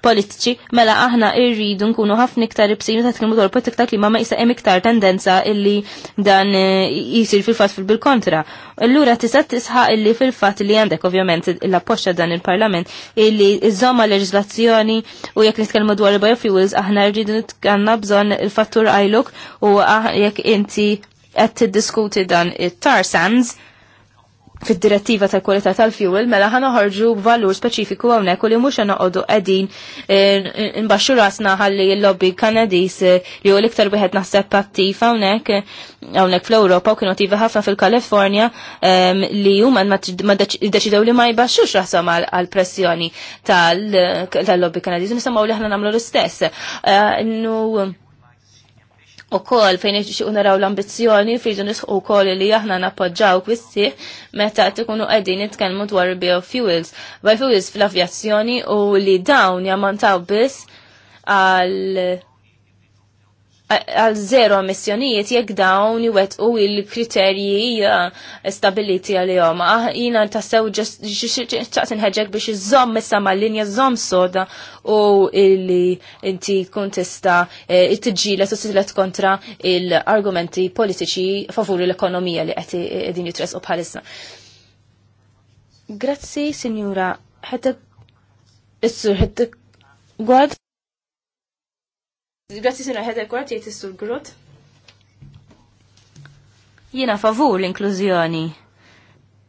politiċi mela aħna irridu nkunu ħafna iktar ibsin ta' tkellmu dwar politika ta' klima ma jista' hemm iktar tendenza illi dan eh, jisir fil-fatt fil-bil-kontra. Allura tista' tisħaq illi fil-fatt li għandek ovvjament l-appoġġa dan il-Parlament illi iżomma leġiżlazzjoni u jekk nitkellmu dwar il-biofuels aħna rridu nitkellna bżonn il-fattur għajluk u u ah, jekk inti qed tiddiskuti dan it-tar sands fid-direttiva tal kwalità tal-fuel, mela ħana ħarġu valur speċifiku hawnhekk u li mhux noqogħdu qegħdin eh, nbaxxu rasna ħalli l-lobby Kanadis eh, li hu l-iktar wieħed naħseb attiv hawnhekk eh, hawnhekk fl europa u kienu tivi ħafna fil kalifornia li huma ma ddeċidew li ma jbaxxux rashom għall-pressjoni tal-lobby Kanadiż. Nisimgħu li aħna nagħmlu l-istess u kol fejn iġiċu naraw l-ambizjoni fridu nisħu kol li aħna nappoġġaw kwissi meta tikunu għedin nitkellmu dwar biofuels. Biofuels fl-avjazzjoni u li dawn jammantaw biss għal għal zero emissjonijiet jekk dawn jwet u il-kriterji uh, stabiliti għal-jom. Ah, jina tassew ċaqsin ħeġek biex iżomm issa mal-linja zom soda u illi inti kontesta eh, it-tġila s kontra il-argumenti politiċi favur l-ekonomija li għati eh, din jutres u bħalissa. Grazzi, signora. Ħetek, issur sur Grazzi sena ħedha kwart jgħid istur grot. Jiena favur l-inklużjoni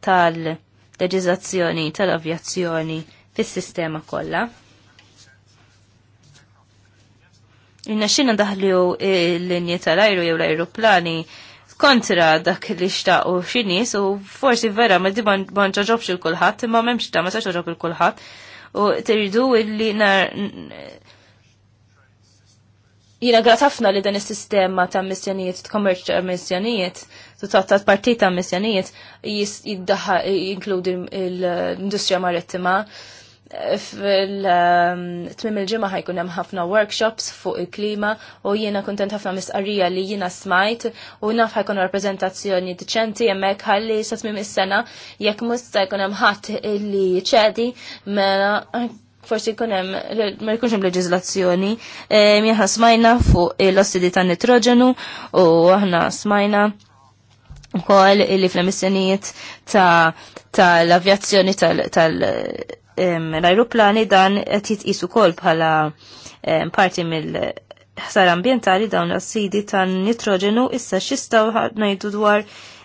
tal-leġiżazzjoni tal-avjazzjoni fis-sistema kollha. Inna xina daħlu l-linji tal-ajru jew l-ajruplani kontra dak li u xinis u forsi vera ma di ma ċaġobx il-kulħat, imma memx ta' ma taċaġob il-kulħat u teridu illi nar Jina grat ħafna li dan is-sistema ta' missjonijiet, ta' kommerċ ta' missjonijiet, ta' partita ta' missjonijiet, jiddaħħa jinkludi l-industrija marittima. Fil-tmim um, il-ġimma ħajkun hemm ħafna workshops fuq il-klima u jiena kontent ħafna mistqarrija li jiena smajt u naf ħajkun rappreżentazzjoni diċenti hemmhekk ħalli sa tmim is-sena jekk mhux se jkun hemm ħadd li ċedi mela forsi jkun hemm ma jkunx hemm leġiżlazzjoni, aħna e, smajna fuq l-ossidi ta' nitrogenu u aħna smajna wkoll li fl-emissjonijiet ta' tal-avjazzjoni tal-ajruplani dan qed jitqisu wkoll bħala parti mill ħsar ambjentali dawn l-ossidi ta' nitrogenu issa x'istgħu ngħidu dwar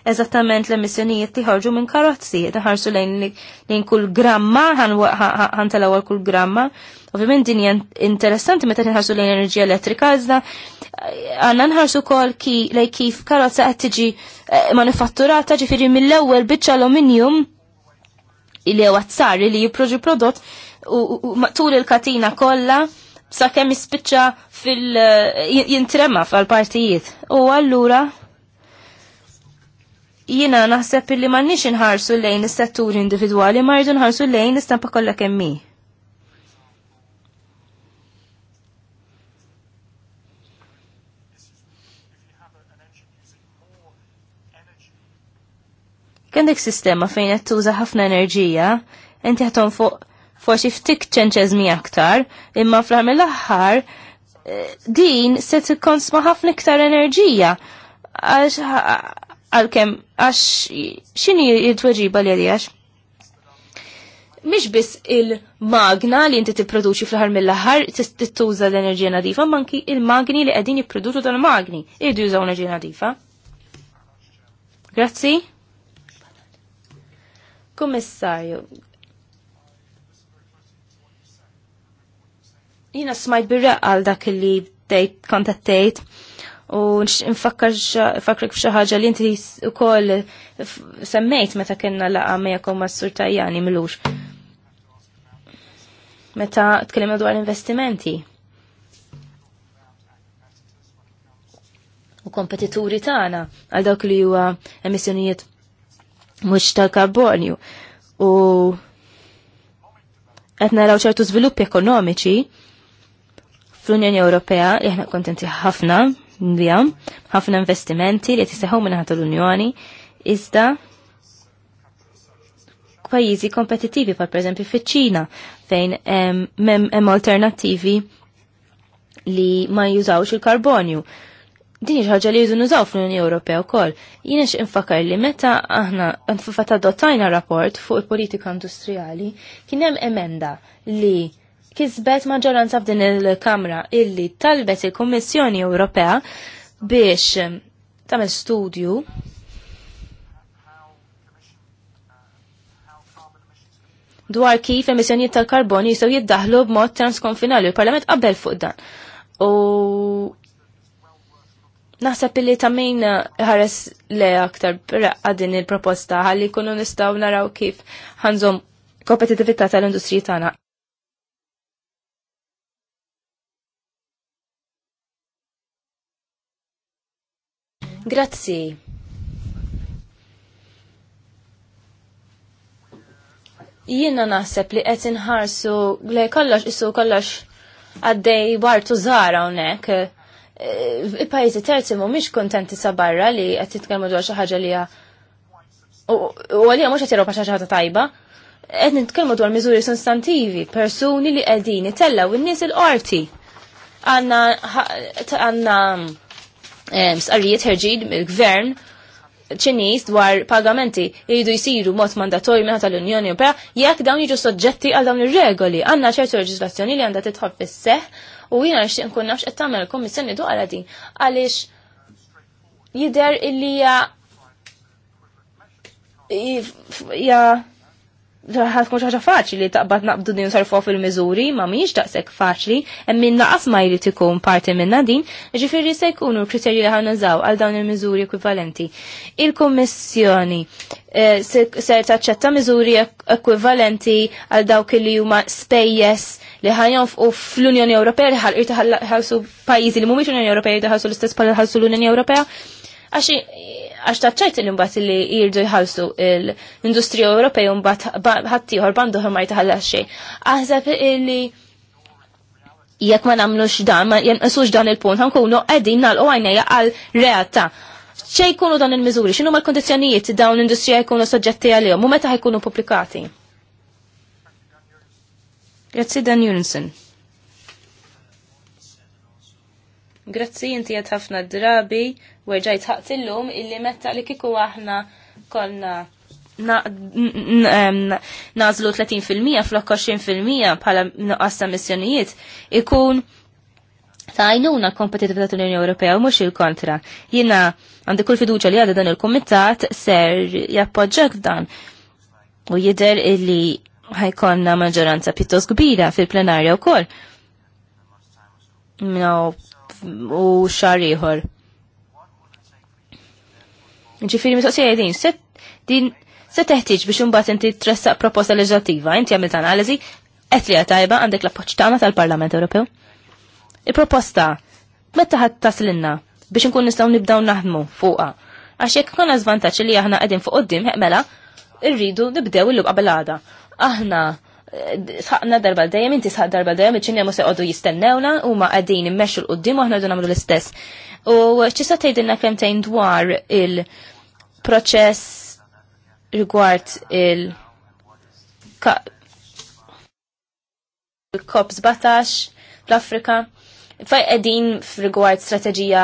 eżattament l-emissjonijiet tiħorġu minn karozzi, taħarsu lejn kull gramma, għan tal-ewwel kull gramma. Ovvijament din hija interessanti meta tinħarsu lejn enerġija elettrika, iżda eh, għandna nħarsu wkoll lejn lej kif karozza qed tiġi eh, manifatturata ġifieri mill-ewwel biċċa aluminium il huwa tsari li jipproġu prodott u tul il-katina kollha sa kemm ispiċċa fil eh, jintrema fil-partijiet. U allura Jiena naħseb illi nix inħarsu lejn is-setturi individwali ma rridu nħarsu lejn istampa kollha kemm hi. dik sistema fejn qed tuża ħafna enerġija, inti ħaton fuq forsi ftik ċenċeżmi aktar, imma fl-ħar mill-aħħar eh, din se tikkonsma ħafna iktar enerġija għalkemm għax x'inhi t-tweġiba li għaliex? Mhix biss il-magna li inti tipproduċi fl-aħħar mill-aħħar tittuża l-enerġija nadifa, manki il-magni li qegħdin jipproduċu tal-magni jridu jużaw enerġija nadifa. Grazzi. Kummissarju, jina smajt birra għal dak li dejt kontattejt u nfakkar f'xi ħaġa li inti wkoll semmejt meta kellna laqa mejakom mas-sur Tajjani milux. Meta tkellem dwar investimenti. U kompetituri tagħna għal dawk li huwa emissjonijiet mhux tal-karbonju. U qed naraw ċertu żviluppi ekonomiċi fl-Unjoni Ewropea li aħna kontenti ħafna bija ħafna investimenti li jtiseħu minn ħat l-Unjoni iżda pajjiżi kompetitivi, par pereżempju fiċ-Ċina fejn hemm alternattivi li ma jużawx il-karbonju. Din ħaġa li jużun nużaw fl-Unjoni Ewropea wkoll. Jien x infakar li meta aħna fatta dottajna rapport fuq il-politika industrijali kien hemm emenda li kisbet maġġoranza f'din il-Kamra illi talbet il-Kummissjoni Ewropea biex tagħmel studju dwar kif emissjonijiet tal karboni jistgħu jiddaħlu b'mod transkonfinali. Il-Parlament qabel fuq dan. U naħseb illi tammin ħares le aktar raqqa din il-proposta ħalli kunu nistgħu naraw kif ħanżom kompetitività tal industrija tagħna. Grazzi. Jiena naħseb li qed inħarsu le kollox issu kollox għaddej bartu żara hawnhekk. E, il-pajjiżi terzi mhumiex kuntenti sa barra li qed titkellmu dwar xi ħaġa li u għalija mhux qed jiropa xi ħaġa tajba. Qed nitkellmu dwar miżuri sostantivi, persuni li qegħdin itellgħu in-nies il-qorti. għandna Eh, Sqarrijiet ħerġin mill-gvern ċiniż dwar pagamenti jridu jisiru mod mandatorju minn tal-Unjoni Ewropea jekk dawn jiġu soġġetti għal dawn ir-regoli. Għandna ċertu leġislazzjoni li għandha tidħol fis-seħ u jiena nixtieq nkun nafx qed tagħmel il-Kummissjoni dwar din għaliex jidher illi hija ħatkun ħaġa faċli li taqbad naqbdu din sarfu fil-miżuri, ma miġ daqshekk faċli, hemm min naqas ma jrid ikun parti minna din, ġifiri se jkunu kriterji li ħannużaw għal dawn il-miżuri ekvivalenti. Il-Kummissjoni eh, se taċċetta miżuri ekwivalenti għal dawk li huma spejjeż li ħajjon u fl-Unjoni Ewropea li ħalqir taħallsu pajjiżi li mhumiex Unjoni Ewropea jtaħallsu l-istess bħal ħallsu l-Unjoni Ewropea. Għax għax taċċajt li mbagħad li jirdu jħallsu l-industrija Ewropej mbagħad ħaddieħor banduħor ma jtaħallas xejn. Aħseb li jekk ma nagħmlux dan, ma jenqasux dan il-punt, ħankunu qegħdin nagħlqu għajnejja għal realtà ċej jkunu dan il-mizuri, xinu ma l-kondizjonijiet dawn l-industrija jkunu soġġetti għalihom u meta ħajkunu publikati? Grazzi Dan Jurinsen. Grazzi inti qed ħafna drabi Werġajt ħaqt illum illi metta li kiku aħna konna nażlu 30% flok 20% bħala nuqqas ta' missjonijiet ikun ta' għajnuna kompetitivita tal-Unjoni Ewropea u mux il-kontra. Jina għandi kull fiduċa li għadda dan il-komitat ser jappoġġak dan u jider illi ħajkonna maġġoranza pjuttost kbira fil-plenarja u kol. No, u xarriħor. ieħor. Ġifiri mistoqsija din, se din se teħtieġ biex imbagħad inti tressaq proposta leġislattiva, inti għamilt analiżi qed li tajba għandek l-appoġġ tagħna tal-Parlament Ewropew. Il-proposta meta ħadd taslinna biex inkun nistgħu nibdew naħdmu fuqha. Għax jekk konna żvantaġġ li aħna qegħdin fuq qudiem mela irridu nibdew illum qabel għada. Aħna sħaqna darba dejjem, inti sħaq darba dejjem, iċinja mu seqodu jistennewna, u ma għadin immexxu l-qoddim, u ħna għadu namlu l-istess. U ċista tgħidilna kemtejn dwar il-proċess rigward il- COP 17 l-Afrika. Faj edin f'rigward strategija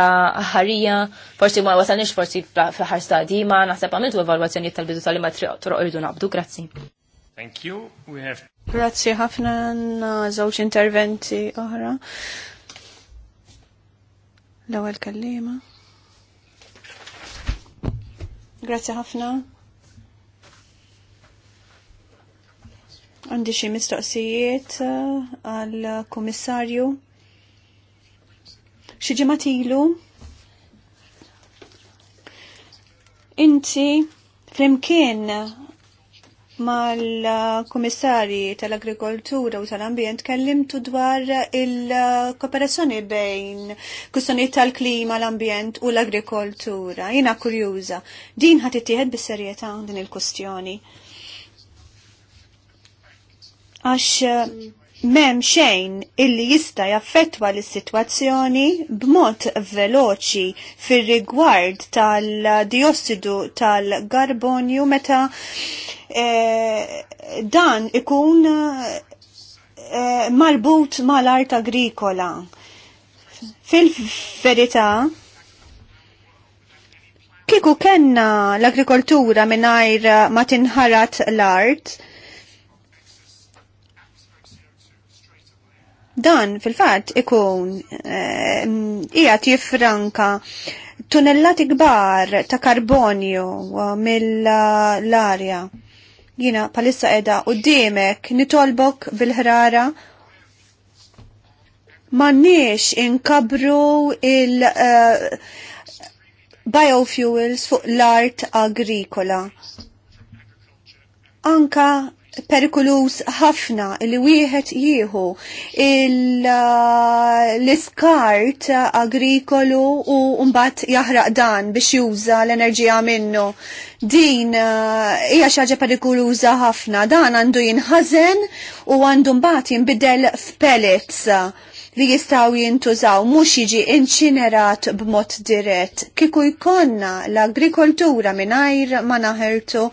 ħarija, forsi ma wasalniex forsi fl-ħar stadi, ma naħseb għamiltu evalwazzjoni tal-bidu tal-imma troq irdu nabdu, grazzi. Thank you. We have Grazzi ħafna na żewġ interventi oħra. L-ewwel kallima. Grazzi ħafna. Għandi xi mistoqsijiet uh, għall-Kummissarju. Xi ġimgħa ilu inti flimkien mal-Kummissarji tal-Agrikoltura u tal-Ambjent kellimtu dwar il-kooperazzjoni bejn kustoni tal-klima, l-ambjent u l-agrikoltura. Jina kurjuża, din ħat ittieħed bis-serjetà din il-kustjoni. Għax eh, mem xejn illi jista' jaffettwa l-sitwazzjoni b'mod veloċi fir-rigward tal-diossidu tal-garbonju meta E, dan ikun e, marbut mal-art agrikola. Fil-verità, kiku kenna l-agrikoltura minnajr ma tinħarat l-art, dan fil-fat ikun e, ijat jifranka tunnellati gbar ta' karbonju mill-arja. Uh, jina palissa edha u dimek nitolbok bil-ħrara mannix inkabru il- uh, biofuels fuq l-art agrikola. Anka perikolus ħafna li wieħed jieħu uh, l-iskart agrikolu u mbagħad jaħraq dan biex juża l-enerġija minnu. Din uh, hija xi ħaġa perikoluża ħafna. Dan għandu jinħażen u għandu mbagħad jinbidel f'pellets li jistaw jintużaw mhux jiġi inċinerat b'mod dirett. Kiku jkollna l-agrikoltura mingħajr ma naħertu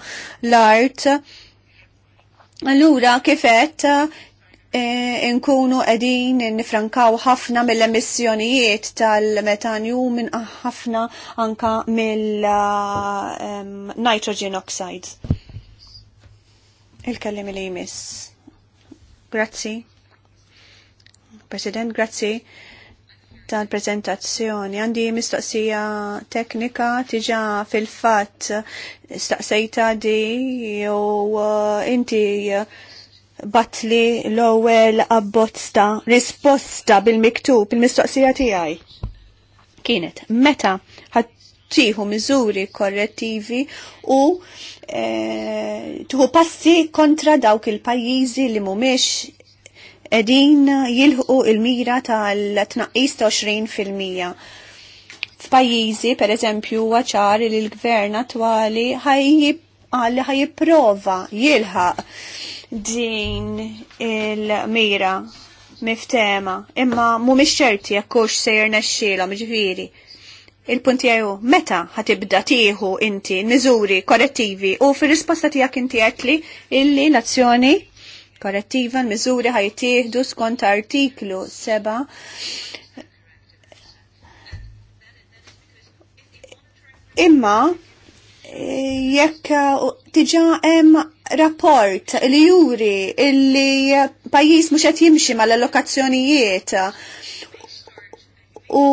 l-art Allura kifet eh, nkunu qegħdin nifrankaw ħafna mill-emissjonijiet tal-metanju minn ħafna anka mill-nitrogen ehm, oxides. Il-kellim li jmiss. Grazzi. President, grazzi tal-prezentazzjoni. Għandi mistoqsija teknika tiġa fil-fat staqsejta di u uh, inti batli l-ewwel abbozza risposta bil-miktub il-mistoqsija tiegħi. Kienet meta ħadd tieħu miżuri korrettivi u e, tieħu passi kontra dawk il-pajjiżi li mhumiex edin jilħu il-mira tal-tnaqqis ta' 20%. F'pajjiżi, per eżempju, għacħar li l-gvern attuali għalli jipprova jilħaq din il-mira miftema, imma mhumiex ċerti jekk hux sejjer nexxielhom il-punti għaju, meta ħatibda tiħu inti miżuri korrettivi u fil risposta tijak inti għetli illi l-azzjoni korrettiva l-miżuri ħajtieħdu skont artiklu 7 imma jekk tiġa hemm rapport li juri li pajjiż mhux qed jimxi mal-allokazzjonijiet u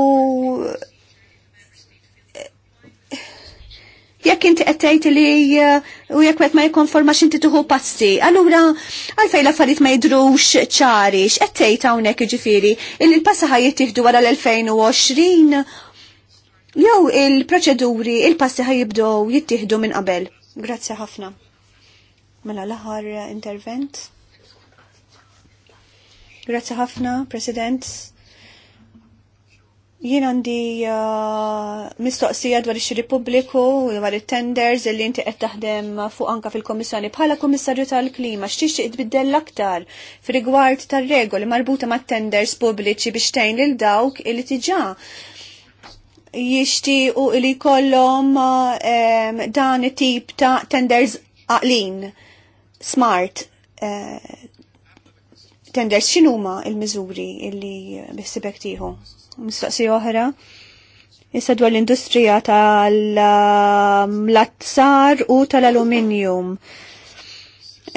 jekk inti qed tgħid li uh, u jekk qed ma jikkonformax inti tuħu passi. Allura għalfejn l-affarijiet ma jidrux ċari, x'qed tgħid hawnhekk jiġifieri il l-passa ħajjittieħdu wara l-2020 jew il-proċeduri, il-passi ħajibdew jittieħdu minn qabel. Grazzi ħafna. Mela l-aħħar intervent. Grazzi ħafna, President Jien għandi uh, mistoqsija dwar ix-xiri pubbliku dwar it-tenders li inti qed taħdem fuq anka fil-Kommissjoni bħala Kummissarju tal-Klima x'tixtieq tbiddel l-aktar fir-rigward tar-regoli marbuta mat-tenders pubbliċi biex tgħin lil dawk li tiġa jixtiequ li kollhom um, dan it-tip ta' tenders għaqlin smart uh, tenders x'inhuma l-miżuri li biħsibek tieħu? mistaqsi oħra. Issa dwar l-industrija tal-lazzar um, u tal-aluminium.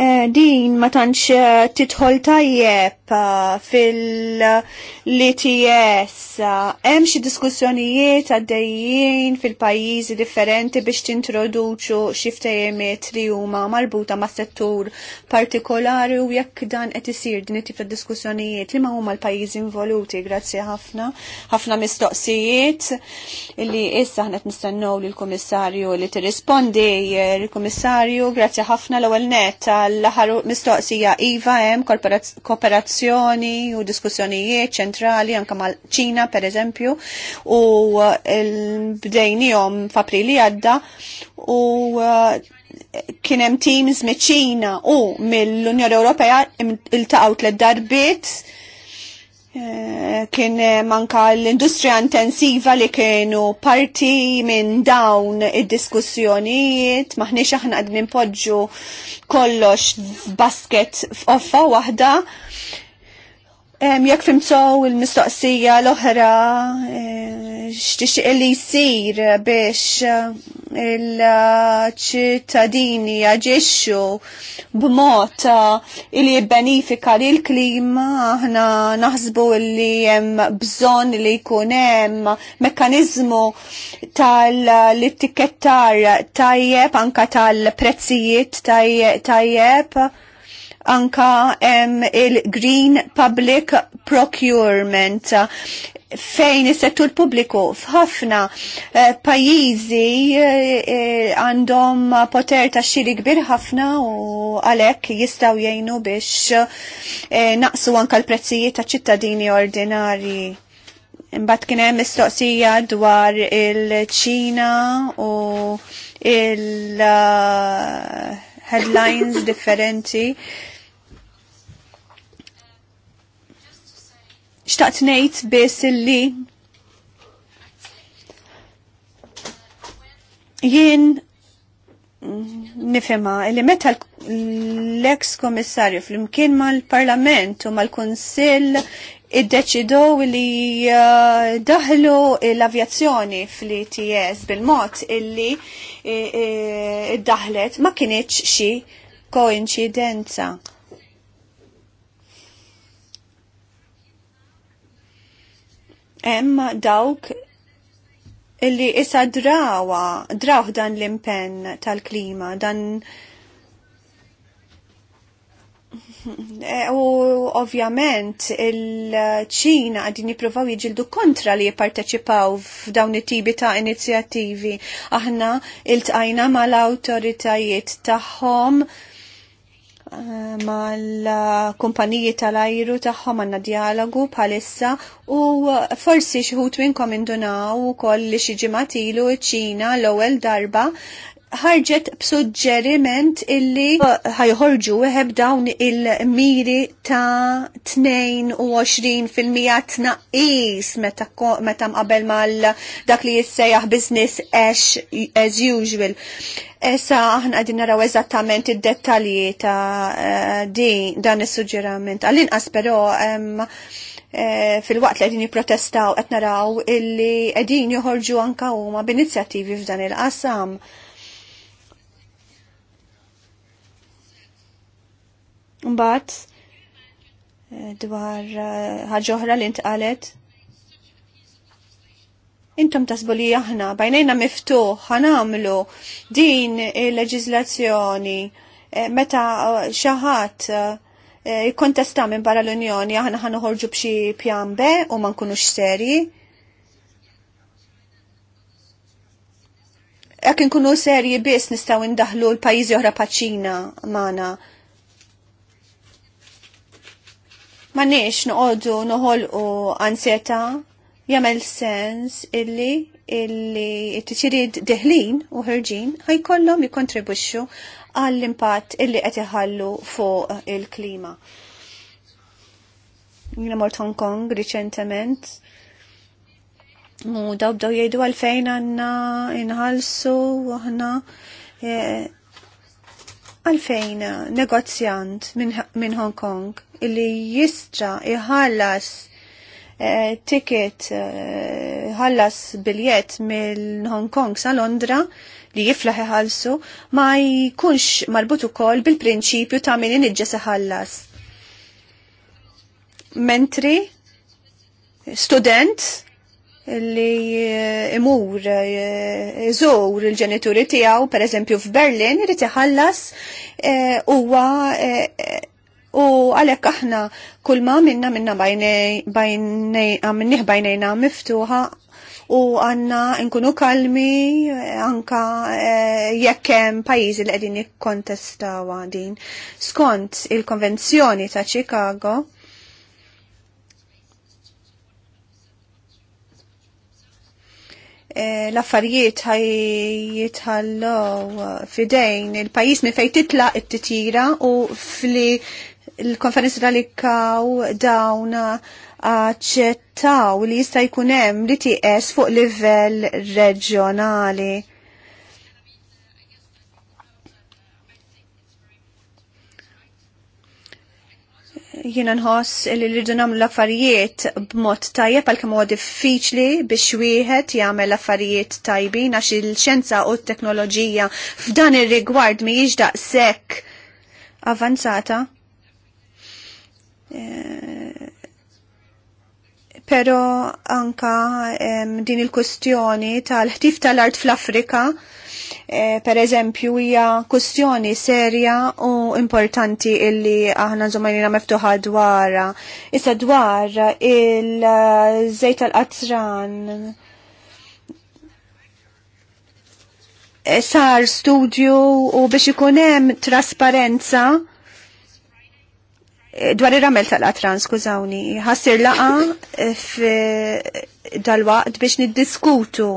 Eh, din ma tantx eh, titħol tajjeb eh, fil-LTS. Hemm xi diskussjonijiet għaddejjin fil-pajjiżi differenti biex tintroduċu xi ftehimiet li huma marbuta ma' settur partikolari u jekk dan qed isir din it-tip diskussjonijiet li ma huma l-pajjiżi involuti. Grazzi ħafna, ħafna mistoqsijiet li issa ħanet nistennew lill-Kummissarju li tirrispondi. Il-Kummissarju, grazzi ħafna l-ewwel net l-aħħar mistoqsija iva hemm kooperazzjoni u diskussjonijiet ċentrali anke mal-Ċina pereżempju u eh, bdejnihom f'April li għadda u eh, kien hemm teams miċ-Ċina u mill-Unjoni Ewropea iltaqgħu tliet darbiet Eh, kien eh, manka l-industrija intensiva li kienu parti minn dawn id-diskussjonijiet, maħniex aħna għad minpoġġu kollox basket f'offa waħda. Jekk fimsow il-mistoqsija l-oħra eh, xtixtieq li jsir biex eh, il-ċittadini jaġixxu b'mod eh, li jibbenifika li l-klima aħna naħsbu li hemm bżonn li jkun hemm mekkaniżmu tal-ittikettar tajjeb anka tal-prezzijiet tajjeb anka il-Green Public Procurement eh, fejn is-settur pubbliku f'ħafna eh, pajjiżi eh, eh, għandhom eh, poter ta' xiri kbir ħafna u għalhekk jistgħu jgħinu biex eh, naqsu anke l-prezzijiet ta' ċittadini ordinari. Imbagħad kien hemm mistoqsija dwar il-Ċina u il- headlines differenti Xtaqt ngħid biss illi jien nifema li meta l-ex komissarju fl-imkien mal-parlament u mal-konsil id-deċidow li uh, daħlu l-avjazzjoni fl-ITS bil-mod illi eh, eh, id-daħlet ma kienieċ xi koincidenza. hemm dawk illi issa drawa, draw dan l-impenn tal-klima, dan *laughs* U ovvjament il-ċina għadin jipruvaw jġildu kontra li jipparteċipaw f'dawn it-tibi ta' inizjattivi. Aħna il-tqajna mal-autoritajiet tagħhom mal-kumpaniji tal-ajru tagħhom għandna dialogu bħalissa u forsi xħut minnkom indunaw u koll li xi ġimgħat ilu ċina l-ewwel darba ħarġet b'suġġeriment illi ħajħorġu weħeb dawn il-miri ta' 22% tnaqis meta mqabel mal dak li jissejjaħ business as, usual. Issa aħna qegħdin naraw eżattament id-dettalji ta' eh, dan is-suġġerament. Għall-inqas però eh, fil-waqt li għedin jiprotestaw għet naraw illi għedin joħorġu anka huma b'inizjattivi f'dan il-qasam. Mbagħad eh, dwar eh, ħaġa oħra li intqalet intom tasbu li aħna bajnejna miftuħ ħanamlu din il-leġizlazzjoni eh, meta xaħat jikkontesta minn barra l-Unjoni aħna ħanħorġu b'xi pjan B u ma nkunux serji. Jekk nkunu serji biss nistgħu indaħlu l-pajjiżi oħra paċina magħna Ma nix noqodu nuħol u ansjeta jamel sens illi illi t-tirid deħlin u ħerġin ħajkollhom jikontribuxu għall-impatt illi qed iħallu fuq il-klima. Jina mort Hong Kong riċentement u daw bdew jgħidu għalfejn għandna inħallsu aħna eh, għalfejn negozjant minn Hong Kong illi jistra iħallas eh, ticket, eh, ħallas eh, biljett mill Hong Kong sa Londra li jiflaħ iħallsu ma jkunx marbut ukoll bil-prinċipju ta' minn inġġes iħallas. Mentri, student, li eh, imur eh, iżur il-ġenituri tiegħu pereżempju f'Berlin irid iħallas eh, huwa u għalhekk aħna kull ma minna minna minnih bajnejna miftuħa u għanna nkunu kalmi anka jekkem pajizi li qegħdin jikkontestaw din. Skont il-Konvenzjoni ta' Chicago, Eh, l-affarijiet ħajjitħallu fidejn il-pajis minn fejn titla it-titira u fli l konferenzi tal-ikkaw dawn aċċettaw li jista' jkun hemm li tieqes fuq livell reġjonali. jiena nħoss li rridu nagħmlu l-affarijiet b'mod tajjeb għal kemm huwa diffiċli biex wieħed jagħmel affarijiet tajbin għax il-xjenza u t-teknoloġija f'dan ir-rigward mhijiex daqshekk avanzata. Eh, Pero anka din il-kustjoni tal-ħtif tal-art fl-Afrika Eh, per eżempju hija kustjoni serja u importanti illi aħna nżommajnina meftuħa dwara. Issa dwar il-żejt tal-qatran eh, sar studju u biex ikun hemm trasparenza eh, dwar ir-ramel tal-qatran, skużawni, ħassir laqa dal-waqt biex niddiskutu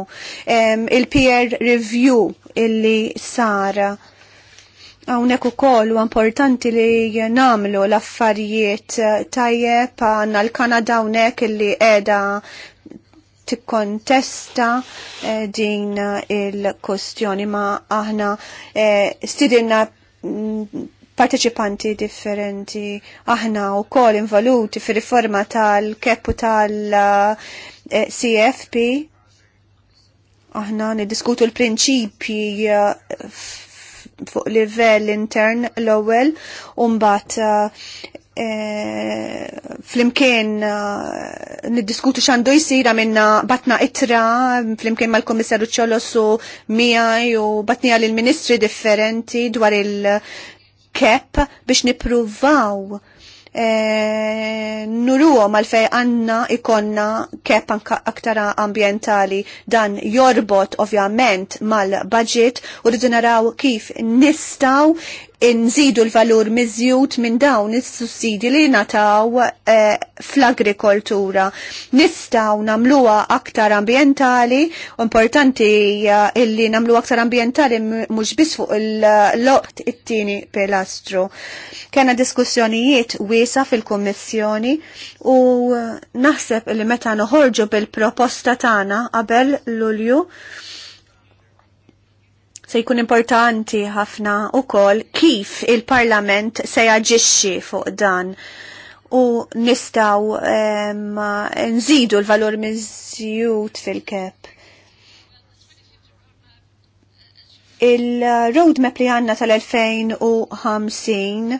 il-peer review illi sara. Hawnhekk ukoll u importanti li nagħmlu l-affarijiet eh, tajjeb għanna l-Kanada hawnhekk illi qiegħda tikkontesta eh, din eh, il-kustjoni ma aħna stidilna mm, parteċipanti differenti aħna u kol involuti fil riforma tal-kepu tal-CFP Aħna niddiskutu l-prinċipji eh, fuq livell intern l-ewwel u mbagħad eh, eh, flimkien niddiskutu x'għandu jsir minna batna itra flimkien mal-Kummissarju Ċolosu miegħi u għal lill ministri differenti dwar il-kep biex nippruvaw e, mal fej għanna ikonna kep aktar ambientali dan jorbot ovvjament mal-budget u rridu naraw kif nistaw nżidu l-valur miżjut minn dawn is-sussidi li nataw eh, fl-agrikoltura. Nistaw namluwa aktar ambientali, importanti eh, illi namluwa aktar ambientali mhux biss fuq il-loqt it-tieni pilastru. Kena diskussjonijiet wiesa fil-Kummissjoni u eh, naħseb illi meta noħorġu bil-proposta tagħna qabel Lulju Se jkun importanti ħafna ukoll kif il-Parlament se jaġixxi fuq dan u nistaw um, nżidu l-valur mizzjut fil-kep. Il-roadmap li għanna tal-2050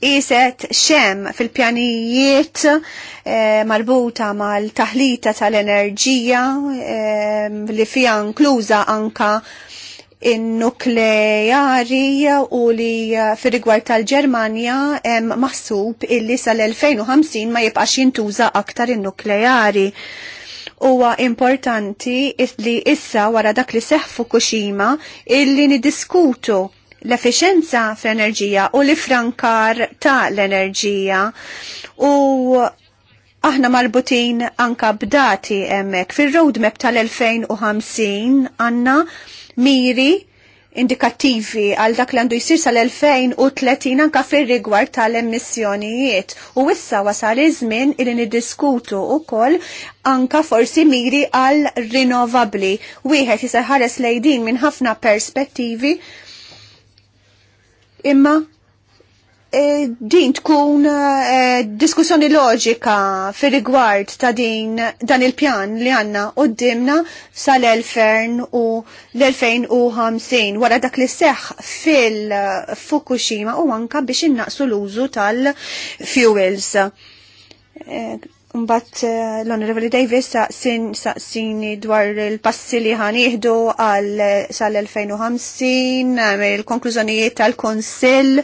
iset xem fil-pjanijiet e, marbuta mal-taħlita tal-enerġija e, li fija inkluża anka in-nukleari u li eh, fir-rigward tal-Ġermanja hemm maħsub illi sal-2050 ma jibqax jintuża aktar in-nukleari. Huwa importanti li issa wara dak li seħħ Fukushima illi nidiskutu l-efficienza fl-enerġija u l-ifrankar ta' l-enerġija u aħna marbutin anka b'dati emmek. Fil-roadmap tal-2050 għanna miri indikattivi għal dak l-għandu jisir sal-2030 anka fil-rigward tal-emissjonijiet u wissa wasal iż-żmien illi niddiskutu wkoll anka forsi miri għal rinnovabli. Wieħed jisir ħares lejdin minn ħafna perspettivi Imma e, din tkun e, diskussjoni loġika fir rigward ta' din dan il-pjan li għanna u dimna sal l-2050 wara dak li seħ fil-Fukushima u anka biex innaqsu l-użu tal-fuels. E, Mbatt eh, l honorable Davis saqsin saqsini dwar il-passi li ħan iħdu għal sal-2050, il-konklużjonijiet tal-Konsil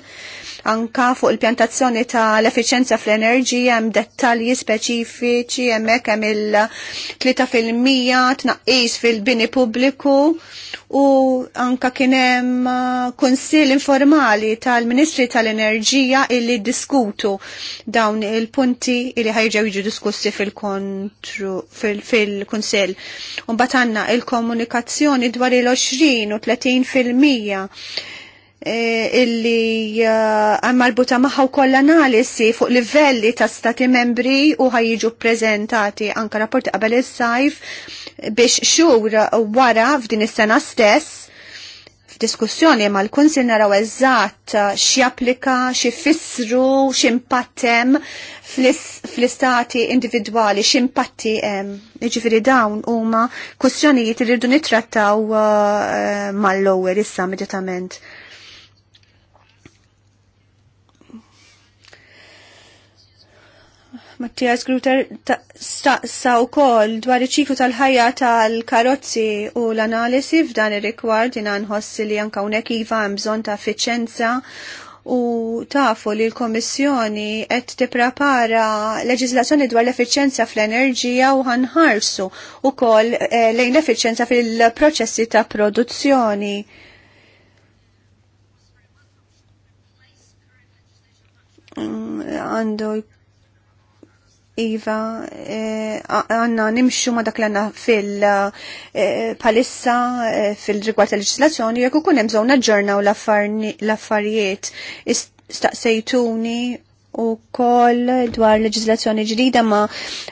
anka fuq il-pjantazzjoni ta' l-efficienza fl-enerġija hemm dettalji speċifiċi hemmhekk hemm il-3% tnaqqis fil-bini pubbliku u anka kien hemm uh, kunsill informali tal-Ministri tal-Enerġija illi diskutu dawn il-punti illi ħajġew jiġu diskussi fil-kontru fil-kunsill. Fil għandna il-komunikazzjoni dwar il-20 u 30 fil-mija Eh, illi eh, marbuta maħħa u koll analisi fuq livelli ta' stati membri u ħajġu prezentati anka rapporti qabel il-sajf biex xur wara f'din is-sena stess f'diskussjoni mal kunsil naraw eżatt x'japplika, x'ifissru, x'impattem fl-istati individwali, x'impatti hemm. Jiġifieri dawn huma kwistjonijiet li rridu nittrattaw eh, mal-lower issa immediatament. Mattias Gruter staqsa u kol dwar iċiklu tal-ħajja tal-karozzi u l-analisi f'dan ir-rikward jina nħossi li anka unek iva mżon ta' effiċenza u tafu li l-Komissjoni qed tipprepara leġislazzjoni dwar l efficienza fl-enerġija u ħanħarsu u kol eh, lejn l-effiċenza fil-proċessi ta' produzzjoni. Mm, għandu Iva, eh, għanna nimxu ma dak l-għanna fil-palissa, eh, eh, fil-rigward tal-leġislazzjoni, jekk kunem hemm bżonn naġġornaw l-affarijiet staqsejtuni u koll dwar leġislazzjoni ġdida ma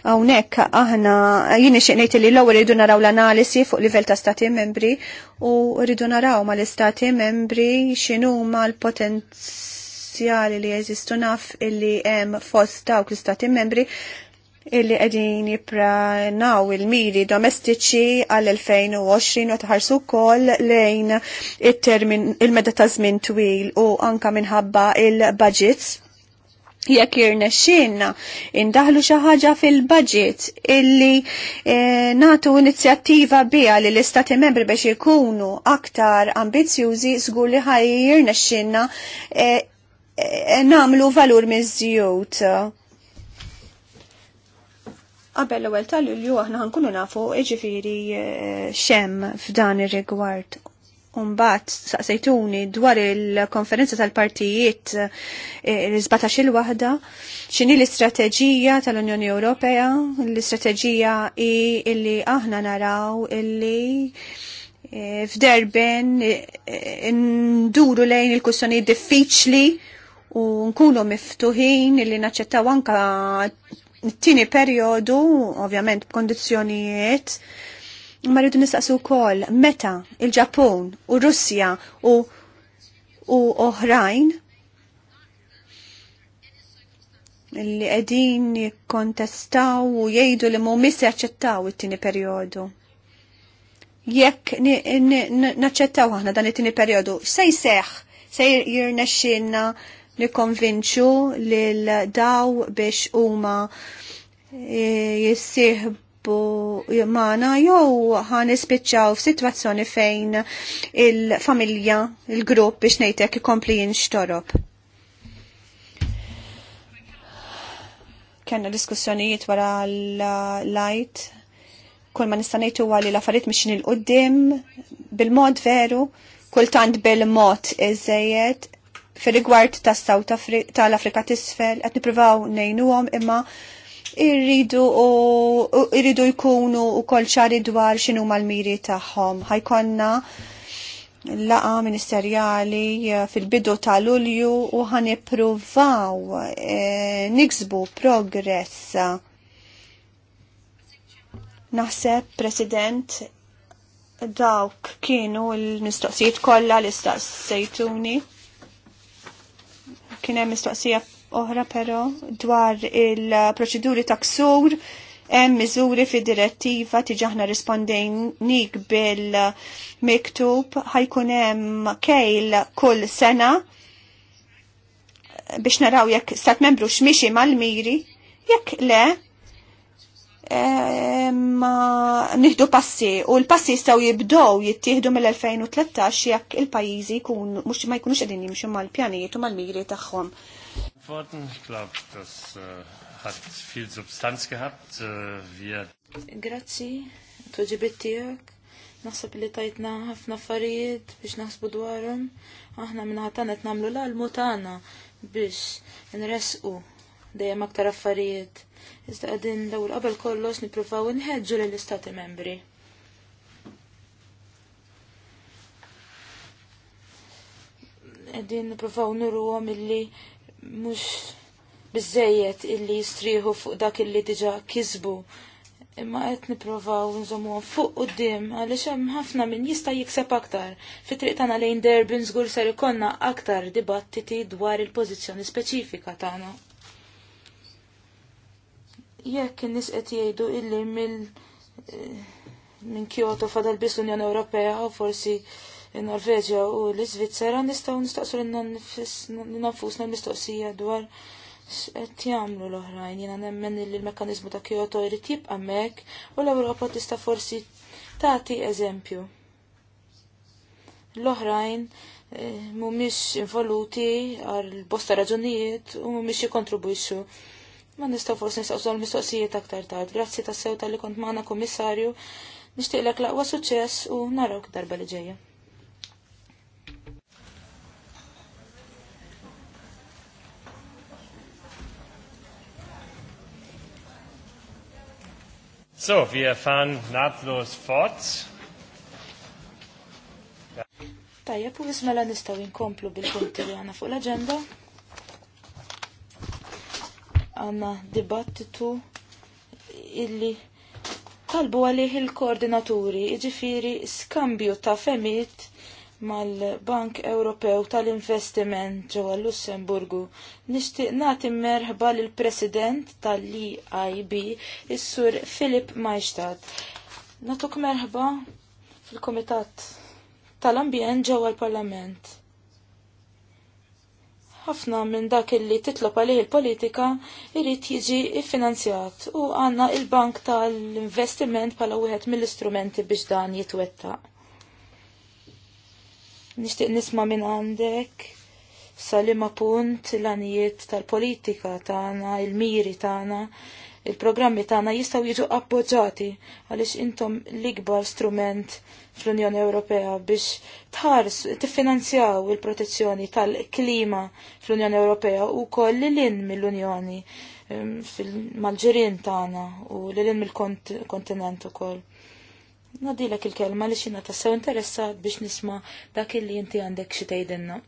hawnhekk aħna jien xejnejt li l-ewwel irridu naraw l-analisi fuq livell ta' stati membri u rridu naraw mal istati membri x'inhuma l-potenz soċjali li jeżistu naf illi hemm fost dawk l-istati membri illi qegħdin jippranaw il-miri domestiċi għal-2020 u tħarsu wkoll lejn it-termin il-meda ta' żmien twil u anka minħabba il-budgets jekk irnexxinna indaħlu xi ħaġa fil-budget illi eh, natu inizjattiva biha li l-istati membri biex ikunu aktar ambizjużi żgur li ħajjirnexxinna eh, Eh, namlu valur miżjut. Qabel l-ewwel tal-lulju aħna ħankunu nafu iġifiri eh, xem f'dan ir-rigward. Umbat, saqsejtuni dwar il-konferenza tal-partijiet eh, l-17 il-wahda, xini l-istrateġija tal-Unjoni Ewropea, l-istrateġija illi aħna naraw illi f'derben nduru lejn il-kussjoni diffiċli u nkunu miftuħin li naċċettaw anka t-tini periodu, ovvjament b'kondizzjonijiet, ma rridu nistaqsu wkoll meta il-Ġappun u Russja u u oħrajn li qegħdin jikkontestaw u jgħidu li mhumiex jaċċettaw it-tieni perjodu. Jekk naċċettaw aħna dan it-tieni perjodu, se jseħħ se jirnexxinna nikonvinċu lil daw biex huma e, jissieħbu mana jew ħan ispiċċaw f'sitwazzjoni fejn il-familja, il-grupp biex ngħidlek ikompli jinxtorob. Kenna diskussjonijiet wara l-lajt kull ma nistanajtu għalli l-affarijiet mixin il-qoddim, bil-mod veru, kultant bil-mod iżejiet, fil-rigward tas saw tal-Afrika tisfel, qed nippruvaw ngħinuhom imma irridu u irridu jkunu wkoll ċari dwar xinu mal-miri tagħhom. Ħajkonna laqa ministerjali eh, fil-bidu ta' Lulju u ħanippruvaw e, niksbu progress. Naħseb, President, dawk kienu l-mistoqsijiet kollha li staqsejtuni. Kien hemm mistoqsija oħra però dwar il-proċeduri ta' ksur hemm miżuri fi direttiva tiġaħna rispondejnik bil-miktub ħajkun hemm kejl kull sena biex naraw jekk stat membru xmixi mal-miri jekk le ma nihdu passi u l-passi jistaw jibdow jittieħdu mill-2013 jekk il-pajjiżi jkun mhux ma jkunux qegħdin jimxu mal-pjanijiet u mal-miri tagħhom. Ich glaube, das äh, hat viel Substanz gehabt. Äh, wir Grazzi, tuġibit tiegħek. Naħseb li tajtna ħafna affarijiet biex naħsbu dwarhom. Aħna minn ħatanet namlu l-almu tagħna biex nresqu dejjem aktar affarijiet Iżda għadin l-ewwel qabel kollox nippruvaw nħedġu lill-Istati membri. Qegħdin nippruvaw nurruhom illi mhux bizzejiet illi jistrieħu fuq dak illi diġà kisbu imma qed nżomu għom fuq quddiem għaliex hemm ħafna min jista' jikseb aktar. Fi triq tagħna lejn Derbin żgur ser ikollna aktar dibattiti dwar il-pożizzjoni speċifika tagħna jekk nis qed jgħidu illi mill eh, minn Kyoto fadal biss l-Unjoni Ewropea u forsi Norveġja u l-Iżvizzera nistgħu nistaqsu nafusna l-mistoqsija dwar qed jagħmlu l-oħrajn. Jiena nemmen li l-mekkaniżmu ta' Kyoto jrid jibqa' hemmhekk u l-Ewropa tista' forsi tagħti eżempju. L-oħrajn eh, mhumiex involuti għal bosta raġunijiet u mhumiex jikkontribwixxu Ma nistaw forsi nistaw zol mistoqsijiet aktar tard. Grazzi ta' sew tal-li kont maħna komissarju. Nishtiqlek laqwa suċess u narawk darba li ġejja. So, wir fahren nahtlos fort. Tajjeb, pu vismela nistaw inkomplu bil-punti li għana fuq l-agenda għanna dibattitu illi talbu għalih il-koordinaturi, iġifiri skambju ta' femit mal-Bank Ewropew tal-Investiment ġewwa Lussemburgu. Nixtieq nagħti merħba lil President tal-EIB, is-Sur Filip Majstad. Natuk merħba fil-Kumitat tal-Ambjent ġewwa l-Parlament ħafna minn dak illi titlob għalih il-politika irrit jiġi iffinanzjat u għanna il-bank tal-investiment pala wieħed mill-istrumenti biex dan jitwetta. Nixtieq nisma minn għandek salima punt l għanijiet tal-politika tagħna, il-miri tagħna, il-programmi tagħna jistgħu jiġu appoġġjati għaliex intom l-ikbar strument fl-Unjoni Ewropea biex tħars tiffinanzjaw il-protezzjoni tal-klima fl-Unjoni Ewropea u koll li mill-Unjoni um, mal-ġirien tagħna u li in mill-kontinent ukoll. Nadilek il-kelma li xina tassew interessat biex nisma dak li inti għandek xi tgħidilna.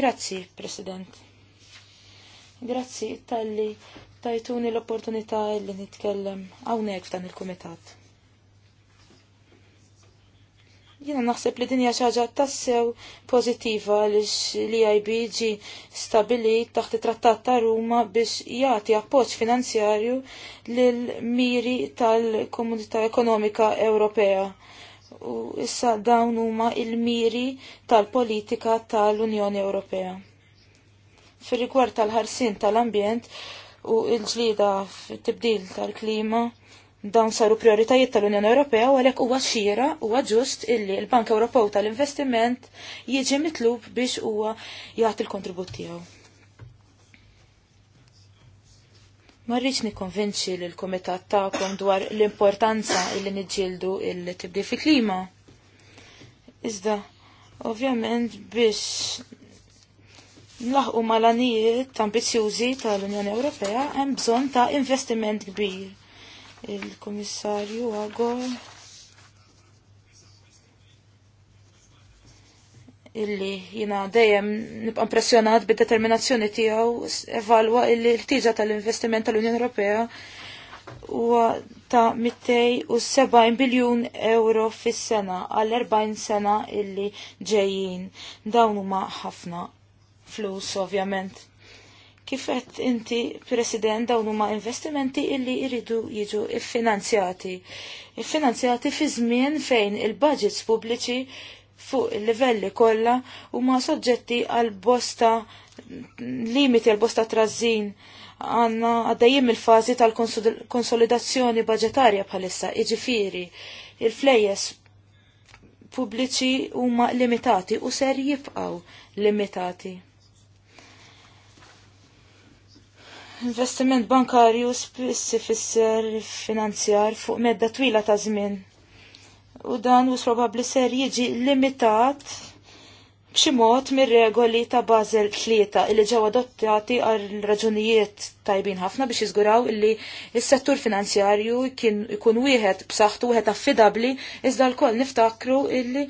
Grazzi, President. Grazzi tal-li tajtuni l-opportunità li nitkellem hawnhekk f'dan il-kumitat. Jiena naħseb li dinja xaġa tassew pożittiva li l-EIB ġi stabilit taħt it-Trattat ta' Ruma biex jagħti appoġġ finanzjarju lil miri tal-Komunità Ekonomika Ewropea u issa dawn huma il-miri tal-politika tal-Unjoni Ewropea fir-rigward tal-ħarsin tal-ambjent u l-ġlida fit-tibdil tal-klima dawn saru prioritajiet tal-Unjoni Ewropea u għalhekk huwa xira huwa ġust illi l-Bank Ewropew tal-Investiment jiġi mitlub biex huwa jagħti l-kontribut tiegħu. Ma rridx nikkonvinċi lill kumitat tagħkom dwar l-importanza illi niġġieldu il-tibdil fil-klima. Iżda, ovvjament biex nlaħqu mal għanijiet ambizjużi tal-Unjoni Ewropea hemm bżonn ta' investiment kbir. Il-Kummissarju Agor illi jina dejjem nibqa' impressjonat bid-determinazzjoni tiegħu evalwa illi l ħtieġa tal-investiment tal-Unjoni Ewropea huwa ta' 270 biljun euro fis-sena għal 40 sena illi ġejjin. Dawn huma ħafna flus ovvjament. Kifet inti, President, dawn huma investimenti illi jridu jiġu iffinanzjati. Iffinanzjati fi żmien fejn il-budgets pubbliċi fuq il-livelli kollha huma soġġetti għal bosta limiti għal bosta trażin għanna għaddejjem il-fazi tal-konsolidazzjoni budgetarja bħalissa, iġifiri, il-flejes pubbliċi huma limitati u ser jibqaw limitati. Investiment bankarju spiss ifisser finanzjar fuq medda twila ta' żmien. U dan mhux probabbli ser jiġi limitat b'xi mod mir-regoli ta' Basel tlieta li ġew adottati għal raġunijiet tajbin ħafna biex jiżguraw illi s-settur finanzjarju kien ikun wieħed b'saħħtu wieħed affidabbli iżda lkoll niftakru illi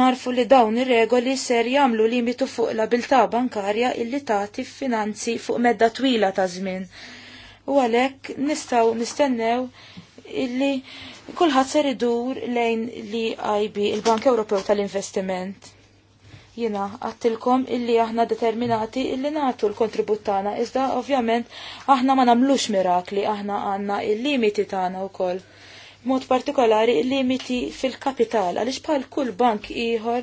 narfu li dawn ir-regoli ser jagħmlu limitu fuq l-abilità bankarja illi tagħti finanzi fuq medda twila ta' żmien. U għalhekk nistgħu nistennew illi kulħadd ser idur lejn li IB il-Bank Ewropew tal-Investiment Jina għattilkom illi aħna determinati illi natu l-kontribut tagħna, iżda ovvjament aħna ma namlux mirakli, aħna għanna il-limiti tagħna wkoll. Mod partikolari il-limiti fil-kapital, għaliex bħal kull bank ieħor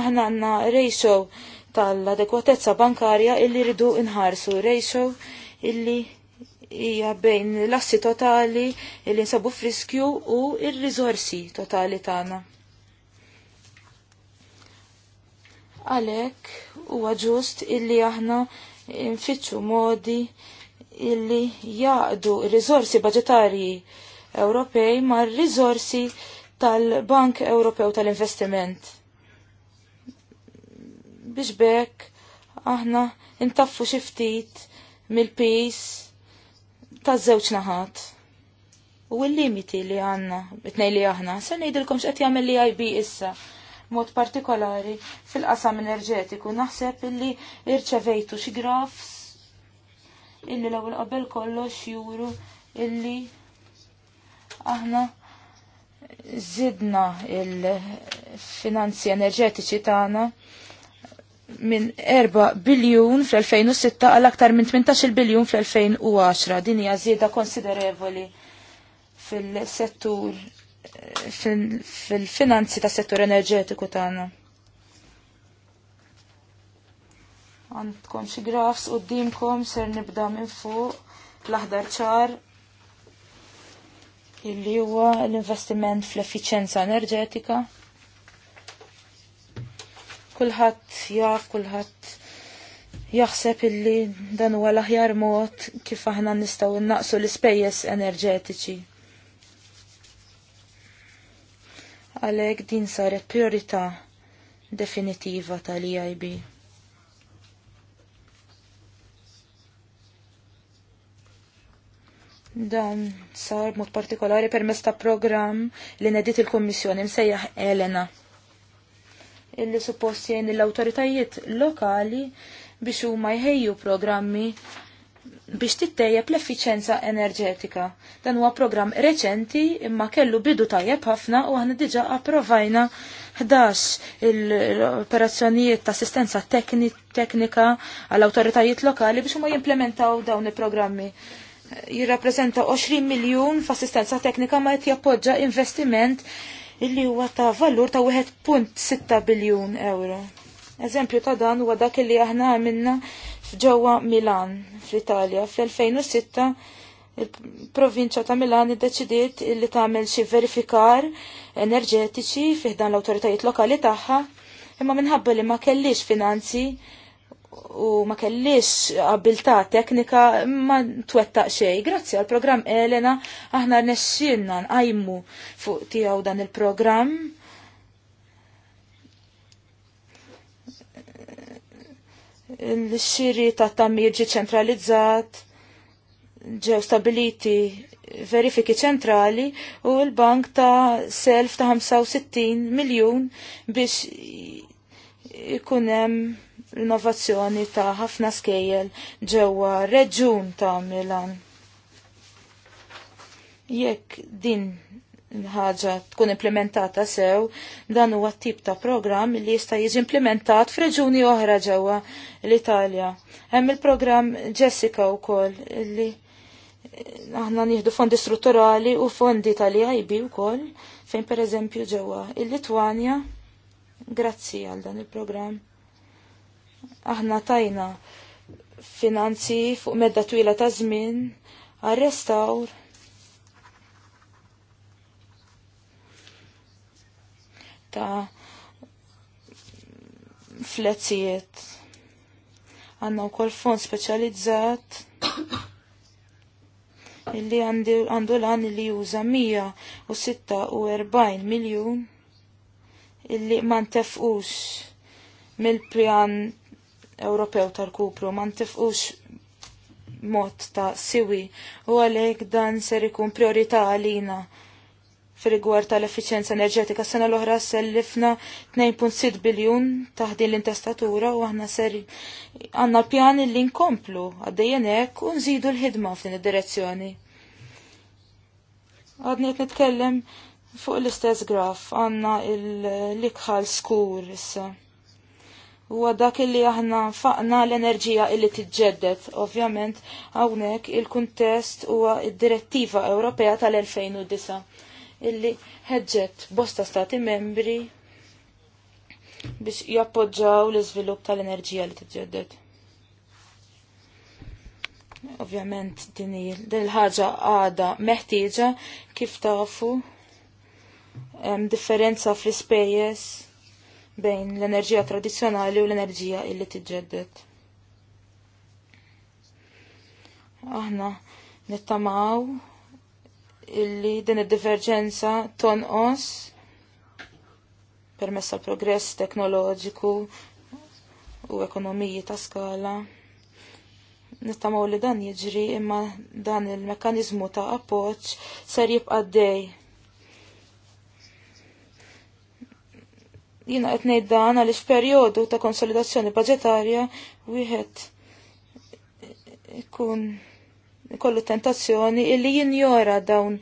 aħna għanna ratio tal-adekwatezza bankarja illi ridu inħarsu, ratio illi hija bejn l-assi totali illi nsabu friskju u il rizorsi totali tagħna. Għalhekk huwa ġust illi aħna nfittxu modi illi jaqdu r-rizorsi budgetari Ewropej mar riżorsi tal-Bank Ewropew tal-Investiment. Biex bekk aħna intaffu xi ftit mill-pis taż-żewġ naħat. U l-limiti li għanna, bitnej li aħna, se ngħidilkom x'qed jagħmel li IB issa mod partikolari fil-qasam enerġetiku. Naħseb illi irċevejtu xi grafs illi l-ewwel qabel kollox juru illi aħna zidna il-finanzi enerġetiċi tagħna minn 4 biljun fl-2006 għal aktar minn 18 biljun fl-2010. Din hija żieda konsiderevoli fil-settur fil-finanzi tas settur enerġetiku tagħna. Għandkom xi grafs qudiemkom ser nibda minn fuq l-aħdar ċar illi huwa l-investiment fl-effiċenza enerġetika. Kulħadd jaf, kulħadd jaħseb illi dan huwa l-aħjar mod kif aħna nistgħu naqsu l-ispejjeż enerġetiċi. għalhekk din saret priorità definitiva tal-EIB. Dan sar mod partikolari permezz ta' programm li nedit il-Kommissjoni msejjaħ Elena. Illi suppost jgħin l-autoritajiet lokali biex huma jħejju programmi biex tittejjeb l-effiċenza enerġetika. Dan huwa programm reċenti imma kellu bidu tajjeb ħafna u aħna diġa approvajna 11 l-operazzjonijiet ta' assistenza teknika għall awtoritajiet lokali biex huma jimplementaw dawn il-programmi. Jirrappreżenta 20 miljun f'assistenza teknika ma qed jappoġġa investiment illi huwa ta' valur ta' 1.6 biljun euro. Eżempju ta' dan huwa dak li aħna għamilna f'ġewwa Milan fl-Italja. Fl-2006 il-provinċja ta' Milan iddeċidiet li tagħmel xi verifikar enerġetiċi fih dan l-awtoritajiet lokali tagħha imma minħabba li ma kellix finanzi u ma kellix abilta teknika ma twettaq xej. Grazzi għal programm Elena aħna nexxinna nqajmu fuq tiegħu dan il-programm l-xiri ta' tammir ġi ċentralizzat, ġew stabiliti verifiki ċentrali u l-bank ta' self ta' 65 miljon biex ikunem innovazzjoni ta' ħafna skejjel ġewwa reġun ta' Milan. Jekk din ħaġa tkun implementata sew, dan huwa tip ta' programm li jista' jiġi implementat f'reġuni oħra ġewwa l-Italja. Hemm il-programm Jessica wkoll li aħna nieħdu fondi strutturali u fondi tal-IIB wkoll fejn pereżempju ġewwa il-Litwanja. Grazzi għal dan il-programm. Aħna tajna finanzi fuq medda twila ta' żmien għal-restawr ta' flezziet. Għanna u kol fond specializzat illi għandu l-għan illi juża 146 miljon illi ma ntefqux mill-pjan Ewropew tal-kupru, ma ntefqux mod ta' siwi u għalek dan ser ikun priorità għalina fil-rigward tal efficienza enerġetika sena l-oħra sellifna 2.6 biljun taħdin l-intestatura u aħna ser għanna pjan li nkomplu għaddejjen hekk u nżidu l-ħidma f'din id-direzzjoni. Għadni qed nitkellem fuq l-istess graf għanna l-ikħal skur issa. Huwa dak illi aħna faqna l-enerġija illi tiġġedded. Ovvjament hawnhekk il-kuntest huwa id-Direttiva Ewropea tal-2009 illi ħeġġet bosta stati membri biex jappoġġaw l-iżvilupp tal-enerġija li tiġġedded. Ovvjament din il-ħaġa għada meħtieġa kif tafu hemm differenza fl-ispejjeż bejn l-enerġija tradizzjonali u l-enerġija illi tiġġedded. Aħna nittamaw illi din id-diverġenza tonqos permess tal progress teknoloġiku u ekonomiji ta' skala. Nittamaw li dan jiġri imma dan il-mekanizmu ta' appoċ ser jibqa' dej. Jina qed ngħid dan għaliex periodu ta' konsolidazzjoni u wieħed ikun kollu tentazzjoni illi jinjora dawn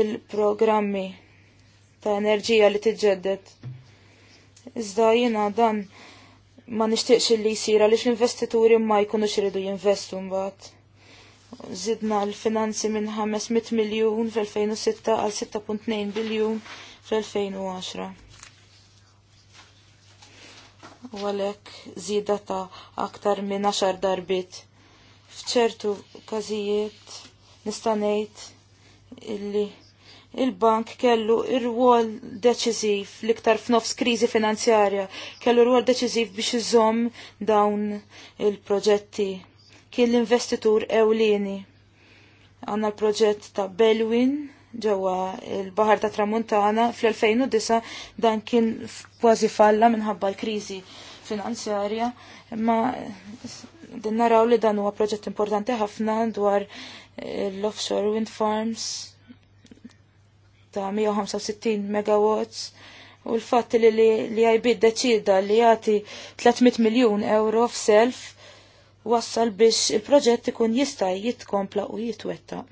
il-programmi ta' enerġija li tiġġedded. Iżda jiena dan ma nixtieqx li jsira li l-investituri ma jkunux iridu jinvestu mbagħad. Zidna l-finanzi minn 500 miljun fl-2006 għal 6.2 biljun fl-2010. U għalhekk żieda ta' aktar minn 10 darbit fċertu każijiet nista' ngħid illi il-bank kellu ir-rwol deċiżiv l-iktar f'nofs kriżi finanzjarja, kellu rwol deċiżiv biex iżomm dawn il-proġetti. Kien l-investitur ewlieni. Għanna l-proġett ta' Belwin ġewwa il-Bahar ta' Tramuntana fl-2009 dan kien kważi falla minħabba l-kriżi finanzjarja, imma Din naraw li dan huwa proġett importanti ħafna dwar eh, l-offshore wind farms ta' 165 megawatts u l-fatt li li għajbid deċida li jati 300 miljon euro f'self wassal biex il-proġett ikun jista' jitkompla u jitwetta.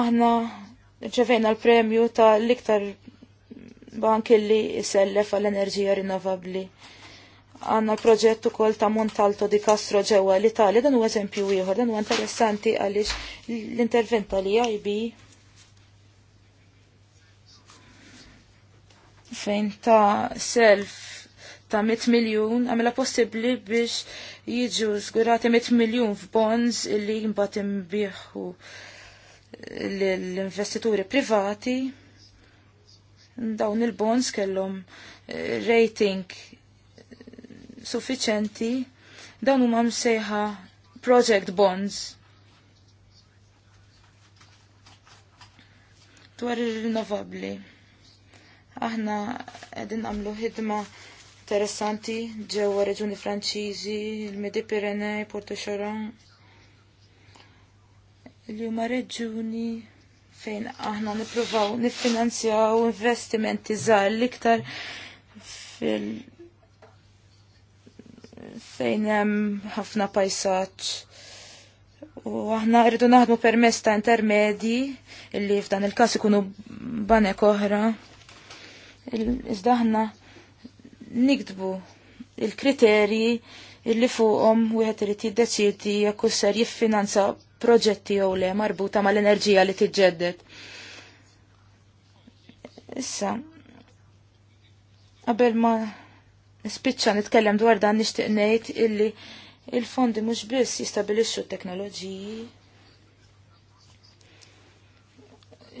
Aħna ġevejna l-premju ta' l-iktar bank illi jsellef għall-enerġija rinnovabbli. Għanna proġett ukoll ta' Montalto di Castro ġewwa l-Italja dan huwa eżempju ieħor, dan huwa interessanti għaliex l-intervent tal-EIB fejn ta' self ta' 100 miljun għamela possibbli biex jiġu zgurati 100 miljun f'bonds illi jimbat imbieħu l-investituri privati dawn il-bonds kellhom eh, rating suffiċenti dawn huma msejħa project bonds. Dwar ir-rinnovabbli. Aħna qegħdin nagħmlu ħidma interessanti ġewwa reġuni Franċiżi, il-Midi Pirenei, Porto Xoron. Il-jumma reġuni fejn aħna nippruvaw niffinanzjaw investimenti żgħar l-iktar fil fejn hemm ħafna pajsaġġ. U aħna rridu naħdmu permess ta' intermedji illi f'dan il-każ ikunu banek oħra. Iżda aħna nikdbu il-kriterji illi fuqhom wieħed irid jiddeċiedi jekk ser jiffinanza proġetti jew le marbuta mal-enerġija li tiġġedded. Issa, qabel ma spiċċa nitkellem dwar dan nixtieq ngħid illi il-fondi mhux biss jistabilixxu t-teknoloġiji.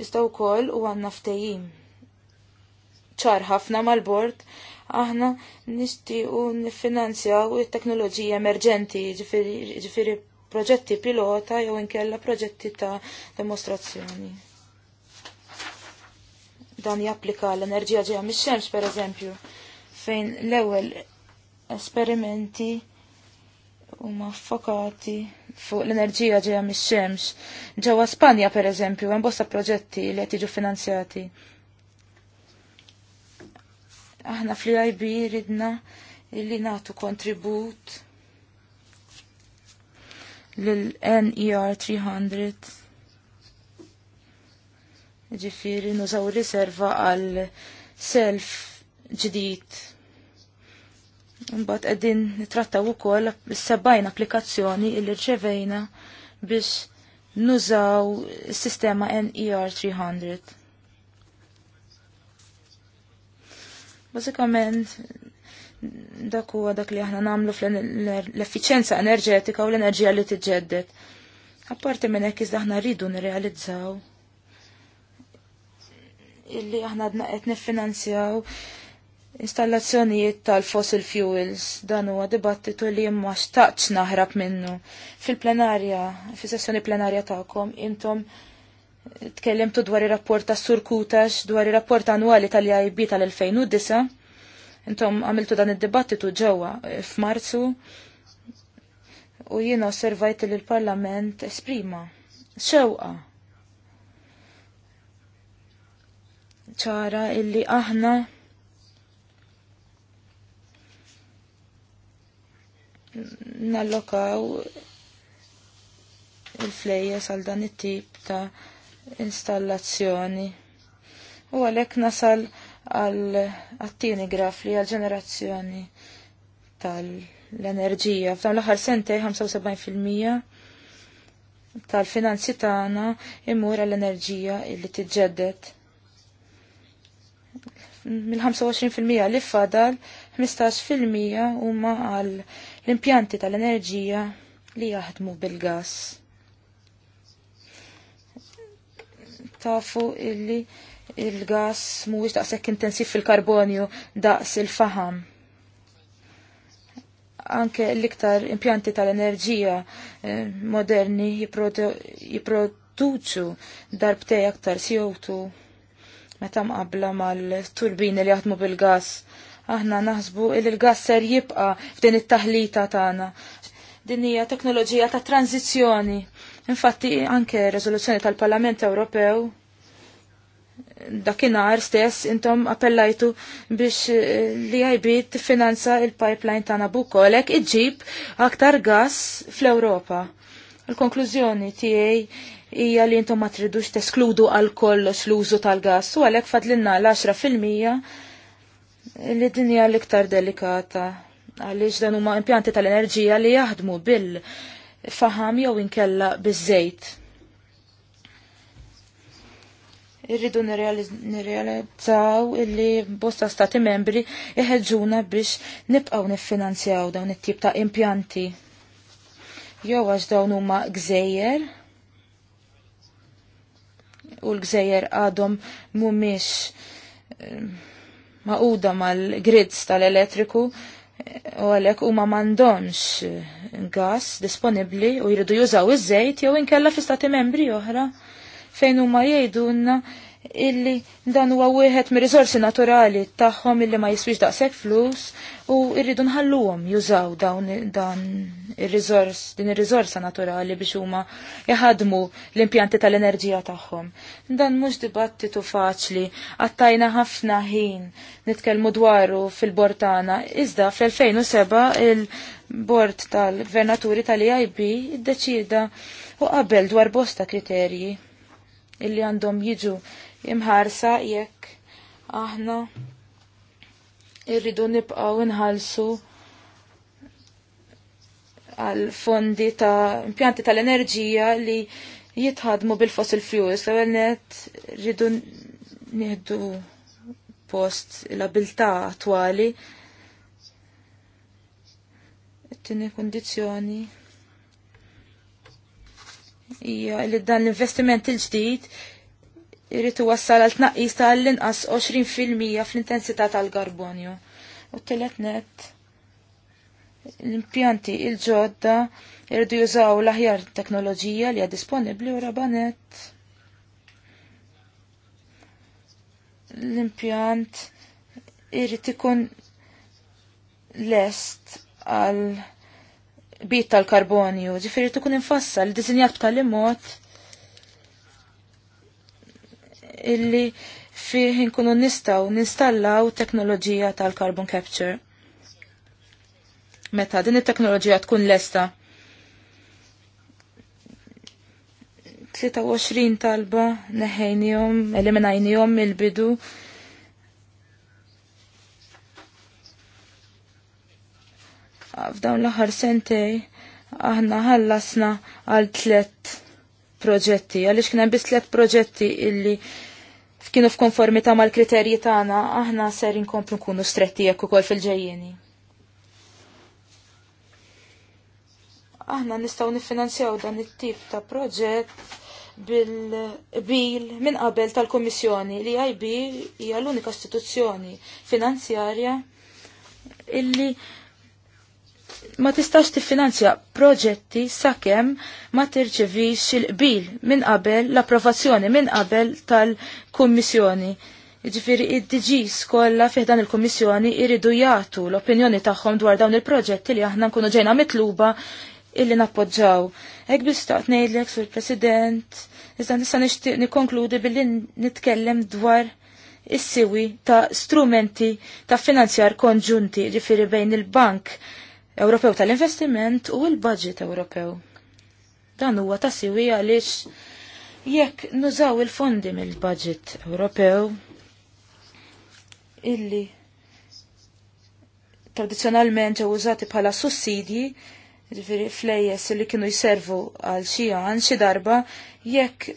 Iżda wkoll u għandna ftehim ċar ħafna mal-bord aħna nixtiequ niffinanzjaw it-teknoloġija emerġenti ġifieri proġetti pilota jew inkella proġetti ta' demostrazzjoni. Dan japplika l-enerġija ġeja mix-xemx pereżempju fejn l-ewwel esperimenti huma fokati fuq l-enerġija ġeja mix-xemx. Ġewwa Spanja pereżempju hemm bosta proġetti li qed jiġu finanzjati. Aħna fl-IB ridna illi nagħtu kontribut l-NER 300. Ġifiri, nużaw riserva għal self ġdid. Mbagħad qegħdin nittrattaw ukoll s-sebajn applikazzjoni li rċevejna biex nużaw is-sistema NER 300. Bażikament dak huwa dak li aħna nagħmlu fl-effiċenza enerġetika u l-enerġija li tiġġedded. Apparti minn hekk iżda aħna rridu nirrealizzaw illi aħna qed niffinanzjaw installazzjonijiet tal-fossil fuels dan huwa dibattitu li ma xtaqx naħrab minnu. Fil-plenarja, fis-sessjoni plenarja tagħkom intom tkellimtu dwar ir-rapport tas-Sur Kutax dwar ir-rapport annwali tal-IB tal-2009 Intom għamiltu dan id-dibattitu ġewwa eh, f'Marzu u jiena osservajt li l-Parlament esprima xewqa ċara illi aħna nallokaw il-flejjes għal dan it-tip ta' installazzjoni. U għalek nasal għal għattini graf li għal ġenerazzjoni tal-enerġija. F'dan l-aħħar sentej 75% tal-finanzi tagħna imur għall-enerġija li tiġġedded. Mill-25% li fadal 15% huma għal impjanti tal-enerġija li jaħdmu bil-gas. Tafu illi il-gas mhuwiex daqshekk intensiv fil-karbonju daqs il-faham. Anke l-iktar impjanti tal-enerġija eh, moderni jipproduċu darbtej aktar CO2 meta mqabla mal-turbini li jaħdmu bil-gas. Aħna naħsbu il il-gas ser jibqa f'din it-taħlita tagħna. Din hija teknoloġija ta' tranzizzjoni. Infatti anke r-rezoluzzjoni tal-Parlament Ewropew dakinar stess intom appellajtu biex eh, li għajbit tiffinanza il-pipeline ta' Nabucco lek iġib aktar gas fl-Europa. Il-konklużjoni tiegħi hija li intom ma tridux teskludu għal kollox l-użu tal-gas u għalhekk fadlinna l-10 fil-mija li dinja l-iktar delikata għaliex dan huma impjanti tal-enerġija li jaħdmu bil-faham jew inkella biż-żejt irridu nirrealizzaw illi bosta stati membri iħedġuna biex nibqaw niffinanzjaw dawn it-tip ta' impjanti. Jew għax dawn huma gżejjer u l-gżejjer għadhom mhumiex eh, maquda mal-grids tal-elettriku u għalek u ma mandomx eh, gas disponibli u jridu jużaw iż-żejt jew inkella fi stati membri oħra fejn huma jgħidulna illi dan huwa wieħed mir-riżorsi naturali tagħhom illi ma jiswix daqshekk flus u rridu nħalluhom jużaw dawn dan ir-riżors din ir-riżorsa naturali biex huma jaħadmu l-impjanti tal-enerġija tagħhom. Dan mhux dibattitu faċli, għattajna ħafna ħin nitkellmu dwaru fil-bortana, iżda fl-2007 il-bord tal-gvernaturi tal-EIB iddeċida u qabel dwar bosta kriterji illi għandhom jiġu imħarsa jekk aħna irridu nibqgħu nħallsu għal fondi ta' impjanti tal-enerġija li jitħadmu bil-fossil fuels. L-ewwel net rridu nieħdu post l-abilità attwali. It-tieni kundizzjoni hija li dan l-investiment il-ġdid irid wassal għal tnaqqis tal-inqas 20% fl-intensità tal-karbonju. U telet net l-impjanti il-ġodda irridu jużaw l-aħjar teknoloġija li hija disponibbli u rabanet. L-impjant irrid ikun lest għal bit tal-karbonju, ġifiri tkun infassa li dizinjat b'tali mod illi fih nkunu nistaw ninstallaw teknoloġija tal-carbon capture. Meta din it-teknoloġija tkun lesta. 23 talba neħejnijom, eliminajnijom il-bidu f'dawn l-aħħar sentej aħna ħallasna għal tlet proġetti, għaliex kien hemm biss tlet proġetti illi kienu f'konformità mal-kriterji tagħna, aħna ser inkomplu nkunu stretti jekk ukoll fil-ġejjieni. Aħna nistgħu niffinanzjaw dan it-tip ta' proġett bil-bil minn qabel tal-Kummissjoni li IB hija l-unika istituzzjoni finanzjarja illi ma tistax tiffinanzja proġetti sakemm ma tirċevix il-qbil minn qabel l-approvazzjoni minn qabel tal-Kummissjoni. Ġifiri id-DGs kollha fih dan il-Kummissjoni iridu jagħtu l-opinjoni tagħhom dwar dawn il-proġetti li aħna nkunu ġejna mitluba illi nappoġġaw. Hekk bistaqt ngħidlek sur President, iżda nista' nixtieq nikkonkludi billi nitkellem dwar is-siwi ta' strumenti ta' finanzjar konġunti ġifiri bejn il-bank Ewropew tal-investiment u l-budget Ewropew. Dan huwa ta' siwi għaliex jekk nużaw il-fondi mill-budget Ewropew illi tradizjonalment ġew użati bħala sussidji, ġifieri flejjes li kienu jservu għal xi għan xi darba, jekk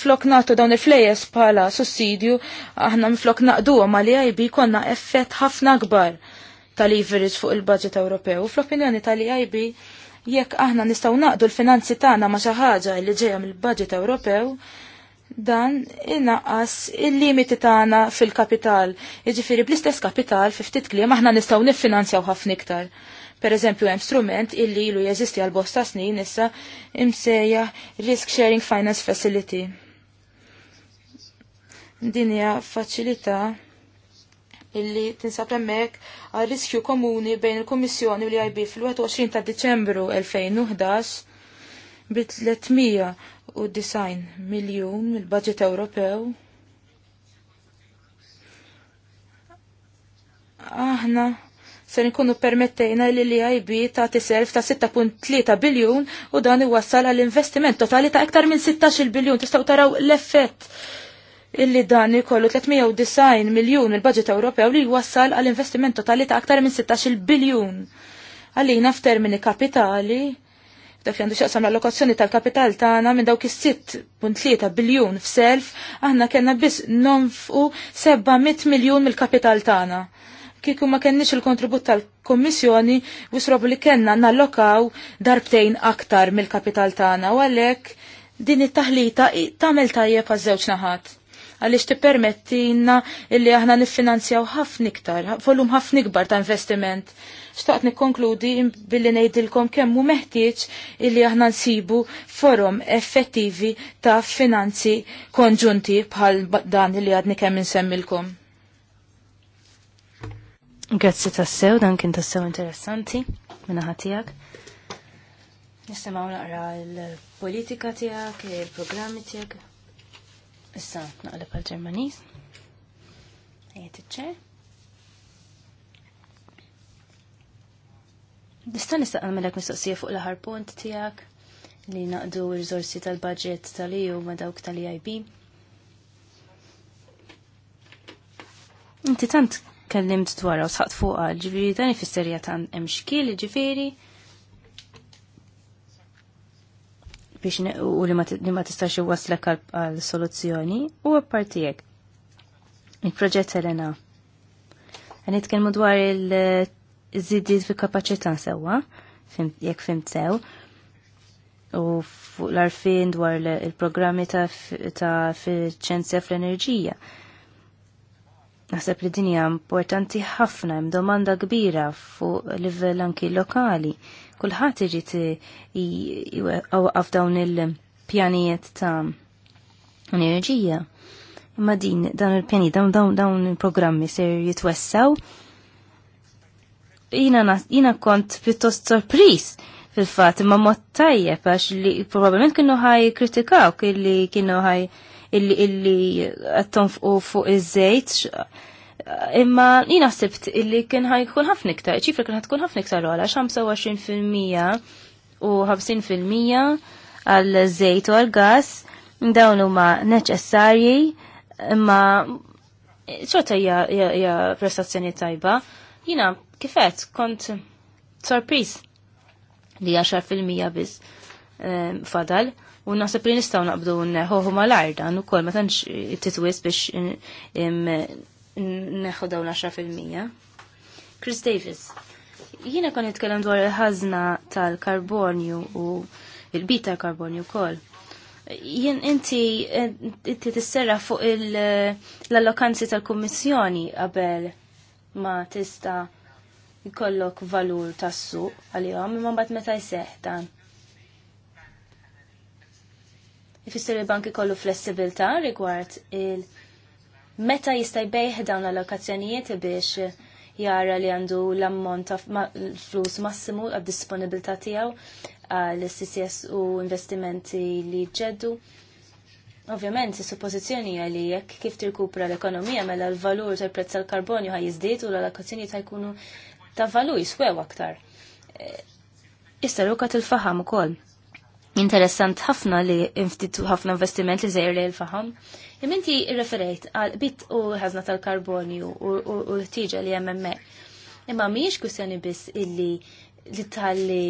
flok nagħtu dawn il-flejjes bħala sussidju, aħna flok naqduhom għal IB konna effett ħafna kbar tal-leverage fuq il-budget Ewropew. Fl-opinjoni tal ib jekk aħna nistgħu naqdu l-finanzi tagħna ma xi ħaġa li ġejja mill-budget Ewropew, dan inaqqas il-limiti tagħna fil-kapital. Jiġifieri bl-istess kapital fi ftit kliem aħna nistgħu niffinanzjaw ħafna iktar. Per eżempju, hemm strument illi ilu jeżisti għal bosta snin issa imsejja Risk Sharing Finance Facility. Din hija faċilità illi tinsab hemmhekk għal riskju komuni bejn il-Kummissjoni u l-IB fil-21 ta' Diċembru 2011 bi 390 miljun il-budget Ewropew. Aħna se nkunu permettejna li l-IB ta' tiself ta' 6.3 biljun u dan iwassal għall-investiment totali ta' iktar minn 16 biljun. Tistgħu taraw l-effett illi dan ikollu 390 miljun il-budget Ewropew li jwassal għal investiment totali ta' aktar minn 16 biljun. Għallina f'termini kapitali, dak għandu xaqsam l-allokazzjoni tal-kapital tagħna minn dawk is-6.3 biljun f'self, aħna kellna biss nonfqu 700 miljun mill-kapital tagħna. Kieku ma kenniex il-kontribut tal-Kommissjoni, wisrobu li kellna nallokaw darbtejn aktar mill-kapital tagħna u għalhekk din it-taħlita tagħmel tajjeb għaż-żewġ naħat għaliex permettina illi aħna niffinanzjaw ħafna iktar, volum ħafna ikbar ta' investiment. Xtaqt nikkonkludi billi ngħidilkom kemm hu meħtieġ illi aħna nsibu forum effettivi ta' finanzi konġunti bħal dan illi għadni kemm insemmilkom. Grazzi tassew, dan kien tassew interessanti minna ħatijak. Nistemaw naqra l-politika tijak, il-programmi tijak, Issa naqleb għal-Ġermaniż. Ejjet iċ-ċer. Nista' nista' nagħmelek mistoqsija fuq l-aħħar punt tiegħek li naqdu r tal-budget tal-EU ma dawk tal-EIB. Inti tant kellimt dwar u fuq għal ġifiri, dan ifisserja jatan hemm ġifiri. ġifieri biex u li ma tistax waslek għal soluzzjoni u partijek. Il-proġett Elena. Għan itkellmu dwar il-żidiet fi kapacità sewa, jekk fim sew, u fuq l-arfin dwar il-programmi ta' fiċenzja fl-enerġija. Naħseb li dinja importanti ħafna, hemm domanda kbira fuq livell anki lokali Kulħadd irid jwaqaf dawn il-pjanijiet ta' enerġija. Imma din dawn il-pjani dawn dawn dawn il-programmi ser jitwessaw. Jina kont pjuttost sorpris fil-fatt imma mod tajjeb għax li probabbilment kienu ħaj kritikaw kelli kienu ħaj illi għattom fuq iż-żejt Imma jina sibt illi kien ħajkun ħafna iktar, ċifra kien ħatkun ħafna iktar għala, 25% u 50% għal żejt u għal gas, dawn huma neċessarji, imma ċorta hija prestazzjoni tajba. Jina kifet kont sorpris li 10% biss fadal u nasib li nistaw naqbdu nħoħu mal-arda, u kol ma tanċ titwis biex neħu dawn 10%. Chris Davis, jiena kon nitkellem dwar il-ħazna tal-karbonju u il-bit tal-karbonju kol. Jien inti inti tisserra fuq l-allokanzi tal-Kummissjoni qabel ma tista' jkollok valur tas-suq għalihom imma mbagħad meta jseħħ dan. Ifisser il-bank ikollu flessibilità rigward il- meta jista' jbejħ dawn l-allokazzjonijiet biex jara li għandu l-ammont ta' flus massimu għad disponibilità tiegħu għal CCS u investimenti li ġeddu. Ovvjament, is-suppożizzjoni għalli jekk kif tirkupra l-ekonomija mela l-valur tal-prezz tal-karbonju ħaj jiżdied u l-allokazzjoni ta' jkunu ta' valur jiswew aktar. Issa rukat il-faham ukoll. Interessant ħafna li ħafna investiment li zejr li l-faham. Iminti referejt għal bit u ħazna tal-karbonju u t tiġa li jemmemme. Imma miex kusjoni biss illi li tal-li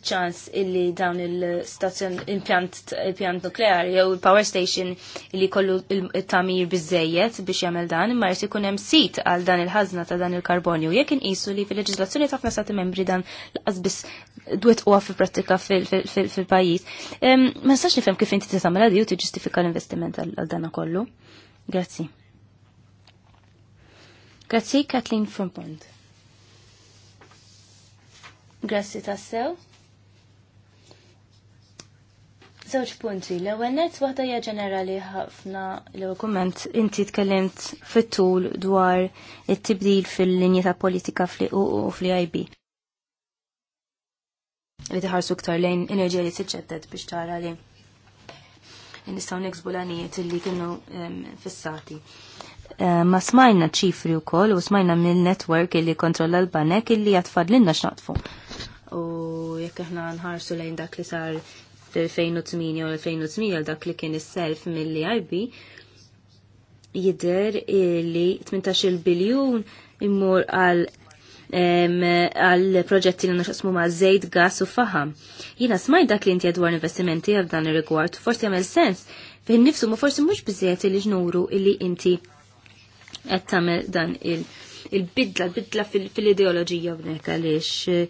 ċans illi dawn il-stazzjon il-pjant nukleari jew il-power station illi kollu il-tamir bizzejiet biex jagħmel dan imma jrid ikun hemm sit għal dan il-ħażna ta' dan il-karbonju jekk inqisu li fil-leġiżlazzjoni ta' f'nasat membri dan laqas biss dwet u fi pratika fil-pajis. Ma nistax nifhem kif inti tisamela għadi u tiġġistifika l-investiment għal dana kollu. Grazzi. Grazzi, Kathleen Frumpond. Grazzi tassew. Żewġ punti. L-ewwel nett waħda ġenerali ħafna l kumment inti tkellimt fit-tul dwar it-tibdil fil-linji ta' politika fl-IB li tħarsu ktar lejn enerġija li tiġġedded biex tara li nistaw niksbu l-għanijiet li kienu fissati. Ma smajna ċifri wkoll u smajna mill-network illi kontrolla l-banek illi inna x'naqfu. U jekk aħna nħarsu lejn dak li sar fil 2008 u l-2008 dak li kien is-self mill-IB jider li 18 biljun immur għal għal proġetti li naxosmu ma' zejt, gas u faham. Jina smaj dak li inti dwar investimenti għal dan il-rigward, forsi għamil sens, fejn nifsu ma' forsi mux bizziet li ġnuru illi inti għed tamel dan il-bidla, bidla fil-ideologija b'nek għalix eh,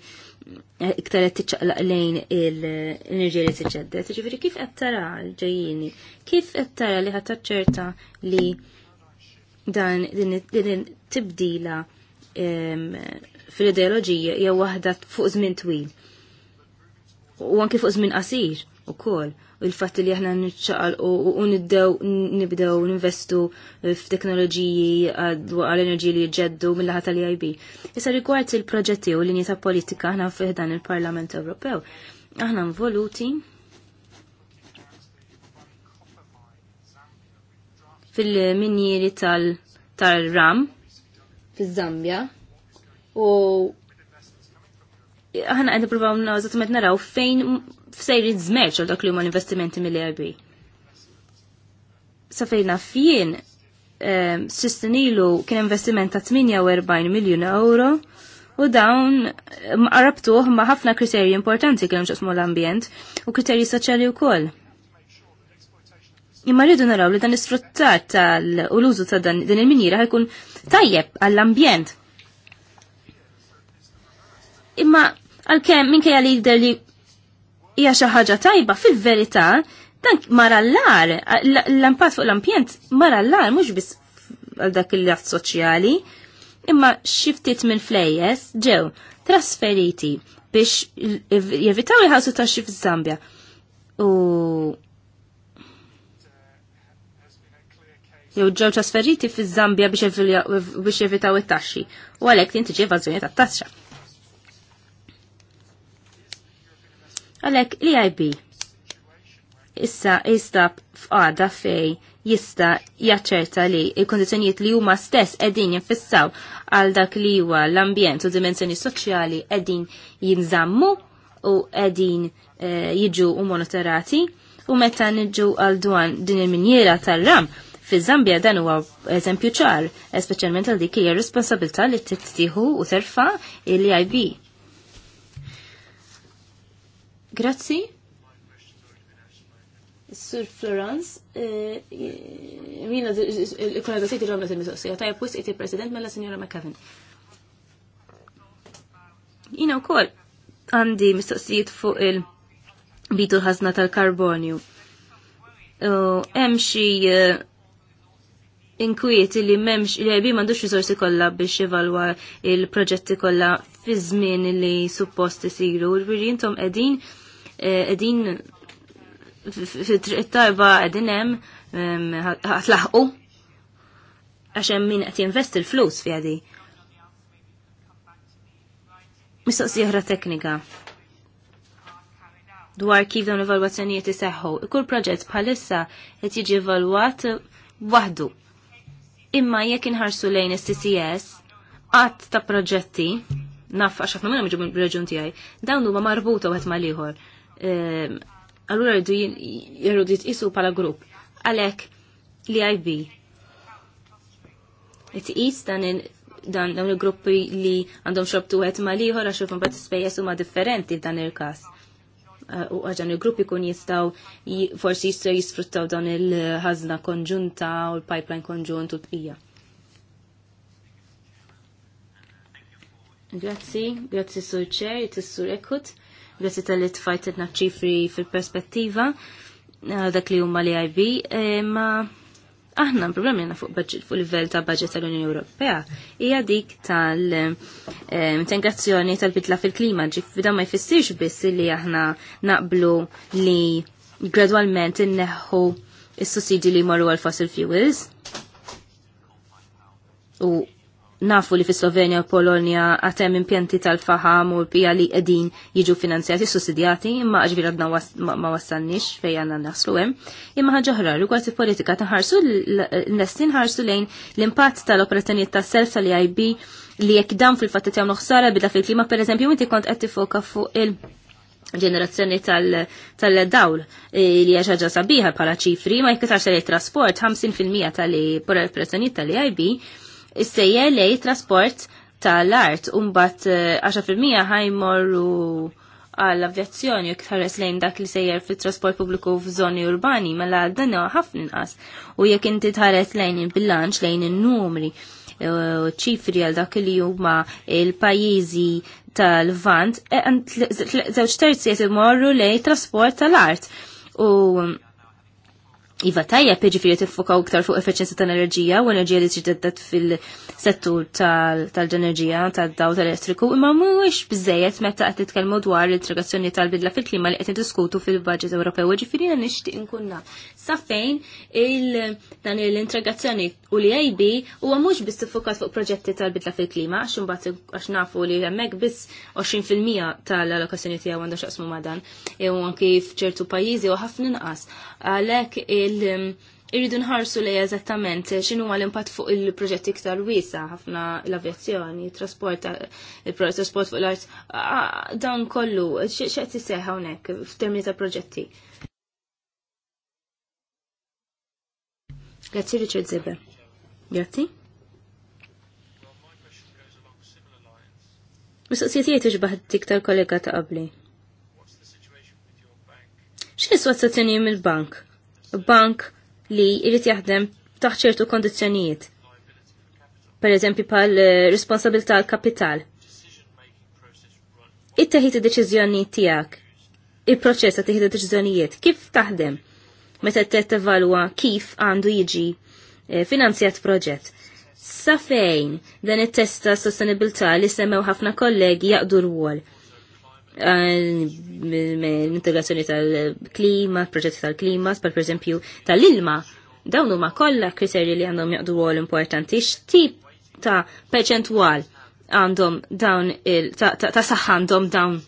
iktar qed tiċċaqlaq lejn l-enerġija li tiġġedded. Ġifieri kif qed tara ġejjini? Kif qed tara li ħadd taċċerta li dan din tibdila fil ideologija hija waħda fuq żmien twil. U anke fuq żmien qasir ukoll il-fatt li aħna nitxaqal u nibdew nibdew ninvestu f'teknoloġiji għal enerġiji li jġeddu mill-laħa tal-IB. Issa rigward il-proġetti u l-linja ta' politika aħna fiħdan il-Parlament Ewropew, aħna nvoluti fil-minjeri tal-ram fil-Zambja u ħana għedin provaw nażatumet naraw fejn f'sejri zmerċ għal dak li huma l-investimenti mill-ERB. Sa fejn fien ehm, sistenilu kien investiment ta' 48 miljon euro u dawn qarabtuh ehm, ma' ħafna kriterji importanti kienu ġasmu l-ambjent u kriterji soċjali wkoll. Imma rridu naraw li dan isfruttat tal u l-użu ta' dan il-minjira ħajkun tajjeb għall-ambjent Imma għalkemm minkejja li jgħidder li hija xi ħaġa tajba fil-verità dan mara l-lar, l-impatt fuq l ampjent mara l-lar mhux biss għal dak il-lat soċjali, imma xiftit minn flejjes ġew trasferiti biex jevitaw jħassu ta' xif Zambia. U jew ġew trasferiti fi Zambia biex jevitaw it-taxxi. U għalhekk tinti ġie evażjoni tat-taxxa. Għalek l-IB issa jistab f'għada fej jista jaċċerta li il-kondizjonijiet li huma stess qegħdin jinfissaw għal dak li huwa l-ambjent u dimensjoni soċjali qegħdin jinżammu u qegħdin e, jiġu u monitorati u meta niġu għal dwan din il-minjera tal ram fi Zambia dan huwa eżempju ċar, speċjalment għal dik hija responsabilità li tittieħu u terfa' il-IB Grazzi. Sur Florence, mina eh, il-kuna għasajti ġobna il-mistoqsija, ta' jepwis it president mela Signora McCavin. Ina u kol, għandi mistoqsijiet fuq il-bitu ħazna tal-karbonju. Hemm xi eh, inkwiet li memx li għajbi mandux risorsi kollha biex jivalwa il-proġetti kollha fi żmien li suppost isiru. Ġifieri intom qegħdin qegħdin fit-triq tajba qegħdin hemm ħatlaħqu għax hemm min qed jinvesti l-flus fiha di. Mistoqsija oħra teknika dwar kif dawn l-evalwazzjonijiet iseħħu. Kull proġett bħalissa qed jiġi evalwat waħdu. Imma jekk inħarsu lejn is-CCS, qatt ta' proġetti naf għax ħafna minnhom iġu bil-reġun tiegħi, dawn huma marbuta waħed mal-ieħor. Ehm, allura rridu jirridu jitqisu pala grupp. Għalek li IB jitqis dan dan dawn il-gruppi li għandhom xobtu għet ma liħor għaxu xufan bat spejjesu ma differenti dan il-kas. Eh, u għagħan il-gruppi kun jistaw forsi jistaw jisfruttaw dan il-ħazna konġunta u l-pipeline konġunt u t bija Grazzi, grazzi sur ċer, tissur ekkut. Grazzi tal-li tfajtetna ċifri fil-perspettiva eh, dak li huma li IB, eh, ma aħna problemi għanna fuq fuq livell ta' budget tal-Unjoni Ewropea hija dik tal-integrazzjoni eh, tal-bidla fil-klima ġifida ma jfissirx biss li aħna naqblu li gradualment inneħħu is-sussidi li marru għal fossil fuels u Nafu li fis-Slovenja u Polonja għatem impjanti tal-faham u l-pija li edin jiġu finanzjati, sussidjati, imma ġvira ma wassannix fej għanna naslu hemm. Imma ħagġoħra, rigward il-politika taħarsu l-nestin ħarsu lejn l-impatt tal-operazzjoniet tas-self tal-IB e li jekk dan fil-fatt jagħmlu ħsara bidda fil-klima, eżempju, inti kont qed foka fuq il- ġenerazzjoni tal-dawl e, li ħaġa sabiħa bħala ċifri ma jkitax li trasport 50% tal-operazzjoni tal-IB issejjer lej trasport tal-art umbat 10% eh, ħajmorru għall-avjazzjoni u kħares lejn dak li sejjer fit trasport pubbliku f'żoni urbani mela dan ħafna inqas u jekk inti tħares lejn il-bilanċ lejn in-numri eh, ċifri għal dak li huma il-pajjiżi tal-vant, zewċ eh, terzi jt morru lej trasport tal-art. U Iva tajja ġifiri tiffoka iktar fuq efficienza tal-enerġija u enerġija li tiġdeddet fil-settur tal-enerġija tad-daw tal-elettriku imma mhuwiex biżejjed meta qed titkellmu dwar l-integrazzjoni tal-bidla fil-klima li qed diskutu fil-budget Ewropew u ġifieri għan nixtieq nkunna safejn sa fejn dan l-integrazzjoni u li IB huwa mhux biss tiffukat fuq proġetti tal-bidla fil-klima għax imbagħad għax nafu li hemmhekk biss 20% tal-allokazzjoni tijaw għandha x'aqsmu ma' dan għan e anki f'ċertu pajjiżi u ħafna inqas il il- irridu nħarsu li eżattament xinu għal impatt fuq il-proġetti iktar wisa ħafna l-avjazzjoni, trasport, il-trasport fuq l-art, dan kollu, xeqt jisseħ hawnhekk f'termini ta' proġetti. Grazzi Richard mis Grazzi. Mistoqsijiet iġbaħt iktar kollega ta' qabli. X'in is-sitwazzjoni mill-bank? bank li jrid jaħdem taħt ċertu kondizzjonijiet. Per eżempju pal eh, responsabilità l kapital. It-teħid id-deċiżjoni tiegħek, il-proċess ta' teħid id-deċiżjonijiet, kif taħdem meta qed tevalwa kif għandu jiġi eh, finanzjat proġett. Sa fejn dan it-testa sostenibilità li semmew ħafna kollegi jaqdu rwol l-integrazzjoni tal-klima, proġetti tal-klima, per eżempju tal-ilma, dawn huma kollha kriterji li għandhom jaqdu għol importanti, x'tip ta' perċentwal għandhom dawn il ta', saħħa għandhom dawn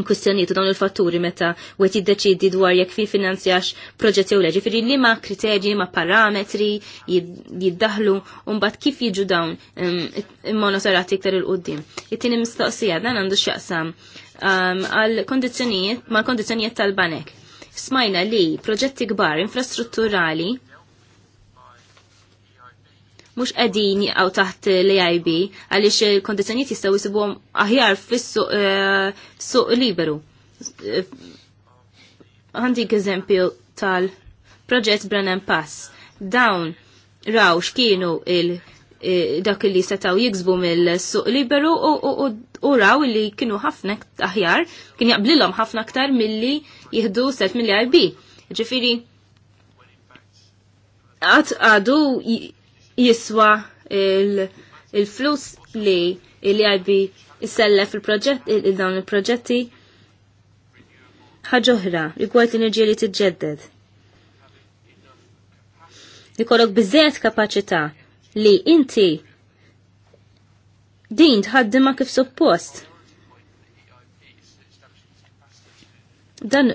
kwistjonijiet dawn il-fatturi meta u qed jiddeċidi dwar jekk fi finanzjax proġetti jew leġi. Firri li ma kriterji, ma parametri jiddaħlu u mbagħad kif jiġu dawn mm, monitorati iktar il-qudiem. It-tieni mistoqsija dan għandu x'jaqsam Um, għal kondizjonijiet, ma' kondizjonijiet tal-banek. Smajna li proġetti kbar infrastrutturali mux qegħdin jaqgħu taħt l-AIB għaliex il-kondizzjonijiet jistgħu jsibuhom aħjar fis-suq eh, liberu. Eh, Għandik eżempju tal-proġett Brennan Pass. Dawn raw x'kienu il- eh, dak li setaw jiksbu mill-suq liberu u u raw li kienu ħafna aħjar, kien jaqblilhom ħafna aktar milli jieħdu set mill bi. Ġifiri, għad għadu jiswa il-flus il li l-IB jissellef il-proġett, il-dawn il-proġetti ħagħuħra, rigward enerġija li t-ġedded. Nikolok bizzet kapacita li inti din tħaddimha kif suppost. Dan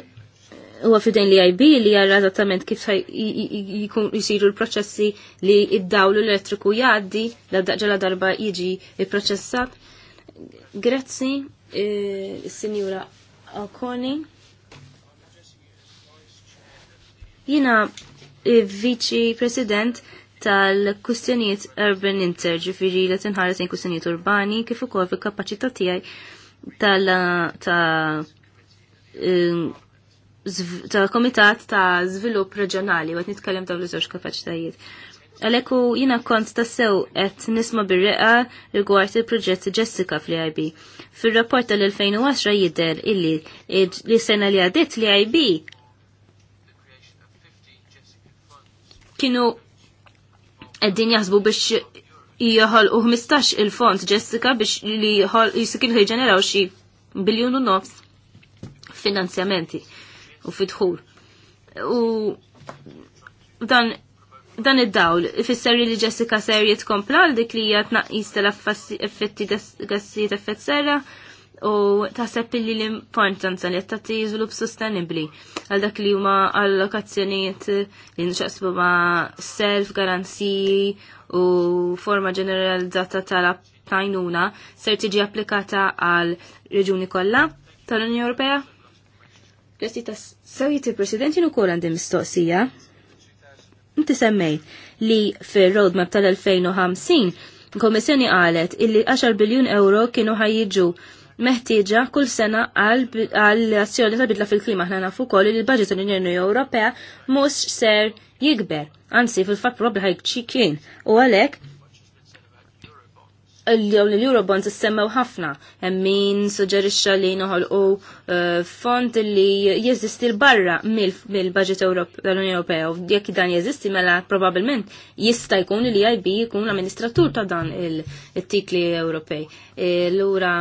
huwa fidejn li IB li jara eżattament kif jisiru l-proċessi li id-dawlu l-elettriku jgħaddi ġala darba jiġi il-proċessat. Grazzi, eh, signora Alconi. Jina eh, Vici president tal-kustjonijiet urban inter, ġifiri li tinħares in kustjonijiet urbani, kif ukoll fil kapacita tijaj tal ta' um, komitat ta' żvilupp reġjonali u qed nitkellem dawn iż-żewġ kapaċitajiet. Għaleku jina kont ta' sew et nisma birreqa rigward il-proġett Jessica fl-IB. Fil-rapport tal-2010 jider illi li sena li għadet li IB kienu għeddin jaħsbu biex jħol u 15 il-font Jessica biex li jħol jisikin ħiġeneraw xi biljun u nofs finanzjamenti u fidħul. U dan dan id-dawl, ifisser li Jessica ser jitkompla l dik li hija tnaqqis tal-effetti gassijiet effett serra u taħseb li l-importanza li tagħti żvilupp sostenibbli għal dak li huma allokazzjonijiet li nxaqsbu ma' self garanziji u forma ġeneralizzata tal-tajnuna ser tiġi applikata għal reġuni kollha tal-Unjoni Ewropea? Kresti ta' sewjiet il presidenti u ukoll għandi mistoqsija. Inti semmej li fir-roadmap tal-2050 il-Kommissjoni qalet illi 10 biljun euro kienu ħajjiġu meħtieġa kull sena għal azzjoni ta' bidla fil-klima ħna nafu koll li l-budget tal-Unjoni Ewropea mhux ser jikber, anzi fil-fatt probabbli ħajk kien u għalhekk l-Eurobonds semmew ħafna, min suġġerixxa li noħolqu eh, font li jeżisti l-barra mill-budget tal-Unjoni Ewropea. Jekk dan jeżisti mela probabbilment jista' jkun li IB jkun l-amministratur ta' dan il-tikli Ewropej. Eh, lura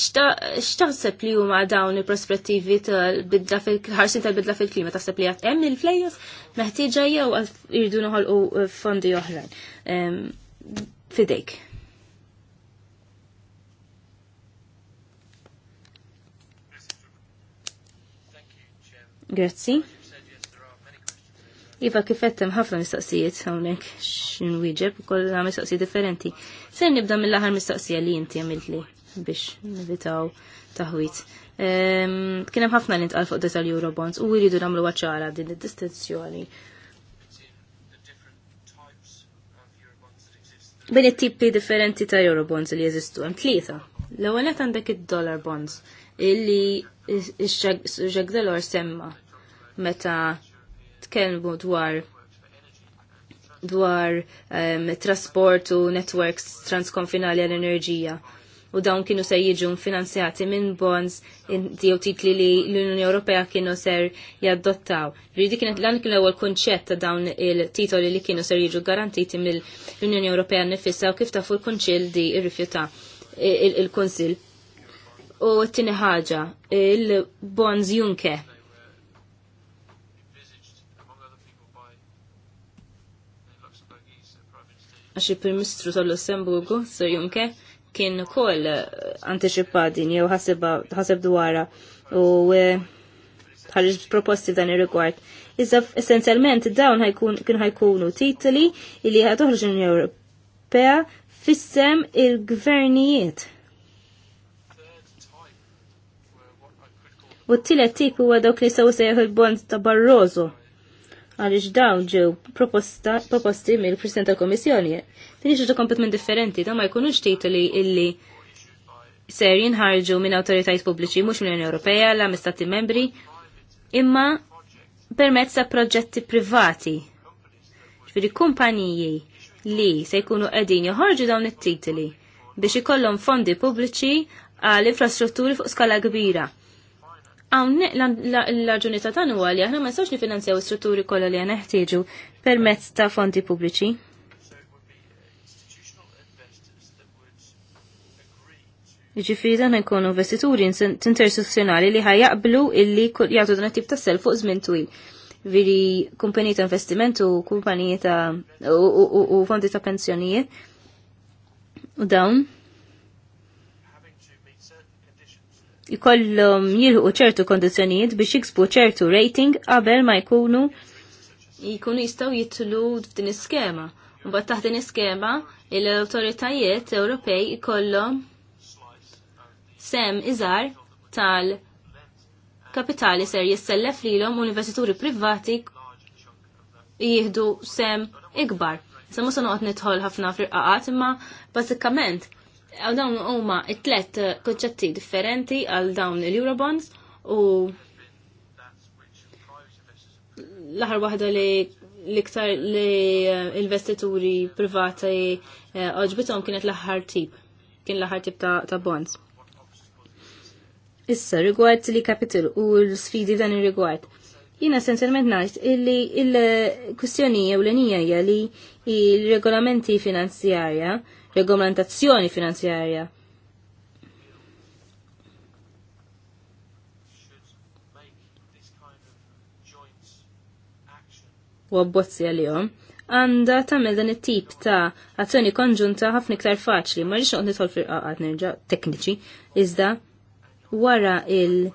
xtaħseb li huma dawn il-prospettivi tal-bidla fil-ħarsin tal-bidla fil-klima taħseb li għat hemm il-flejjos meħtieġa jew irdu noħolqu uh, fondi oħrajn. Fidejk. Grazzi. Iva kifettem ħafna mistoqsijiet hawnhekk x'inwieġeb ukoll kollha mistoqsijiet differenti. Se nibda mill-aħħar mistoqsija li inti għamilt li biex nivitaw taħwit. Ehm, Kien hemm ħafna nintqal fuq detal Eurobonds u jridu nagħmlu waċċara din id-distinzjoni. Bejn it-tipi differenti ta' Eurobonds li jeżistu hemm tlieta. L-ewwel qed għandek id-dollar bonds illi x semma meta tkellmu dwar dwar um, ehm, trasportu u networks transkonfinali għal-enerġija u dawn kienu ser jiġu finanzjati minn bonds jew titli li l-Unjoni Ewropea kienu ser jaddottaw. Ridi kienet lan kien l-ewwel kunċett ta' dawn il-titoli li kienu ser jiġu garantiti mill-Unjoni Ewropea nifissa u kif ta' fuq kunċil di rrifjuta il konsil U t-tini ħaġa, il-bonds Junke. Għaxi il mistru tal-Lussemburgu, Sir Junke, kien ukoll eh, din jew ħaseb dwara u eh, ħarġ proposti dan ir-rigward. Iżda essenzjalment dawn kien ħajkunu titoli li toħroġ l-Unjoni Ewropea fissem il-gvernijiet. U t-tielet tip huwa dawk li sew sejħu il-bond ta' Barroso għaliex dawn ġew proposti mill-President tal-Komissjoni. Din ġiġu kompletment differenti, da ma jkunux titoli illi ser jinħarġu minn autoritajiet pubbliċi mhux mill-Unjoni Ewropea la mistati membri, imma permezz ta' proġetti privati. Ġifieri kumpaniji li se jkunu qegħdin joħorġu dawn it-titoli biex ikollhom fondi pubbliċi għal infrastrutturi fuq skala kbira Hawnhekk l-raġunità ta' huwa li aħna ma nistgħux nifinanzjaw is-strutturi kollha li għandna ħtieġu permezz ta' fondi pubbliċi. Iġifiri dan ikonu investituri interstituzzjonali li ħajaqblu illi jagħtu dan tip ta' sell fuq żmien twil. Viri kumpaniji ta' investimentu, kumpaniji ta' u fondi ta' pensjonijiet. U dawn jkollhom jilħu ċertu kondizzjonijiet biex jiksbu ċertu rating qabel ma jkunu jkunu jistgħu jitlu f'din iskema. Mbagħad taħt din iskema l-awtoritajiet Ewropej jkollhom sem iżgħar tal-kapitali ser jissellef lilhom universituri privati jieħdu sem ikbar. Sa se noqgħod nidħol ħafna friqaqat imma bażikament għal dawn huma it-tlet konċetti differenti għal dawn il-Eurobonds u l-aħar waħda li l-iktar li eh, investituri privati eh, oġbitom kienet l-aħħar tip, kien l-aħħar tip ta' bonds. Issa, rigward li kapital u l-sfidi dan il-rigward. Jina essenzjalment najt illi il-kustjoni jew l-enija li il-regolamenti finanzjarja regolamentazzjoni finanzjarja. u abbozzi għalihom, għanda tagħmel dan it-tip ta' azzjoni konġunta ħafna iktar faċli, ma rridx noqgħod nidħol fil-qaqat nerġa' tekniċi, iżda wara il-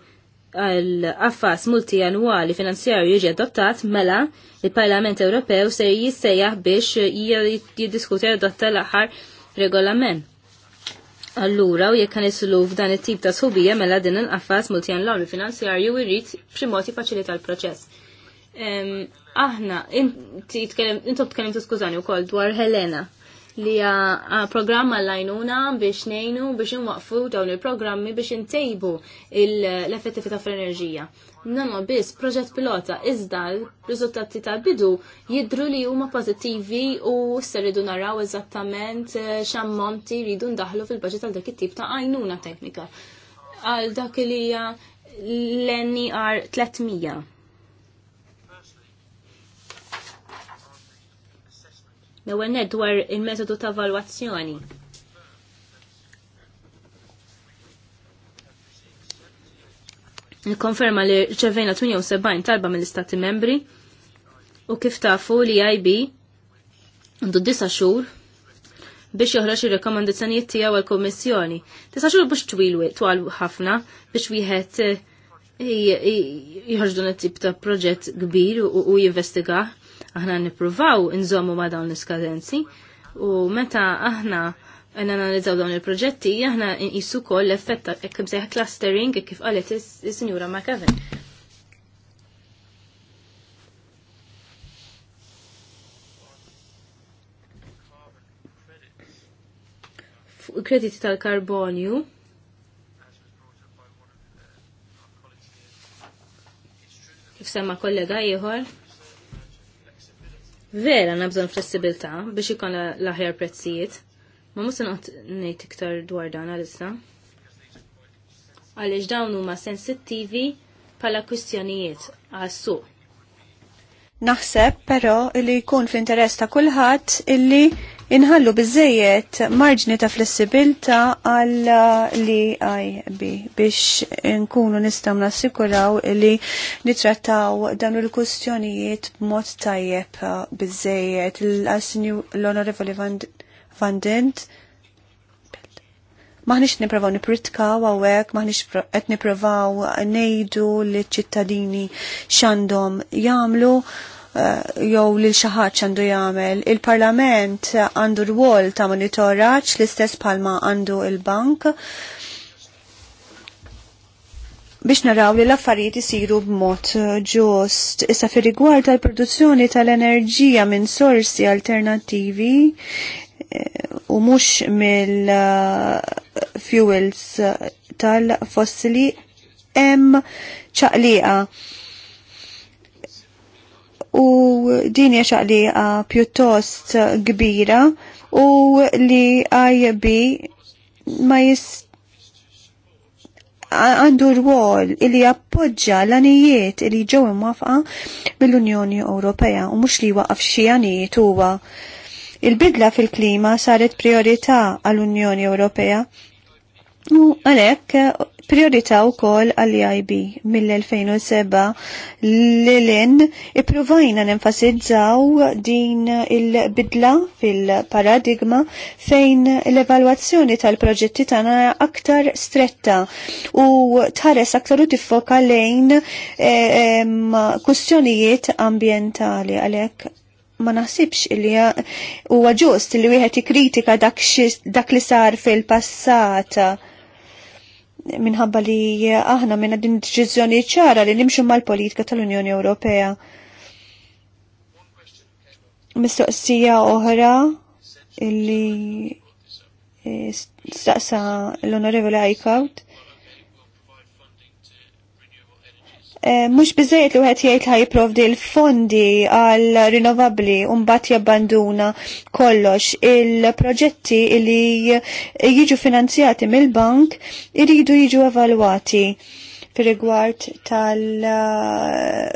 għal-affas multi annuali finanzjarju jiġi adottat mela il-Parlament Ewropew se jissejjaħ biex jiddiskuti adotta l-aħħar regolament. Allura, u jekk nisilu f'dan it-tip ta' subija mela din il-qafas multijan l-għamri finanzjarju irrit primoti faċilita l-proċess. Aħna, inti intom tkellem skużani u kol dwar Helena li programma lajnuna biex nejnu biex nwaqfu dawn il-programmi biex intejbu l-effettività fl-enerġija. Nama biss proġett pilota iżda rizultati riżultati ta' bidu jidru li huma pożittivi u s-seridu naraw eżattament eh, xammonti rridu ndaħlu fil-budget għal dak it-tip ta' għajnuna teknika. Għal dak li l-NER 300 L-ewwel dwar il-metodu ta' valwazzjoni. Nikkonferma li ċevejna 78 talba mill-Istati membri u kif tafu li IB għandu disa xhur biex joħroġ ir-rekomandazzjonijiet tiegħu għall-Kummissjoni. Tisa xhur biex twil twal ħafna biex wieħed jħarġ dan it-tip ta' proġett kbir u jinvestigah. Aħna nipruvaw inżommu ma' dawn l-iskadenzi u meta aħna għanna analizzaw dawn il-proġetti, aħna nqisu koll l-effett kif sejħ clustering kif qalet is-Sinjura McAvin. Krediti tal-karbonju, kif semma kollega ieħor, Vera nabżon flessibilta biex ikon laħjar prezzijiet. Ma musa għat nejt iktar dwar dan għalissa. Għalix dawn huma sensittivi pala kwistjonijiet għal suq Naħseb però li jkun fl-interess ta' kulħadd illi inħallu bizzejiet marġni ta' flessibilta għal li IB biex nkunu nistgħu nassikuraw li nitrattaw dan il-kustjonijiet mod tajjeb bizzejiet l-asnju l-Onorevoli Van maħnix nipravaw nipritkaw għawek, maħnix qed nipravaw nejdu li ċittadini xandom jamlu, Eh, jew lil xi ħadd għandu jagħmel. Il-Parlament għandu rwol ta' monitoraġġ l-istess palma għandu il-bank biex naraw li l-affarijiet isiru b'mod eh, ġust. Issa fir rigward tal-produzzjoni tal-enerġija minn sorsi alternattivi eh, u mhux mill-fuels tal-fossili hemm ċaqliqa u din hija xaqliqa pjuttost kbira u li IB ma jis għandu rwol li jappoġġa l-anijiet li ġew imwafqa mill-Unjoni Ewropea u mhux li waqaf xi anijiet huwa. Il-bidla fil-klima saret priorità għall-Unjoni Ewropea U għalek, priorita u kol għal-IB mill-2007 l-lin iprovajna nenfasizzaw din il-bidla fil-paradigma fejn l-evaluazzjoni tal-proġetti tana aktar stretta u tħares aktar u tiffoka lejn eh, kustjonijiet ambientali għalek ma naħsibx li huwa ġust li wieħed ikkritika dak, dak li sar fil-passata minħabba li aħna minna din deċiżjoni ċara li nimxu mal-politika tal-Unjoni Ewropea. Mistoqsija oħra illi staqsa l-Onorevoli Eichhout Eh, Mux bizzajet li għet jgħid ħaj jiprovdi l-fondi għal rinovabli un-bat jabbanduna kollox. Il-proġetti li jiġu finanzjati mill-bank iridu jiġu evalwati fir rigward tal-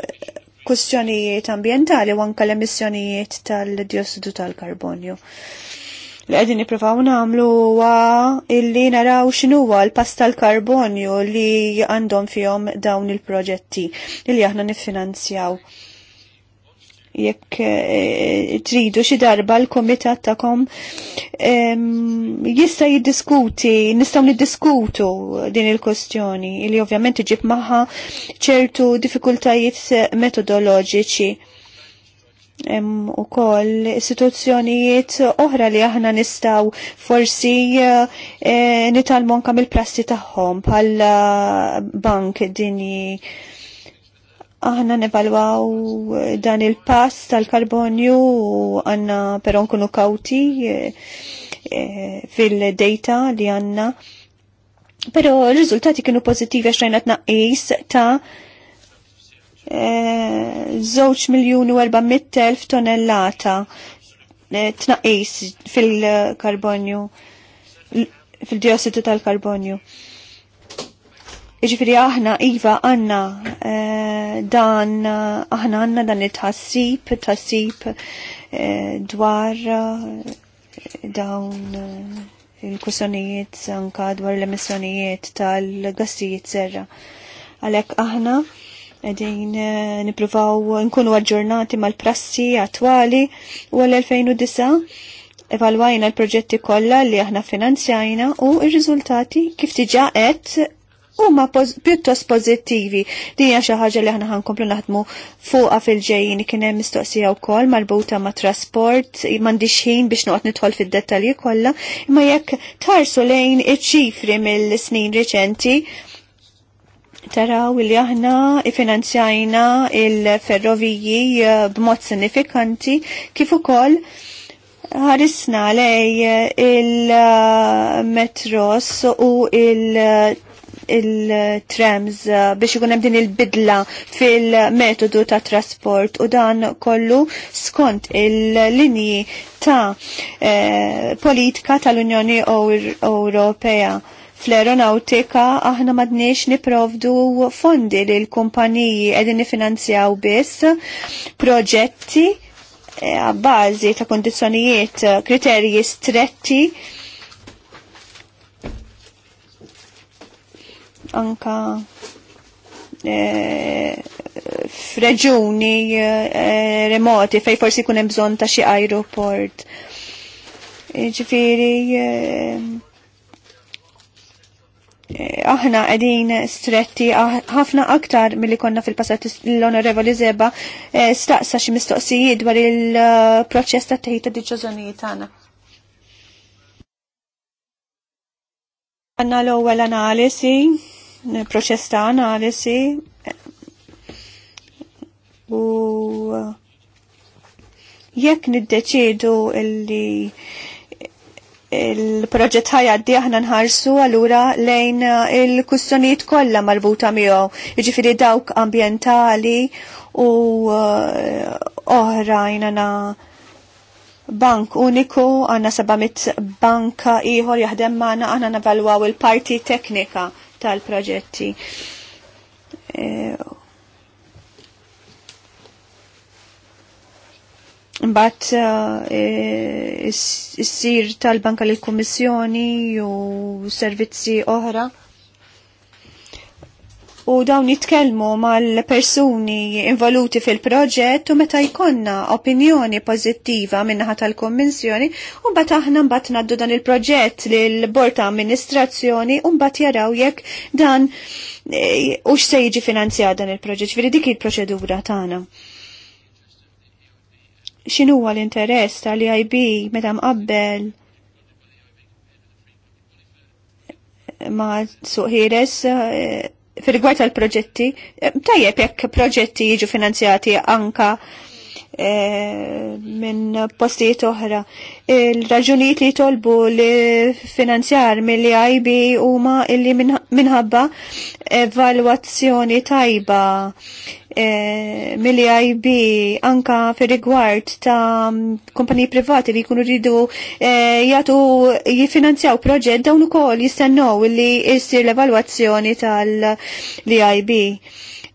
kustjonijiet ambientali u anka l-emissjonijiet tal-diossidu tal-karbonju li għedin niprofaw namlu huwa illi naraw x'inhuwa l pasta tal-karbonju li għandhom fihom dawn il-proġetti illi aħna niffinanzjaw jekk eh, tridu xi darba l-komitat tagħkom jista' jiddiskuti, nistgħu niddiskutu din il-kwestjoni li ovvjament iġib magħha ċertu diffikultajiet metodoloġiċi hemm ukoll istituzzjonijiet oħra li aħna nistgħu forsi e, eh, nitalmu anke mill-prassi tagħhom bħal eh, bank dinji aħna nevalwaw dan il-pass tal-karbonju għanna però nkunu kawti e, fil-data li għanna. Pero r-riżultati kienu pozittivi għax rajna ta' Eh, żewġ miljun u erba' telf tonellata eh, tnaqis fil-karbonju fil-diossidu tal-karbonju. Iġifiri aħna, Iva, għanna eh, dan, aħna għanna dan il-tassib, tassib dwar dawn il-kussonijiet anka dwar l-emissjonijiet tal-gassijiet serra. Għalek aħna Għedin eh, niprufaw nkunu għagġurnati mal-prassi attwali u għal-2009 evalwajna l-proġetti kollha li aħna finanzjajna u r-riżultati kif diġà qed huma pjuttost pożittivi. Din hija xi ħaġa li aħna ħankomplu naħdmu fuqha fil-ġejjin kien hemm mistoqsija wkoll mal-buta ma' trasport, m'għandix ħin biex noqgħod nidħol fid-dettalji kollha, imma jekk tarsu lejn iċ-ċifri mill-snin reċenti taraw li aħna finanzjajna il-ferroviji eh, b'mod sinifikanti kif ukoll ħarisna lej il-metros u il- il-trams biex ikun hemm din il-bidla fil-metodu ta' trasport u dan kollu skont il-linji ta' eh, politika tal-Unjoni Ewropea. Fl-aeronautika aħna madniex niprovdu fondi li l-kumpaniji edin nifinanzjaw biss proġetti għabbażi eh, ta' kondizjonijiet eh, kriterji stretti anka E, f'reġuni remoti fej forsi kunem hemm bżonn ta' xi aeroport. Ġifiri, Eh, aħna għedin stretti ah, ħafna aktar mill-li konna fil-passat l-onorevoli Zeba eh, staqsa xi mistoqsijiet dwar il-proċess ta' teħita deċiżjonijiet tagħna. Għanna l-ewwel analisi, proċess ta' analisi u eh, jekk niddeċidu illi il-proġett ħajaddi aħna nħarsu għalura lejn uh, il-kustonijiet kollha marbuta miegħu, jiġifieri dawk ambjentali u uh, oħrajn għana bank uniku għanna 700 banka ieħor jaħdem maħna aħna navalwaw il-parti teknika tal-proġetti. Eh, Mbagħad eh, eh, issir tal-Banka lill kummissjoni u servizzi oħra. U dawn jitkellmu mal-persuni involuti fil-proġett u meta jkollna opinjoni pożittiva minnaħa tal-Kommissjoni, u mbagħad aħna mbagħad ngħaddu dan il-proġett lil bord ta' amministrazzjoni u mbagħad jaraw jekk dan eh, ux x'se jiġi finanzja dan il-proġett. Veri dik il-proċedura tagħna xinu l-interess tal-IB meta mqabbel ma suq eh, fil gwajt tal-proġetti, eh, tajjeb jekk proġetti jiġu finanzjati anka eh, minn postijiet oħra. Il-raġunijiet li tolbu li finanzjar mill IB huma illi minħabba evalwazzjoni tajba Eh, mill-IB anka fir rigward ta' kumpaniji privati li jkunu ridu e, eh, jagħtu jifinanzjaw proġett dawn ukoll jistennew li jsir l-evalwazzjoni tal-IB.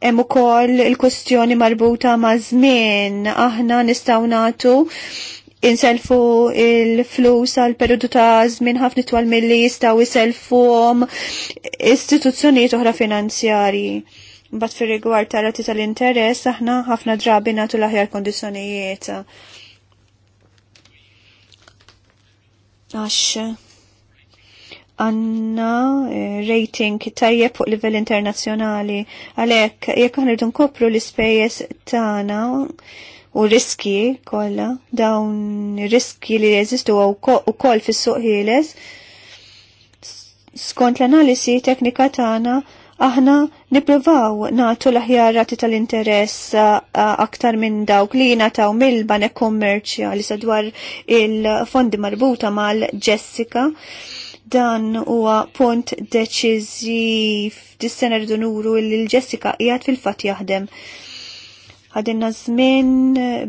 Hemm ukoll il-kwestjoni marbuta ma' żmien aħna nistgħu nagħtu inselfu il-flus għal periodu ta' żmien ħafna twal milli jistgħu jiselfu istituzzjonijiet oħra finanzjarji Bat fi rigward ta' rati tal-interess aħna ħafna drabi nagħtu l-aħjar Għax għanna eh, rating tajjeb fuq livell internazzjonali għalhekk jekk aħna nkopru l-ispejjeż tagħna u riski kollha dawn riski li jeżistu wkoll fis-suq ħieles skont l-analisi teknika tagħna aħna niprivaw natu l-aħjarati tal-interess aktar minn dawk li nataw mill-banek kommerċjali sadwar il-fondi marbuta mal-Jessica. Dan huwa punt deċiżiv dis-sena rridu nuru li l-Jessica qiegħed fil-fatt jaħdem. Ħadinna żmien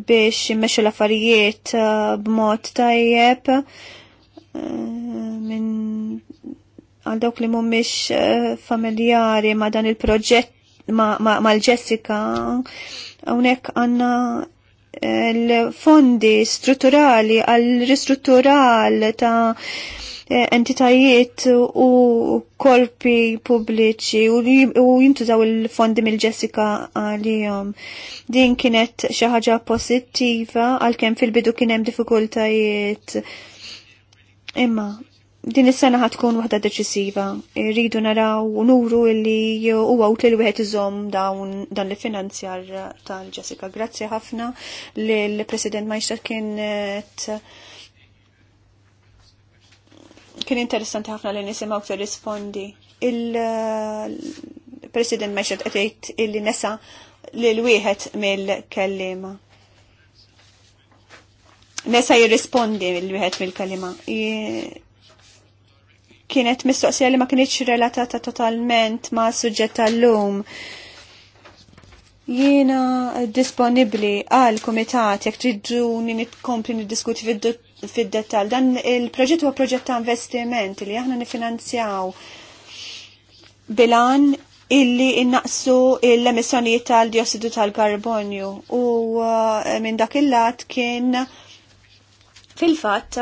biex immexxu l-affarijiet b'mod tajjeb minn għal dawk li mhumiex eh, familjari ma' dan il-proġett mal-Jessica hawnhekk għandna eh, l-fondi strutturali għal ristruttural ta' eh, entitajiet u korpi pubbliċi u jintużaw il-fondi mill-Jessica għalihom. Din kienet xi ħaġa pożittiva għalkemm fil-bidu kien hemm Imma din is-sena ħatkun waħda deċisiva. Irridu naraw u nuru illi huwa utli li wieħed iżomm dawn dan li finanzjar tal-Jessica. Grazzi ħafna li l-President Majstar kienet eh, kien interessanti ħafna li nisimgħu rispondi. Il-President eh, Majstar qed jgħid illi nesa lil wieħed mill-kellima nesa jirrispondi mill-wieħed mill kellima kienet mistoqsija li ma kienieċ relatata totalment ma suġġett tal-lum. Jiena disponibli għal komitat jekk tridduni nitkompli niddiskuti fid-dettal. Dan il-proġett huwa proġett ta' investiment li aħna nifinanzjaw bilan illi innaqsu l-emissjonijiet tal-diossidu tal-karbonju u uh, minn dak il-lat kien fil-fatt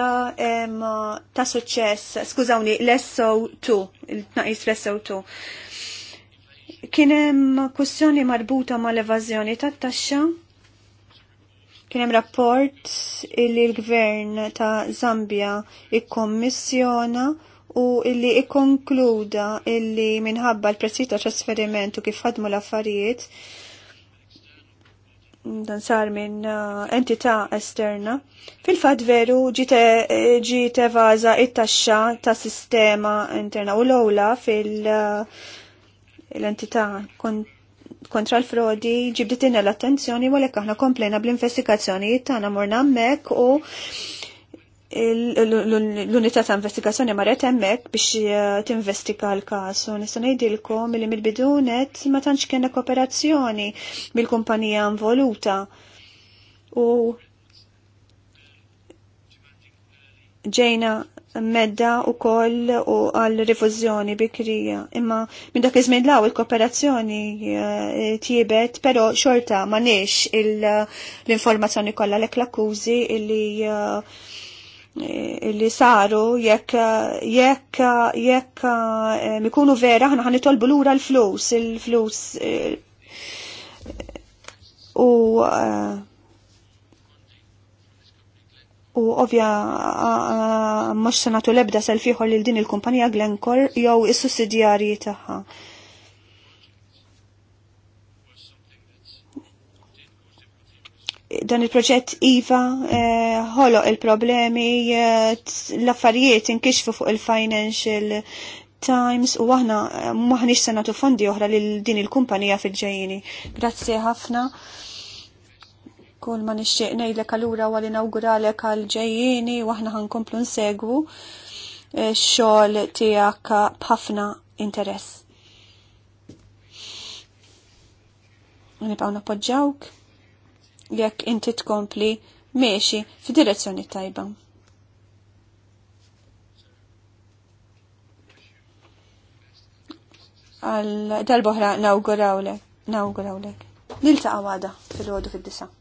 ta' suċċess, skużawni, l-SO2, il-tnaqis l-SO2. Kienem kussjoni marbuta ma' l-evazjoni ta' taxxa, kienem rapport illi l-gvern ta' Zambia ikkommissjona u illi ikkonkluda illi minħabba l-prezzi ta' trasferimentu kif ħadmu l-affarijiet dan sar minn eh, entità esterna. Fil-fat veru ġite eh, vaza it-taxxa ta' sistema interna u l-ola fil-entità eh, kontra l-frodi ġibditina l-attenzjoni u l ekkaħna aħna komplejna bl-investigazzjoni tagħna morna hemmhekk u l-unità ta' investigazzjoni marret hemmhekk biex eh, tinvestiga l-każ u nista' ngħidilkom li mill-bidunet ma tantx kienna kooperazzjoni mill-kumpanija involuta. U ġejna medda u koll u għal rifużjoni bikrija. Imma minn dak iż-żmien law il-kooperazzjoni eh, tiebet, però xorta ma il-informazzjoni kollha l l-akkużi li uh, eh, li saru jekk jekk jekk eh, mikunu vera ħana ħan nitolbu lura l-flus il-flus eh, u eh, u ovvja mhux se nagħtu l-ebda selfiħor lil din il-kumpanija Glencore jew is-sussidjarji tagħha. dan il-proġett IVA eh, ħolo il-problemi eh, l-affarijiet inkixfu fuq il-Financial Times u aħna eh, maħniex se nagħtu fondi oħra lil din il-kumpanija fil-ġejjini. Grazzi ħafna. Kull ma nixtieq ngħidlek allura u inawguralek għal ġejjini u aħna ħankomplu nsegwu eh, x-xogħol tiegħek b'ħafna interess. Nibgħu nappoġġawk jekk inti tkompli meċi f'direzzjoni tajba. Għal darbohra nawgurawlek, nawgurawlek. Nil-taqa għada fil-ħodu fil-disa.